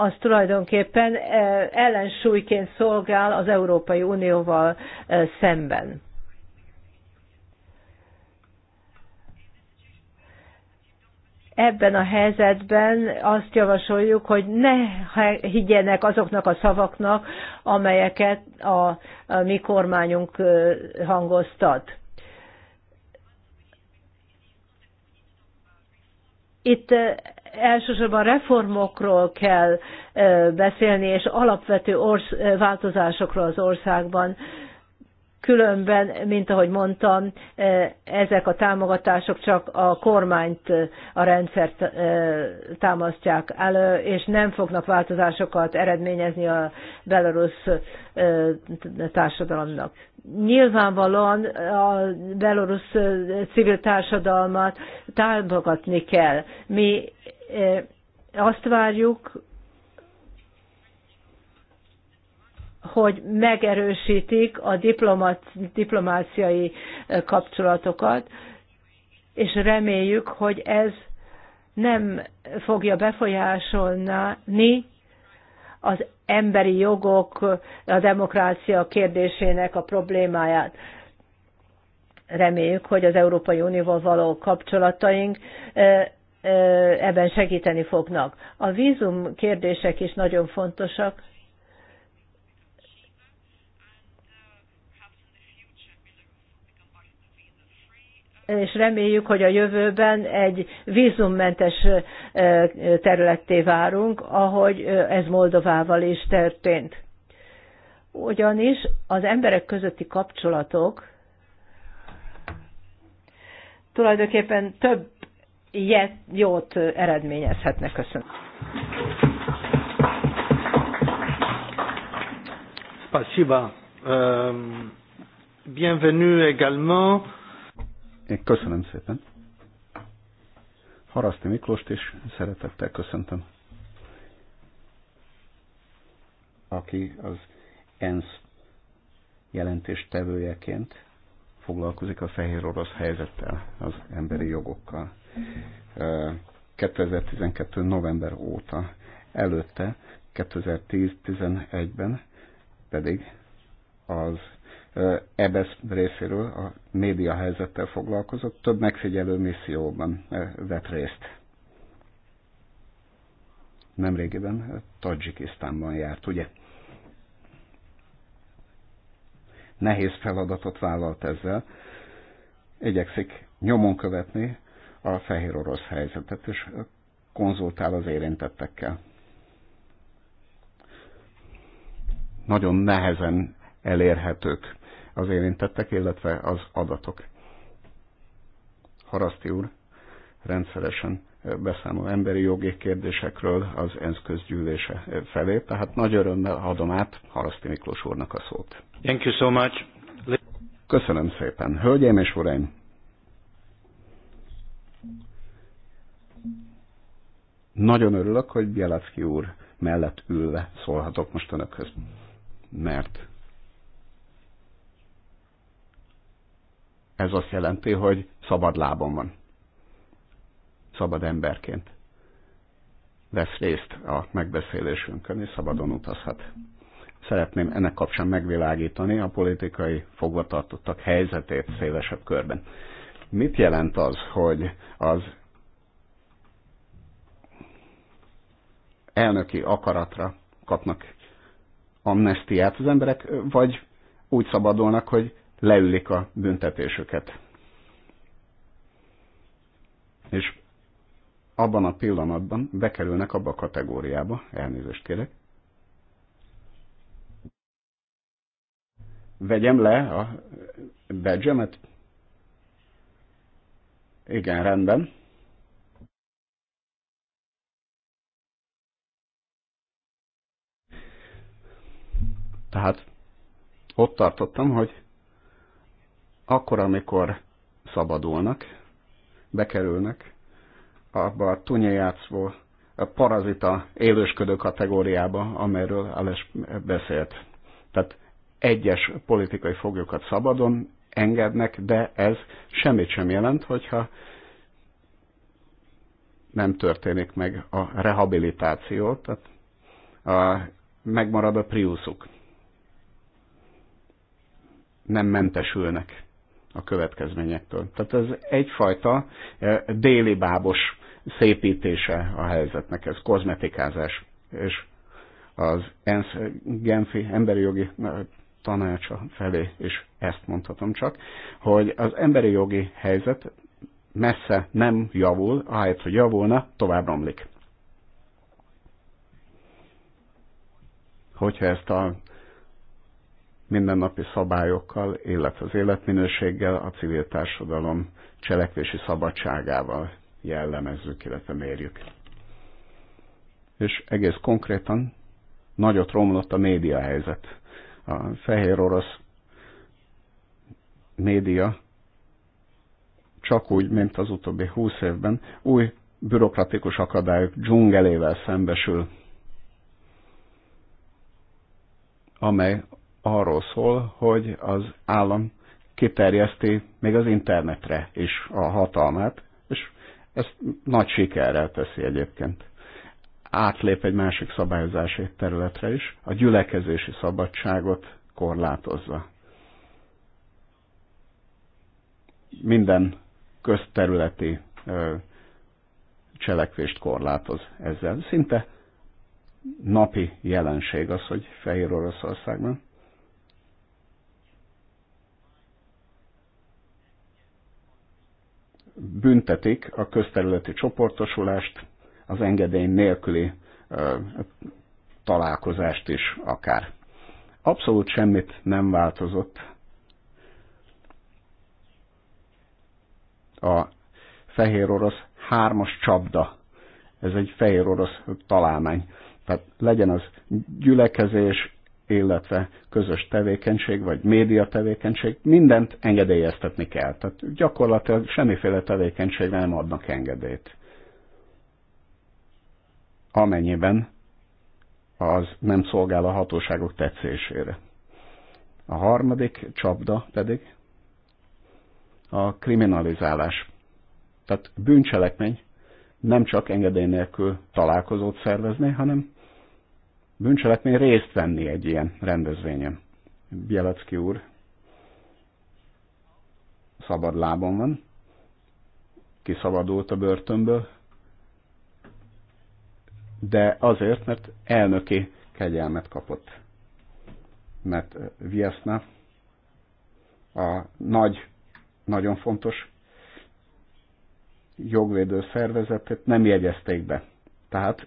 az tulajdonképpen eh, ellensúlyként szolgál az Európai Unióval eh, szemben. Ebben a helyzetben azt javasoljuk, hogy ne higgyenek azoknak a szavaknak, amelyeket a, a mi kormányunk eh, hangoztat. Itt elsősorban reformokról kell beszélni, és alapvető orsz, változásokról az országban. Különben, mint ahogy mondtam, ezek a támogatások csak a kormányt, a rendszert támasztják elő, és nem fognak változásokat eredményezni a belarusz társadalomnak. Nyilvánvalóan a belorusz civil társadalmat támogatni kell. Mi azt várjuk, hogy megerősítik a diplomáciai kapcsolatokat, és reméljük, hogy ez nem fogja befolyásolni az emberi jogok, a demokrácia kérdésének a problémáját. Reméljük, hogy az Európai Unióval való kapcsolataink ebben segíteni fognak. A vízum kérdések is nagyon fontosak. és reméljük, hogy a jövőben egy vízummentes területté várunk, ahogy ez Moldovával is történt. Ugyanis az emberek közötti kapcsolatok tulajdonképpen több ilyet, jót eredményezhetne. Köszönöm. Спасибо. Bienvenue également. Köszönöm szépen. Haraszti Miklóst is szeretettel köszöntöm. Aki az ENSZ jelentéstevőjeként foglalkozik a fehér orosz helyzettel, az emberi jogokkal. 2012. november óta, előtte 2010-11-ben pedig az EBESZ részéről a média helyzettel foglalkozott, több megfigyelő misszióban vett részt. Nemrégiben Tajikisztánban járt, ugye? Nehéz feladatot vállalt ezzel. Igyekszik nyomon követni a fehér orosz helyzetet, és konzultál az érintettekkel. Nagyon nehezen elérhetők az érintettek, illetve az adatok. Haraszti úr rendszeresen beszámol emberi jogi kérdésekről az ENSZ közgyűlése felé, tehát nagy örömmel adom át Haraszti Miklós úrnak a szót. Thank you so much. Köszönöm szépen. Hölgyeim és uraim, Nagyon örülök, hogy Bielecki úr mellett ülve szólhatok most önökhöz, mert ez azt jelenti, hogy szabad lábon van. Szabad emberként vesz részt a megbeszélésünkön, és szabadon utazhat. Szeretném ennek kapcsán megvilágítani a politikai fogvatartottak helyzetét szélesebb körben. Mit jelent az, hogy az elnöki akaratra kapnak amnestiát az emberek, vagy úgy szabadulnak, hogy leülik a büntetésüket. És abban a pillanatban bekerülnek abba a kategóriába, elnézést kérek. Vegyem le a badge -emet. Igen, rendben. Tehát ott tartottam, hogy akkor, amikor szabadulnak, bekerülnek abba a tunyajátszó a parazita élősködő kategóriába, amelyről Ales beszélt. Tehát egyes politikai foglyokat szabadon engednek, de ez semmit sem jelent, hogyha nem történik meg a rehabilitáció, tehát a, megmarad a priuszuk nem mentesülnek a következményektől. Tehát ez egyfajta eh, déli bábos szépítése a helyzetnek, ez kozmetikázás. És az ENSZ eh, Genfi emberi jogi eh, tanácsa felé is ezt mondhatom csak, hogy az emberi jogi helyzet messze nem javul, ahelyett, hogy javulna, tovább romlik. Hogyha ezt a mindennapi szabályokkal, illetve az életminőséggel, a civil társadalom cselekvési szabadságával jellemezzük, illetve mérjük. És egész konkrétan nagyot romlott a média helyzet. A fehér orosz média csak úgy, mint az utóbbi húsz évben, új bürokratikus akadályok dzsungelével szembesül, amely arról szól, hogy az állam kiterjeszti még az internetre is a hatalmát, és ezt nagy sikerrel teszi egyébként. Átlép egy másik szabályozási területre is, a gyülekezési szabadságot korlátozza. Minden közterületi cselekvést korlátoz ezzel. Szinte napi jelenség az, hogy Fehér Oroszországban büntetik a közterületi csoportosulást, az engedély nélküli találkozást is akár. Abszolút semmit nem változott a fehér orosz hármas csapda. Ez egy fehér orosz találmány. Tehát legyen az gyülekezés, illetve közös tevékenység, vagy média tevékenység, mindent engedélyeztetni kell. Tehát gyakorlatilag semmiféle tevékenységre nem adnak engedélyt. Amennyiben az nem szolgál a hatóságok tetszésére. A harmadik csapda pedig a kriminalizálás. Tehát bűncselekmény nem csak engedély nélkül találkozót szervezni, hanem bűncselekmény részt venni egy ilyen rendezvényen. Bielecki úr szabad lábon van, kiszabadult a börtönből, de azért, mert elnöki kegyelmet kapott. Mert eh, Viesna a nagy, nagyon fontos jogvédő szervezetet nem jegyezték be. Tehát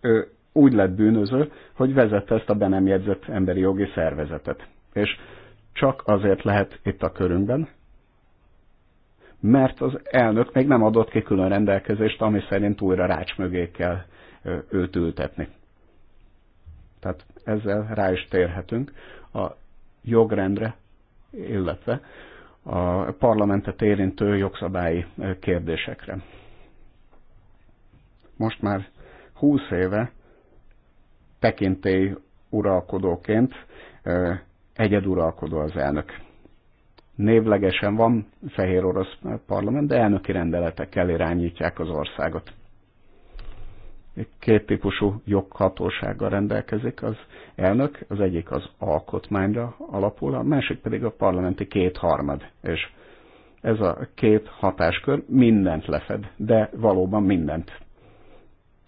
ő úgy lett bűnöző, hogy vezette ezt a be nem jegyzett emberi jogi szervezetet. És csak azért lehet itt a körünkben, mert az elnök még nem adott ki külön rendelkezést, ami szerint újra rács mögé kell őt ültetni. Tehát ezzel rá is térhetünk a jogrendre, illetve a parlamentet érintő jogszabályi kérdésekre. Most már 20 éve tekintély uralkodóként egyeduralkodó az elnök. Névlegesen van fehér orosz parlament, de elnöki rendeletekkel irányítják az országot. Két típusú joghatósággal rendelkezik az elnök, az egyik az alkotmányra alapul, a másik pedig a parlamenti kétharmad. És ez a két hatáskör mindent lefed, de valóban mindent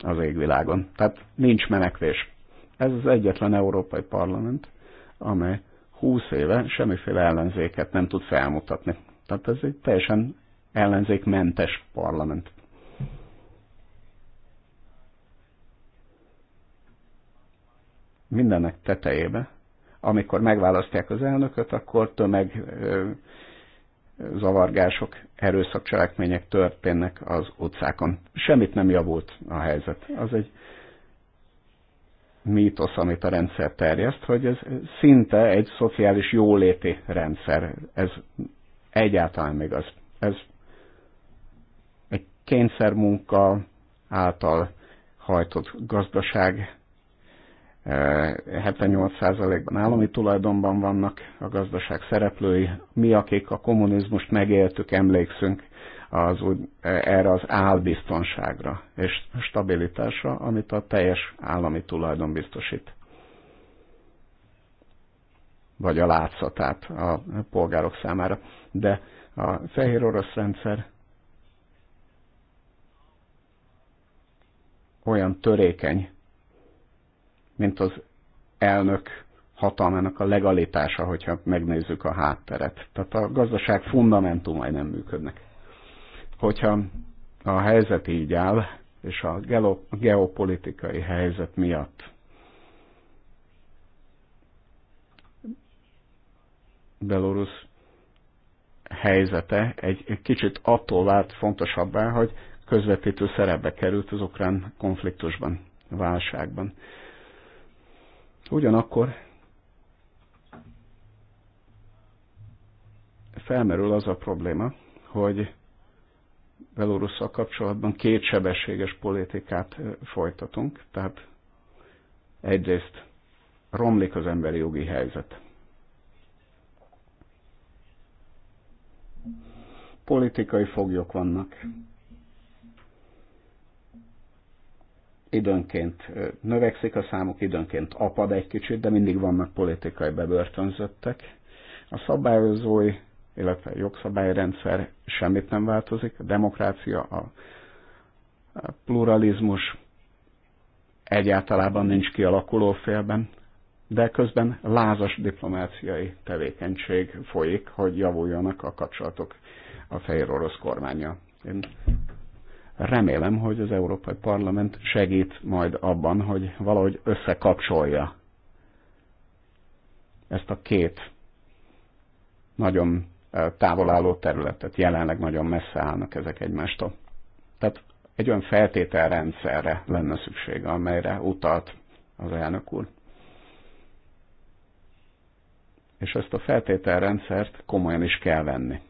az égvilágon. Tehát nincs menekvés ez az egyetlen európai parlament, amely 20 éve semmiféle ellenzéket nem tud felmutatni. Tehát ez egy teljesen ellenzékmentes parlament. Mindennek tetejébe, amikor megválasztják az elnököt, akkor tömeg zavargások, erőszakcselekmények történnek az utcákon. Semmit nem javult a helyzet. Az egy mítosz, amit a rendszer terjeszt, hogy ez szinte egy szociális jóléti rendszer. Ez egyáltalán még az. Ez egy kényszermunka által hajtott gazdaság. 78%-ban eh, állami tulajdonban vannak a gazdaság szereplői. Mi, akik a kommunizmust megéltük, emlékszünk az, e, erre az állbiztonságra és stabilitásra, amit a teljes állami tulajdon biztosít. Vagy a látszatát a polgárok számára. De a fehér orosz rendszer olyan törékeny, mint az elnök hatalmának a legalitása, hogyha megnézzük a hátteret. Tehát a gazdaság fundamentumai nem működnek hogyha a helyzet így áll, és a geopolitikai helyzet miatt Belarus helyzete egy kicsit attól vált fontosabbá, hogy közvetítő szerepbe került az ukrán konfliktusban, válságban. Ugyanakkor felmerül az a probléma, hogy Belorusszal kapcsolatban kétsebességes politikát folytatunk, tehát egyrészt romlik az emberi jogi helyzet. Politikai foglyok vannak. Időnként növekszik a számuk, időnként apad egy kicsit, de mindig vannak politikai bebörtönzöttek. A szabályozói illetve a jogszabályrendszer semmit nem változik, a demokrácia, a pluralizmus egyáltalában nincs kialakuló félben, de közben lázas diplomáciai tevékenység folyik, hogy javuljanak a kapcsolatok a fehér orosz kormánya. Én remélem, hogy az Európai Parlament segít majd abban, hogy valahogy összekapcsolja ezt a két nagyon távolálló területet. Jelenleg nagyon messze állnak ezek egymástól. Tehát egy olyan feltételrendszerre lenne szüksége, amelyre utalt az elnök úr. És ezt a feltételrendszert komolyan is kell venni.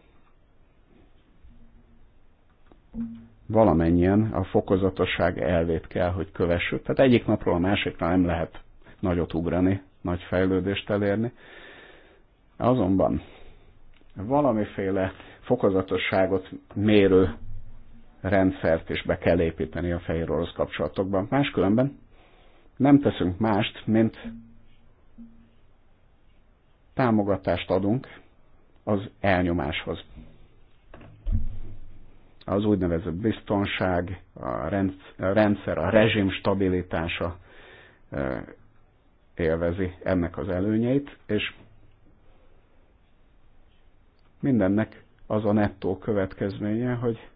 Valamennyien a fokozatosság elvét kell, hogy kövessük. Tehát egyik napról a másikra nem lehet nagyot ugrani, nagy fejlődést elérni. Azonban valamiféle fokozatosságot mérő rendszert is be kell építeni a fehér orosz kapcsolatokban. Máskülönben nem teszünk mást, mint támogatást adunk az elnyomáshoz. Az úgynevezett biztonság, a rendszer, a rezsim stabilitása eh, élvezi ennek az előnyeit, és Mindennek az a nettó következménye, hogy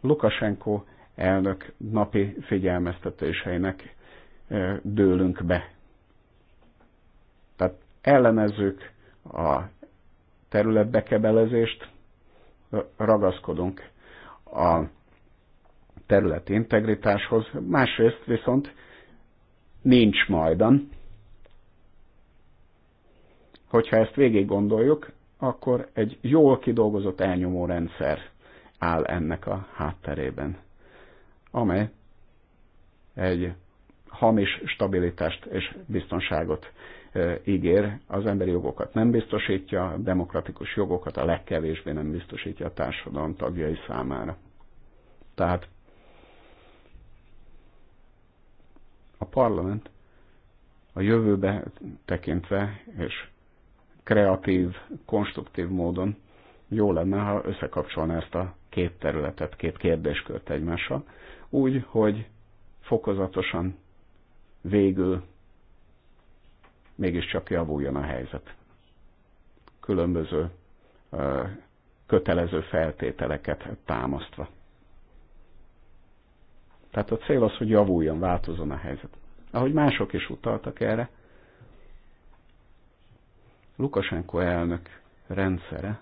Lukasenko elnök napi figyelmeztetéseinek dőlünk be. Tehát ellenezzük a területbekebelezést, ragaszkodunk a területi integritáshoz, másrészt viszont nincs majdan. Hogyha ezt végig gondoljuk, akkor egy jól kidolgozott elnyomó rendszer áll ennek a hátterében, amely egy hamis stabilitást és biztonságot ígér, az emberi jogokat nem biztosítja, a demokratikus jogokat a legkevésbé nem biztosítja a társadalom tagjai számára. Tehát a parlament a jövőbe tekintve és kreatív, konstruktív módon jó lenne, ha összekapcsolná ezt a két területet, két kérdéskört egymással, úgy, hogy fokozatosan végül mégiscsak javuljon a helyzet. Különböző kötelező feltételeket támasztva. Tehát a cél az, hogy javuljon, változon a helyzet. Ahogy mások is utaltak erre, Lukasenko elnök rendszere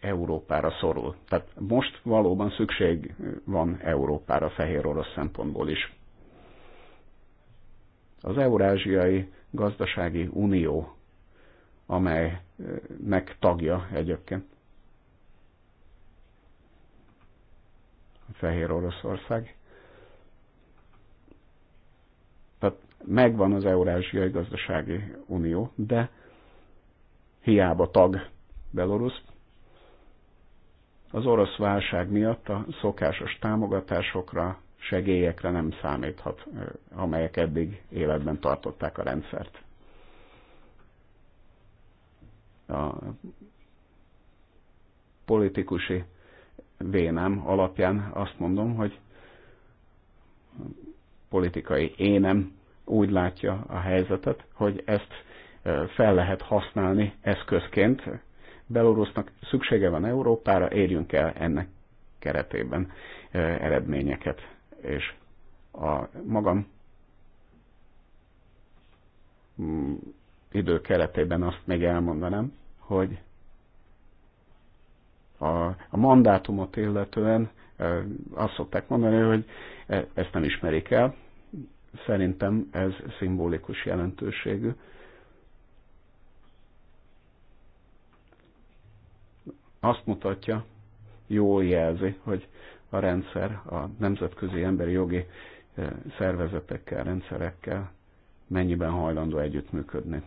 Európára szorul. Tehát most valóban szükség van Európára fehér orosz szempontból is. Az Eurázsiai Gazdasági Unió, amelynek eh, tagja egyébként Fehér Oroszország, megvan az Eurázsiai Gazdasági Unió, de hiába tag Belarus. Az orosz válság miatt a szokásos támogatásokra, segélyekre nem számíthat, amelyek eddig életben tartották a rendszert. A politikusi vénem alapján azt mondom, hogy politikai énem úgy látja a helyzetet, hogy ezt fel lehet használni eszközként. Belorusznak szüksége van Európára, érjünk el ennek keretében eredményeket. És a magam mm, idő keretében azt még elmondanám, hogy a, a mandátumot illetően azt szokták mondani, hogy ezt nem ismerik el, Szerintem ez szimbolikus jelentőségű. Azt mutatja, jól jelzi, hogy a rendszer a nemzetközi emberi jogi eh, szervezetekkel, rendszerekkel mennyiben hajlandó együttműködni.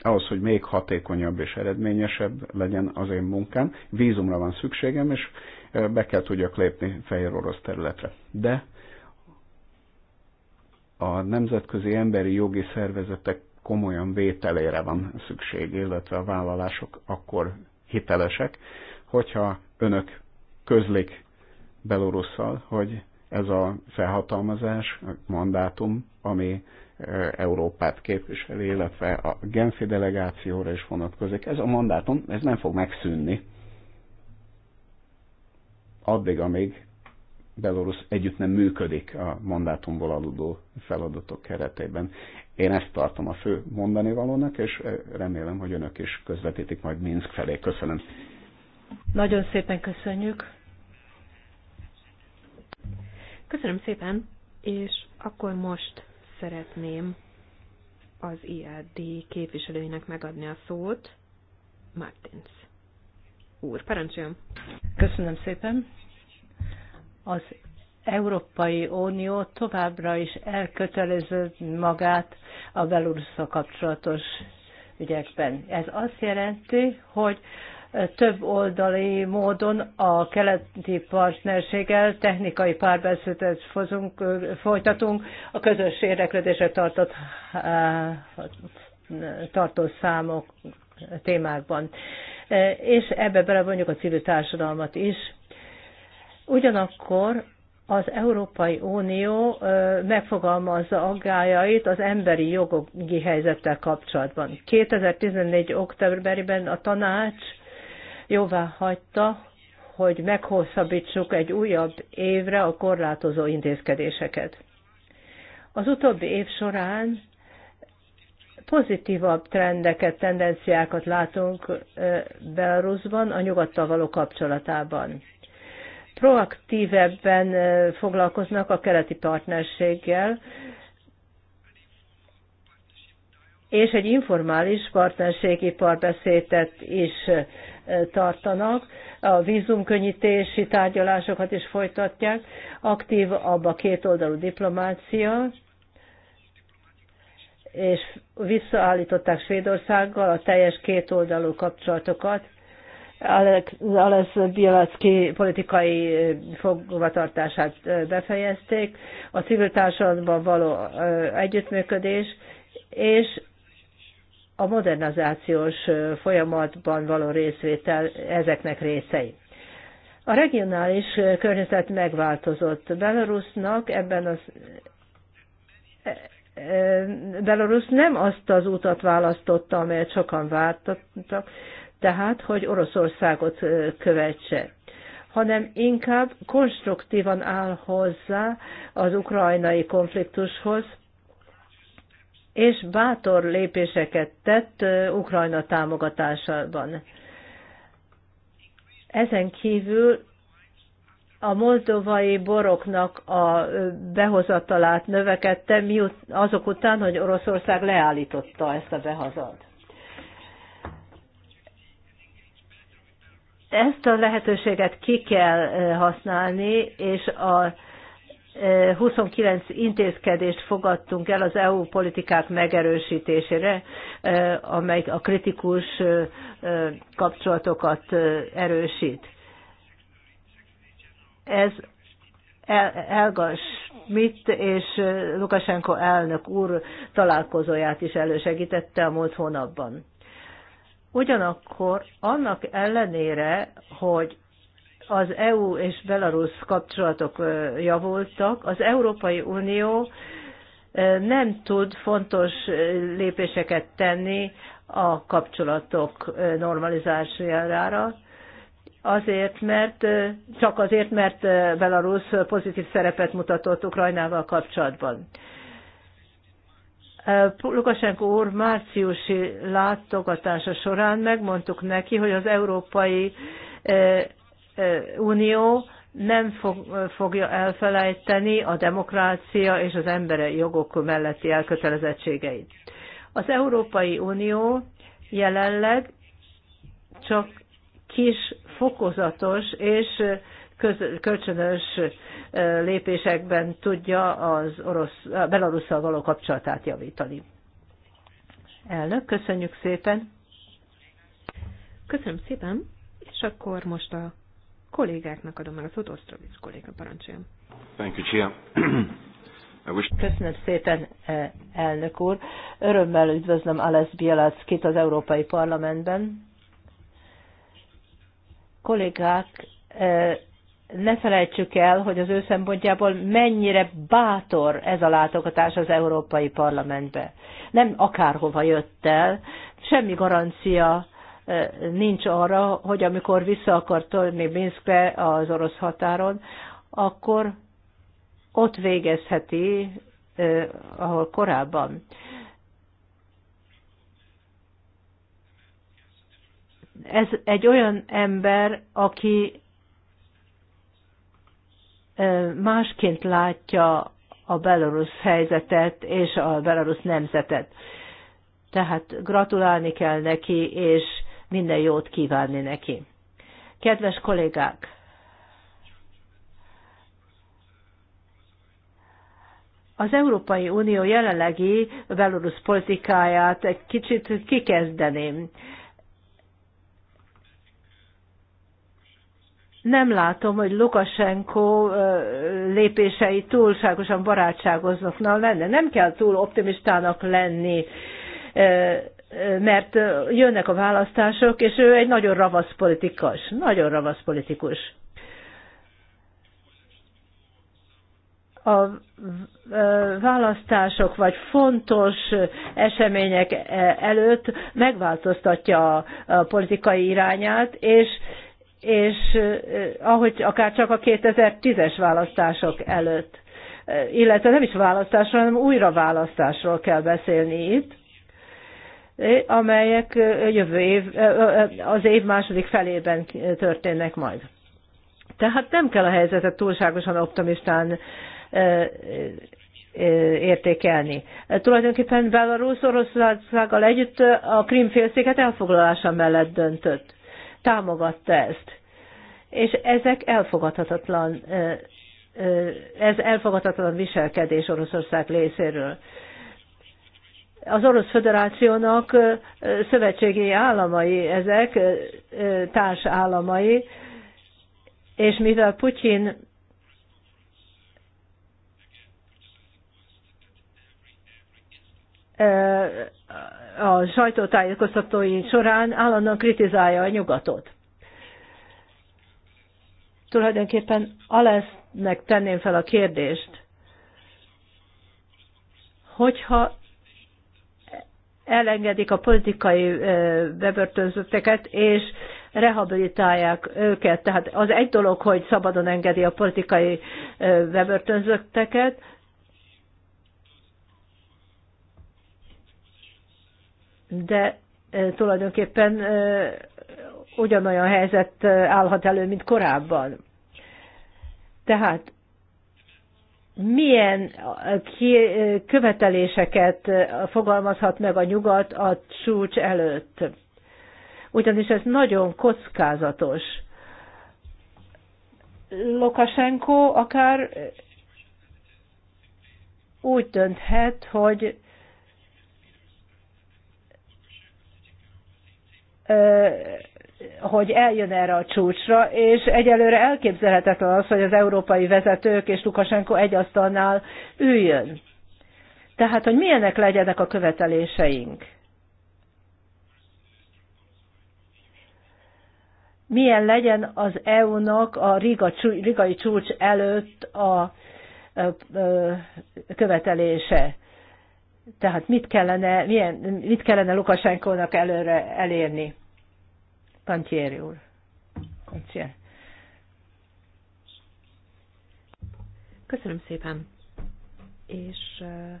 ahhoz, hogy még hatékonyabb és eredményesebb legyen az én munkám, vízumra van szükségem, és be kell tudjak lépni fehér orosz területre. De a nemzetközi emberi jogi szervezetek komolyan vételére van szükség, illetve a vállalások akkor hitelesek, hogyha önök közlik Belorusszal, hogy ez a felhatalmazás, a mandátum, ami e, Európát képviseli, illetve a Genfi delegációra is vonatkozik. Ez a mandátum, ez nem fog megszűnni addig, amíg Belarus együtt nem működik a mandátumból aludó feladatok keretében. Én ezt tartom a fő mondani valónak, és e, remélem, hogy önök is közvetítik majd Minsk felé. Köszönöm. Nagyon szépen köszönjük. Köszönöm szépen, és akkor most szeretném az IAD képviselőinek megadni a szót. Martins úr, parancsoljon. Köszönöm szépen. Az Európai Unió továbbra is elkötelezett magát a belorusszal kapcsolatos ügyekben. Ez azt jelenti, hogy több oldali módon a keleti partnerséggel technikai párbeszédet folytatunk a közös érdeklődésre tartott, eh, tartó számok témákban. Eh, és ebbe belevonjuk a civil társadalmat is. Ugyanakkor az Európai Unió eh, megfogalmazza aggájait az emberi jogi helyzettel kapcsolatban. 2014. októberben a tanács jóvá hagyta, hogy meghosszabbítsuk egy újabb évre a korlátozó intézkedéseket. Az utóbbi év során pozitívabb trendeket, tendenciákat látunk Belarusban, a nyugattal való kapcsolatában. Proaktívebben foglalkoznak a keleti partnerséggel, és egy informális partnerségi párbeszédet is tartanak, a vízumkönnyítési tárgyalásokat is folytatják, aktív abba kétoldalú diplomácia, és visszaállították Svédországgal a teljes kétoldalú kapcsolatokat. Alex Bielacki politikai fogvatartását befejezték, a civil társadalomban való együttműködés, és a modernizációs folyamatban való részvétel ezeknek részei. A regionális környezet megváltozott. Belarusnak ebben az e, e, Belarus nem azt az utat választotta, amelyet sokan vártattak, tehát, hogy Oroszországot követse, hanem inkább konstruktívan áll hozzá az ukrajnai konfliktushoz, és bátor lépéseket tett Ukrajna támogatásában. Ezen kívül a moldovai boroknak a behozatalát növekedte azok után, hogy Oroszország leállította ezt a behazat. Ezt a lehetőséget ki kell használni, és a 29 intézkedést fogadtunk el az EU politikák megerősítésére, amely a kritikus kapcsolatokat erősít. Ez Elga Schmidt és Lukasenko elnök úr találkozóját is elősegítette a múlt hónapban. Ugyanakkor annak ellenére, hogy az EU és Belarus kapcsolatok javultak, az Európai Unió nem tud fontos lépéseket tenni a kapcsolatok normalizálására, azért, mert csak azért, mert Belarus pozitív szerepet mutatott Ukrajnával kapcsolatban. Lukasenko úr márciusi látogatása során megmondtuk neki, hogy az európai Unió nem fog, fogja elfelejteni a demokrácia és az emberi jogok melletti elkötelezettségeit. Az Európai Unió jelenleg csak kis, fokozatos és köz, kölcsönös lépésekben tudja az orosz, a Belarusszal való kapcsolatát javítani. Elnök, köszönjük szépen! Köszönöm szépen, és akkor most a kollégáknak adom meg a szót, Osztrovic kolléga parancsoljon. Thank you, Chia. *clears throat* Köszönöm szépen, eh, elnök úr. Örömmel üdvözlöm Alesz Bielackit az Európai Parlamentben. Kollégák, eh, ne felejtsük el, hogy az ő szempontjából mennyire bátor ez a látogatás az Európai Parlamentbe. Nem akárhova jött el, semmi garancia nincs arra, hogy amikor vissza akar törni Minskbe az orosz határon, akkor ott végezheti, ahol korábban. Ez egy olyan ember, aki másként látja a belarusz helyzetet és a belarusz nemzetet. Tehát gratulálni kell neki, és minden jót kívánni neki. Kedves kollégák! Az Európai Unió jelenlegi belorusz politikáját egy kicsit kikezdeném. nem látom, hogy Lukashenko lépései túlságosan barátságoznak lenne. Nem kell túl optimistának lenni mert jönnek a választások, és ő egy nagyon ravasz politikus, nagyon ravasz politikus. A választások vagy fontos események e, előtt megváltoztatja a politikai irányát, és és ahogy akár csak a 2010-es választások előtt, illetve nem is választásról, hanem újra választásról kell beszélni itt amelyek jövő év, az év második felében történnek majd. Tehát nem kell a helyzetet túlságosan optimistán értékelni. Tulajdonképpen Belarus Oroszországgal együtt a Krímfélszéket elfoglalása mellett döntött. Támogatta ezt. És ezek elfogadhatatlan, ez elfogadhatatlan viselkedés Oroszország részéről. Az Orosz Föderációnak szövetségi államai ezek, társ államai, és mivel Putyin a sajtótájékoztatói során állandóan kritizálja a nyugatot. Tulajdonképpen Alesznek tenném fel a kérdést, hogyha elengedik a politikai bebörtönzötteket, és rehabilitálják őket. Tehát az egy dolog, hogy szabadon engedi a politikai bebörtönzötteket, de tulajdonképpen ugyanolyan helyzet állhat elő, mint korábban. Tehát milyen követeléseket fogalmazhat meg a nyugat a csúcs előtt. Ugyanis ez nagyon kockázatos. Lokasenko akár úgy dönthet, hogy hogy eljön erre a csúcsra, és egyelőre elképzelhetetlen az, hogy az európai vezetők és Lukasenko egy asztalnál üljön. Tehát, hogy milyenek legyenek a követeléseink. Milyen legyen az EU-nak a Riga, rigai csúcs előtt a követelése. Tehát mit kellene, milyen, mit kellene Lukasenkónak előre elérni? Pantieri úr. Köszönöm szépen. És uh,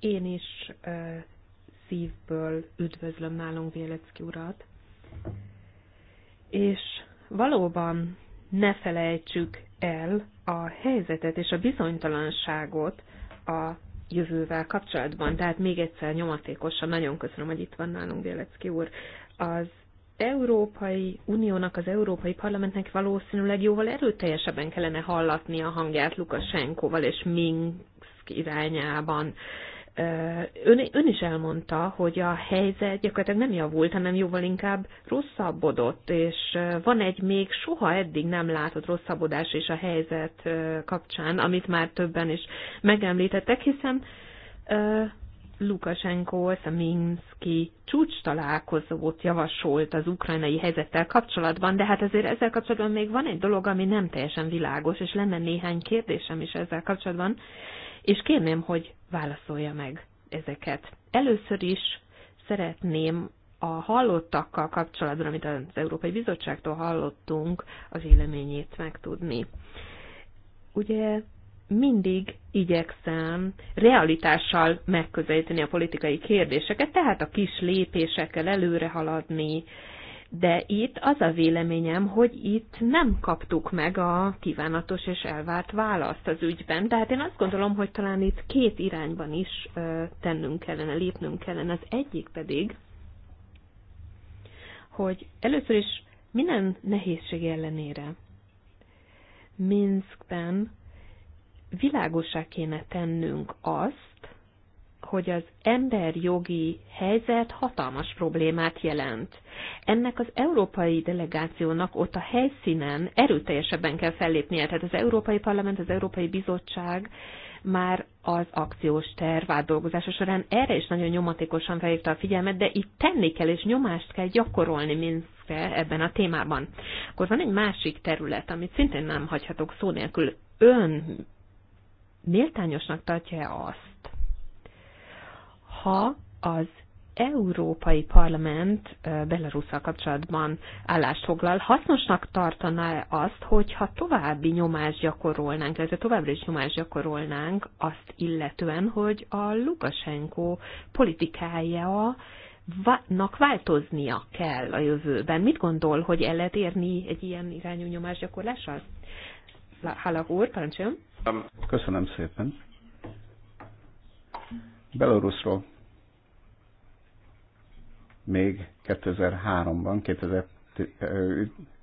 én is uh, szívből üdvözlöm nálunk Vélecki urat. És valóban ne felejtsük el a helyzetet és a bizonytalanságot a jövővel kapcsolatban. Tehát még egyszer nyomatékosan nagyon köszönöm, hogy itt van nálunk Vélecki úr. Az Európai Uniónak, az Európai Parlamentnek valószínűleg jóval erőteljesebben kellene hallatni a hangját Lukasenkoval és Minsk irányában. Ön, ön is elmondta, hogy a helyzet gyakorlatilag nem javult, hanem jóval inkább rosszabbodott, és van egy még soha eddig nem látott rosszabbodás is a helyzet kapcsán, amit már többen is megemlítettek, hiszen Lukasenko a Minszki csúcs találkozót javasolt az ukrajnai helyzettel kapcsolatban, de hát azért ezzel kapcsolatban még van egy dolog, ami nem teljesen világos, és lenne néhány kérdésem is ezzel kapcsolatban, és kérném, hogy válaszolja meg ezeket. Először is szeretném a hallottakkal kapcsolatban, amit az Európai Bizottságtól hallottunk, az éleményét megtudni. Ugye mindig igyekszem realitással megközelíteni a politikai kérdéseket, tehát a kis lépésekkel előre haladni, de itt az a véleményem, hogy itt nem kaptuk meg a kívánatos és elvárt választ az ügyben, tehát én azt gondolom, hogy talán itt két irányban is tennünk kellene, lépnünk kellene. Az egyik pedig, hogy először is minden nehézség ellenére Minskben világosá kéne tennünk azt, hogy az emberjogi helyzet hatalmas problémát jelent. Ennek az európai delegációnak ott a helyszínen erőteljesebben kell fellépnie, tehát az Európai Parlament, az Európai Bizottság már az akciós terv átdolgozása során erre is nagyon nyomatékosan felhívta a figyelmet, de itt tenni kell és nyomást kell gyakorolni Minskre ebben a témában. Akkor van egy másik terület, amit szintén nem hagyhatok szó nélkül ön méltányosnak tartja-e azt, ha az Európai Parlament Belarusszal kapcsolatban állást foglal, hasznosnak tartaná azt, hogyha további nyomást gyakorolnánk, illetve továbbra is nyomást gyakorolnánk azt illetően, hogy a Lukasenko politikája nak változnia kell a jövőben. Mit gondol, hogy el lehet érni egy ilyen irányú nyomásgyakorlással? Hála úr, parancsoljon! Köszönöm szépen. Belarusról még 2003-ban,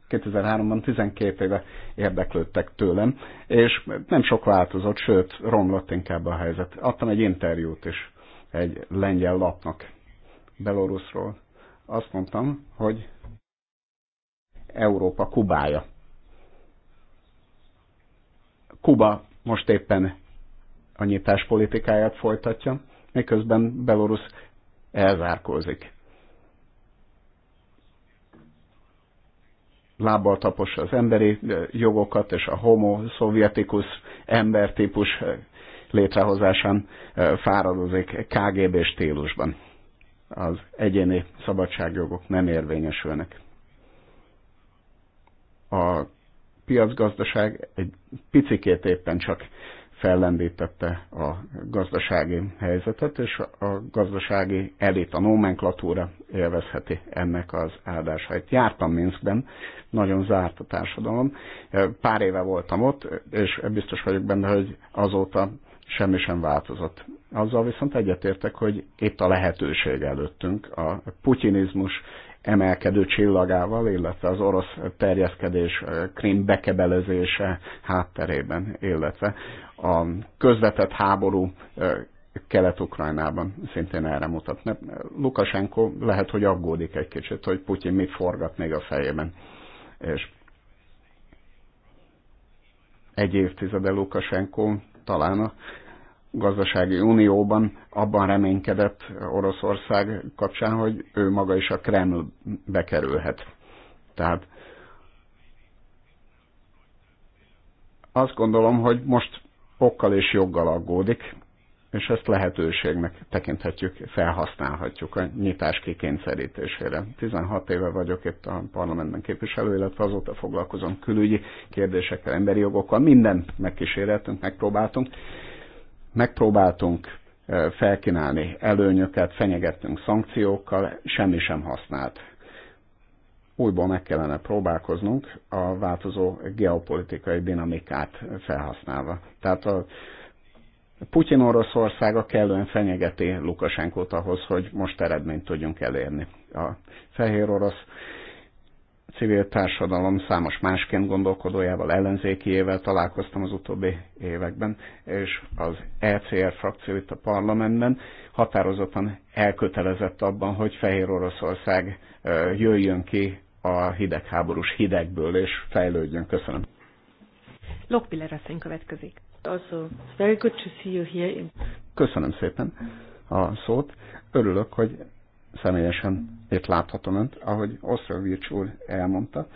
2003-ban 12 éve érdeklődtek tőlem, és nem sok változott, sőt, romlott inkább a helyzet. Adtam egy interjút is egy lengyel lapnak Belarusról. Azt mondtam, hogy Európa Kubája. Kuba most éppen a nyitás politikáját folytatja, miközben Belarus elzárkózik. Lábbal tapos az emberi eh, jogokat és a homo szovjetikus embertípus eh, létrehozásán eh, fáradozik KGB stílusban. Az egyéni szabadságjogok nem érvényesülnek. A piacgazdaság egy picikét éppen csak fellendítette a gazdasági helyzetet, és a gazdasági elit, a nomenklatúra élvezheti ennek az áldásait. Jártam Minskben, nagyon zárt a társadalom. Pár éve voltam ott, és biztos vagyok benne, hogy azóta semmi sem változott. Azzal viszont egyetértek, hogy itt a lehetőség előttünk, a putinizmus emelkedő csillagával, illetve az orosz terjeszkedés krim bekebelezése hátterében, illetve a közvetett háború Kelet-Ukrajnában szintén erre mutat. Mert Lukasenko lehet, hogy aggódik egy kicsit, hogy Putyin mit forgat még a fejében. És egy évtizede Lukasenko talán a gazdasági unióban abban reménykedett Oroszország kapcsán, hogy ő maga is a Kreml bekerülhet. Tehát azt gondolom, hogy most okkal és joggal aggódik, és ezt lehetőségnek tekinthetjük, felhasználhatjuk a nyitás kikényszerítésére. 16 éve vagyok itt a parlamentben képviselő, illetve azóta foglalkozom külügyi kérdésekkel, emberi jogokkal, mindent megkíséreltünk, megpróbáltunk, megpróbáltunk felkínálni előnyöket, fenyegettünk szankciókkal, semmi sem használt. Újból meg kellene próbálkoznunk a változó geopolitikai dinamikát felhasználva. Tehát a Putyin Oroszországa kellően fenyegeti Lukasenkót ahhoz, hogy most eredményt tudjunk elérni. A fehér orosz civil társadalom számos másként gondolkodójával, ellenzékiével találkoztam az utóbbi években, és az ECR frakció itt a parlamentben határozottan elkötelezett abban, hogy Fehér Oroszország jöjjön ki a hidegháborús hidegből, és fejlődjön. Köszönöm. Lokpiller asszony következik. Also, very good to see you here. Köszönöm szépen a szót. Örülök, hogy személyesen itt láthatom önt, ahogy Vircs úr elmondta,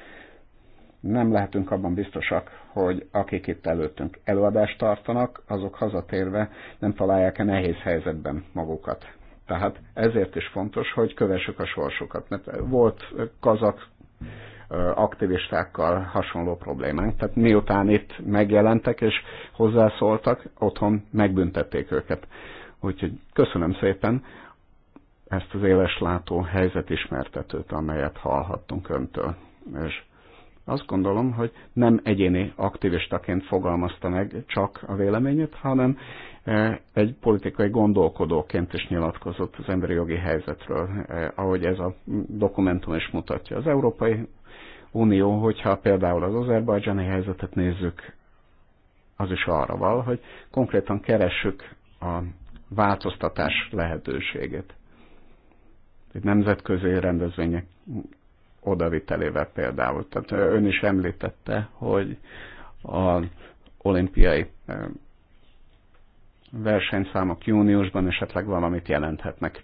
nem lehetünk abban biztosak, hogy akik itt előttünk előadást tartanak, azok hazatérve nem találják-e nehéz helyzetben magukat. Tehát ezért is fontos, hogy kövessük a sorsukat, mert volt kazak aktivistákkal hasonló problémánk. Tehát miután itt megjelentek és hozzászóltak, otthon megbüntették őket. Úgyhogy köszönöm szépen ezt az éles látó ismertetőt, amelyet hallhattunk öntől. És azt gondolom, hogy nem egyéni aktivistaként fogalmazta meg csak a véleményét, hanem e, egy politikai gondolkodóként is nyilatkozott az emberi jogi helyzetről, e, ahogy ez a dokumentum is mutatja. Az Európai Unió, hogyha például az azerbajdzsáni helyzetet nézzük, az is arra val, hogy konkrétan keressük a változtatás lehetőségét nemzetközi rendezvények odavitelével például. Tehát ön is említette, hogy az olimpiai versenyszámok júniusban esetleg valamit jelenthetnek.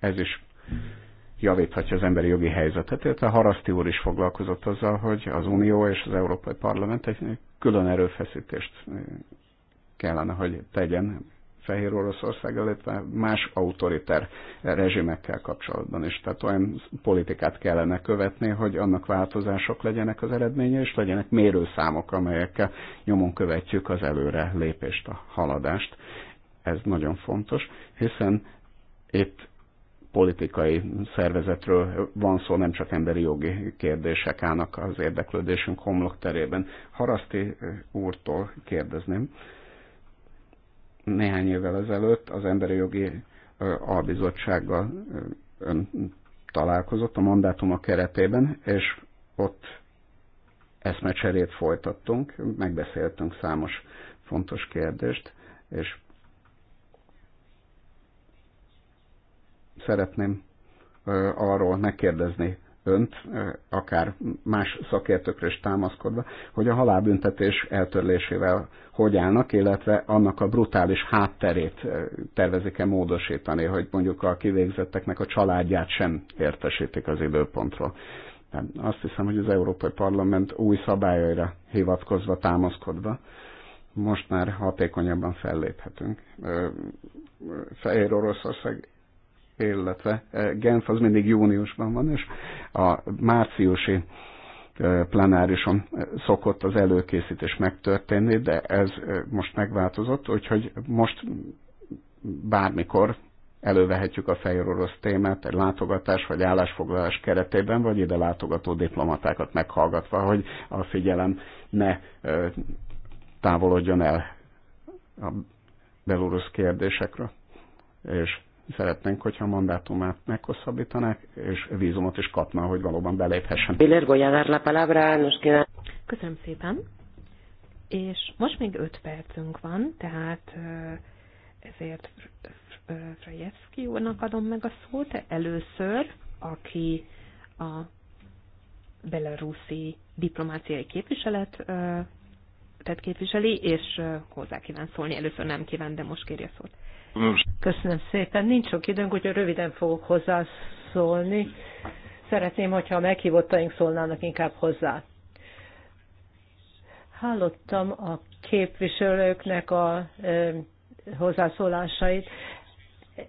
Ez is javíthatja az emberi jogi helyzetet. a Haraszti úr is foglalkozott azzal, hogy az Unió és az Európai Parlament egy külön erőfeszítést kellene, hogy tegyen Fehér Oroszország, illetve más autoriter rezsimekkel kapcsolatban is. Tehát olyan politikát kellene követni, hogy annak változások legyenek az eredménye, és legyenek mérőszámok, amelyekkel nyomon követjük az előre lépést, a haladást. Ez nagyon fontos, hiszen itt politikai szervezetről van szó, nem csak emberi jogi kérdések állnak az érdeklődésünk homlokterében. Haraszti úrtól kérdezném, néhány évvel ezelőtt az Emberi Jogi Albizottsággal ön találkozott a mandátuma keretében, és ott eszmecserét folytattunk, megbeszéltünk számos fontos kérdést, és szeretném arról megkérdezni önt, akár más szakértőkre is támaszkodva, hogy a halálbüntetés eltörlésével hogy állnak, illetve annak a brutális hátterét tervezik-e módosítani, hogy mondjuk a kivégzetteknek a családját sem értesítik az időpontról. Azt hiszem, hogy az Európai Parlament új szabályaira hivatkozva, támaszkodva most már hatékonyabban felléphetünk. Fehér Oroszország illetve e, Genf az mindig júniusban van, és a márciusi e, plenárison e, szokott az előkészítés megtörténni, de ez most megváltozott, úgyhogy most bármikor elővehetjük a fehér orosz témát egy látogatás vagy állásfoglalás keretében, vagy ide látogató diplomatákat meghallgatva, hogy a figyelem ne távolodjon el a belorusz kérdésekről. És szeretnénk, hogyha a mandátumát meghosszabbítanák, és vízumot is kapna, hogy valóban beléphessen. Köszönöm szépen. És most még öt percünk van, tehát ezért Frajewski úrnak adom meg a szót először, aki a belaruszi diplomáciai képviselet tehát képviseli, és hozzá kíván szólni. Először nem kíván, de most kérje szót. Köszönöm szépen. Nincs sok időnk, úgyhogy röviden fogok hozzászólni. Szeretném, hogyha a meghívottaink szólnának inkább hozzá. Hallottam a képviselőknek a hozzászólásait,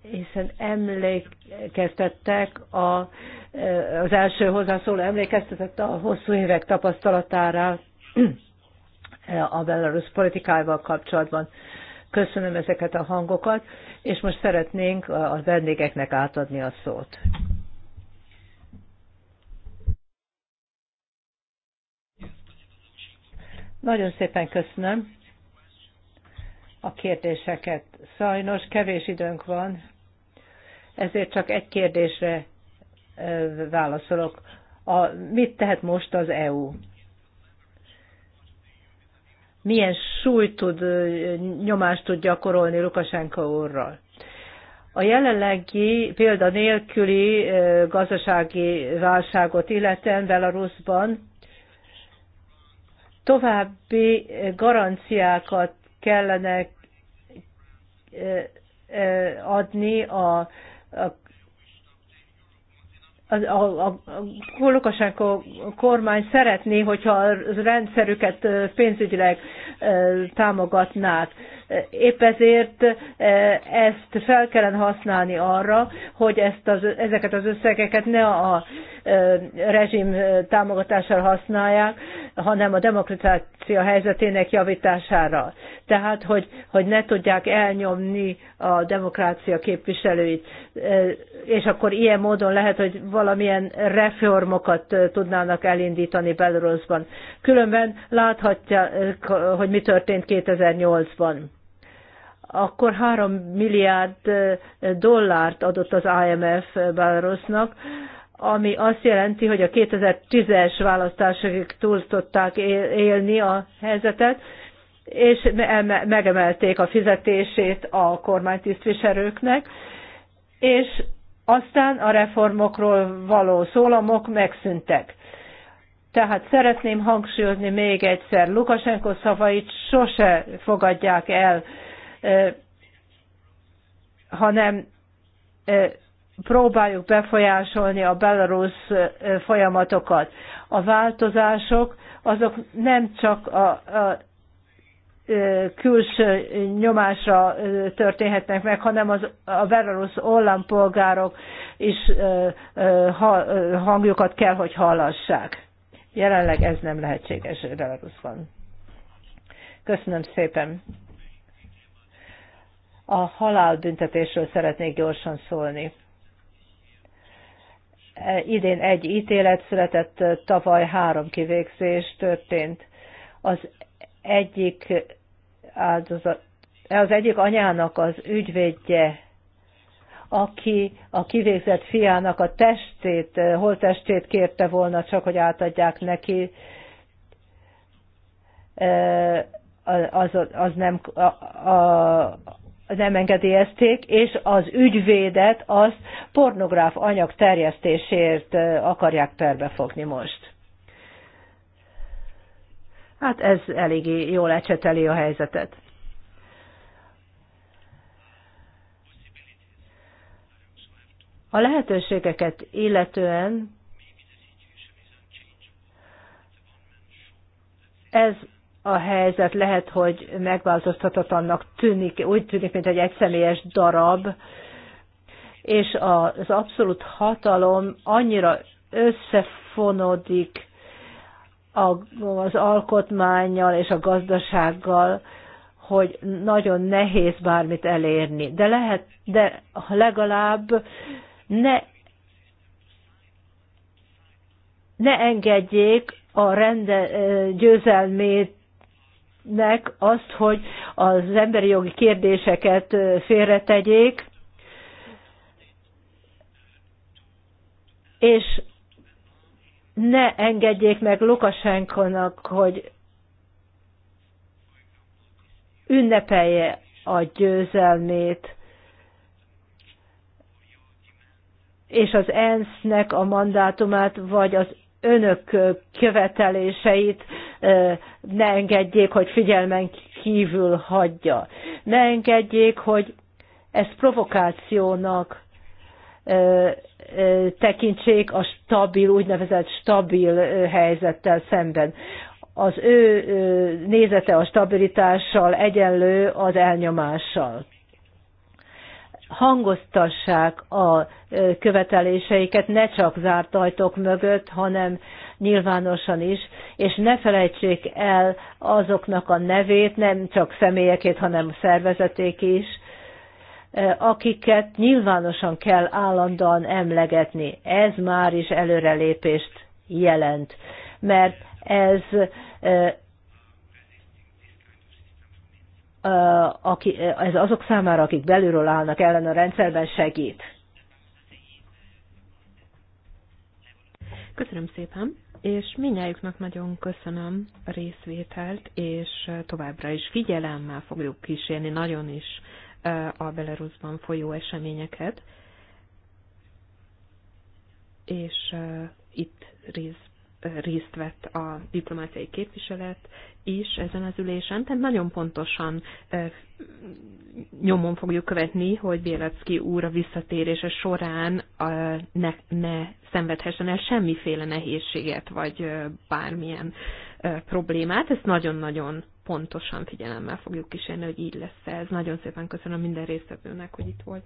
hiszen emlékeztettek, a, az első hozzászóló emlékeztetett a hosszú évek tapasztalatára a belarusz politikával kapcsolatban. Köszönöm ezeket a hangokat, és most szeretnénk a vendégeknek átadni a szót. Nagyon szépen köszönöm a kérdéseket. Sajnos kevés időnk van, ezért csak egy kérdésre válaszolok. A, mit tehet most az EU? milyen súlyt tud, nyomást tud gyakorolni Lukasenka úrral. A jelenlegi példa nélküli gazdasági válságot illetően Belarusban további garanciákat kellene adni a, a a, a, a Lukasenko kormány szeretné, hogyha a rendszerüket pénzügyileg támogatnák. Épp ezért ezt fel kellene használni arra, hogy ezt az, ezeket az összegeket ne a rezsim támogatására használják, hanem a demokratácia helyzetének javítására. Tehát, hogy, hogy ne tudják elnyomni a demokrácia képviselőit. E, és akkor ilyen módon lehet, hogy valamilyen reformokat e, tudnának elindítani Belarusban. Különben láthatják, e, hogy mi történt 2008-ban akkor 3 milliárd dollárt adott az IMF Belarusnak, ami azt jelenti, hogy a 2010-es választásokig túl tudták élni a helyzetet, és megemelték a fizetését a kormánytisztviselőknek, és aztán a reformokról való szólamok megszűntek. Tehát szeretném hangsúlyozni még egyszer, Lukasenko szavait sose fogadják el, hanem próbáljuk befolyásolni a belarusz folyamatokat. A változások azok nem csak a, a külső nyomásra történhetnek meg, hanem az, a belarusz ollampolgárok is hangjukat kell, hogy hallassák. Jelenleg ez nem lehetséges Belarusban. Köszönöm szépen. A halálbüntetésről szeretnék gyorsan szólni. Idén egy ítélet született, tavaly három kivégzés történt. Az egyik áldozat, az egyik anyának az ügyvédje, aki a kivégzett fiának a testét, holtestét kérte volna csak, hogy átadják neki, az, az nem, a, a, nem engedélyezték, és az ügyvédet azt pornográf anyag terjesztésért akarják perbefogni most. Hát ez eléggé jól ecseteli a helyzetet. A lehetőségeket illetően ez a helyzet lehet, hogy megváltoztatatlannak tűnik, úgy tűnik, mint egy egyszemélyes darab, és az abszolút hatalom annyira összefonodik az alkotmányjal és a gazdasággal, hogy nagyon nehéz bármit elérni. De lehet, de legalább ne, ne engedjék a rende győzelmét nek azt, hogy az emberi jogi kérdéseket félretegyék, és ne engedjék meg Lukasenkonak, hogy ünnepelje a győzelmét, és az ENSZ-nek a mandátumát, vagy az önök követeléseit ne engedjék, hogy figyelmen kívül hagyja. Ne engedjék, hogy ezt provokációnak tekintsék a stabil, úgynevezett stabil helyzettel szemben. Az ő nézete a stabilitással egyenlő az elnyomással hangoztassák a követeléseiket, ne csak zárt ajtók mögött, hanem nyilvánosan is, és ne felejtsék el azoknak a nevét, nem csak személyekét, hanem szervezeték is, akiket nyilvánosan kell állandóan emlegetni. Ez már is előrelépést jelent, mert ez aki, ez azok számára, akik belülről állnak ellen a rendszerben segít. Köszönöm szépen, és minnyájuknak nagyon köszönöm a részvételt, és továbbra is figyelemmel fogjuk kísérni nagyon is a Belarusban folyó eseményeket, és itt rész részt vett a diplomáciai képviselet is ezen az ülésen, tehát nagyon pontosan nyomon fogjuk követni, hogy Bielecki úr a visszatérése során ne, ne szenvedhessen el semmiféle nehézséget, vagy bármilyen problémát. Ezt nagyon-nagyon pontosan figyelemmel fogjuk kísérni, hogy így lesz ez. Nagyon szépen köszönöm minden résztvevőnek, hogy itt volt.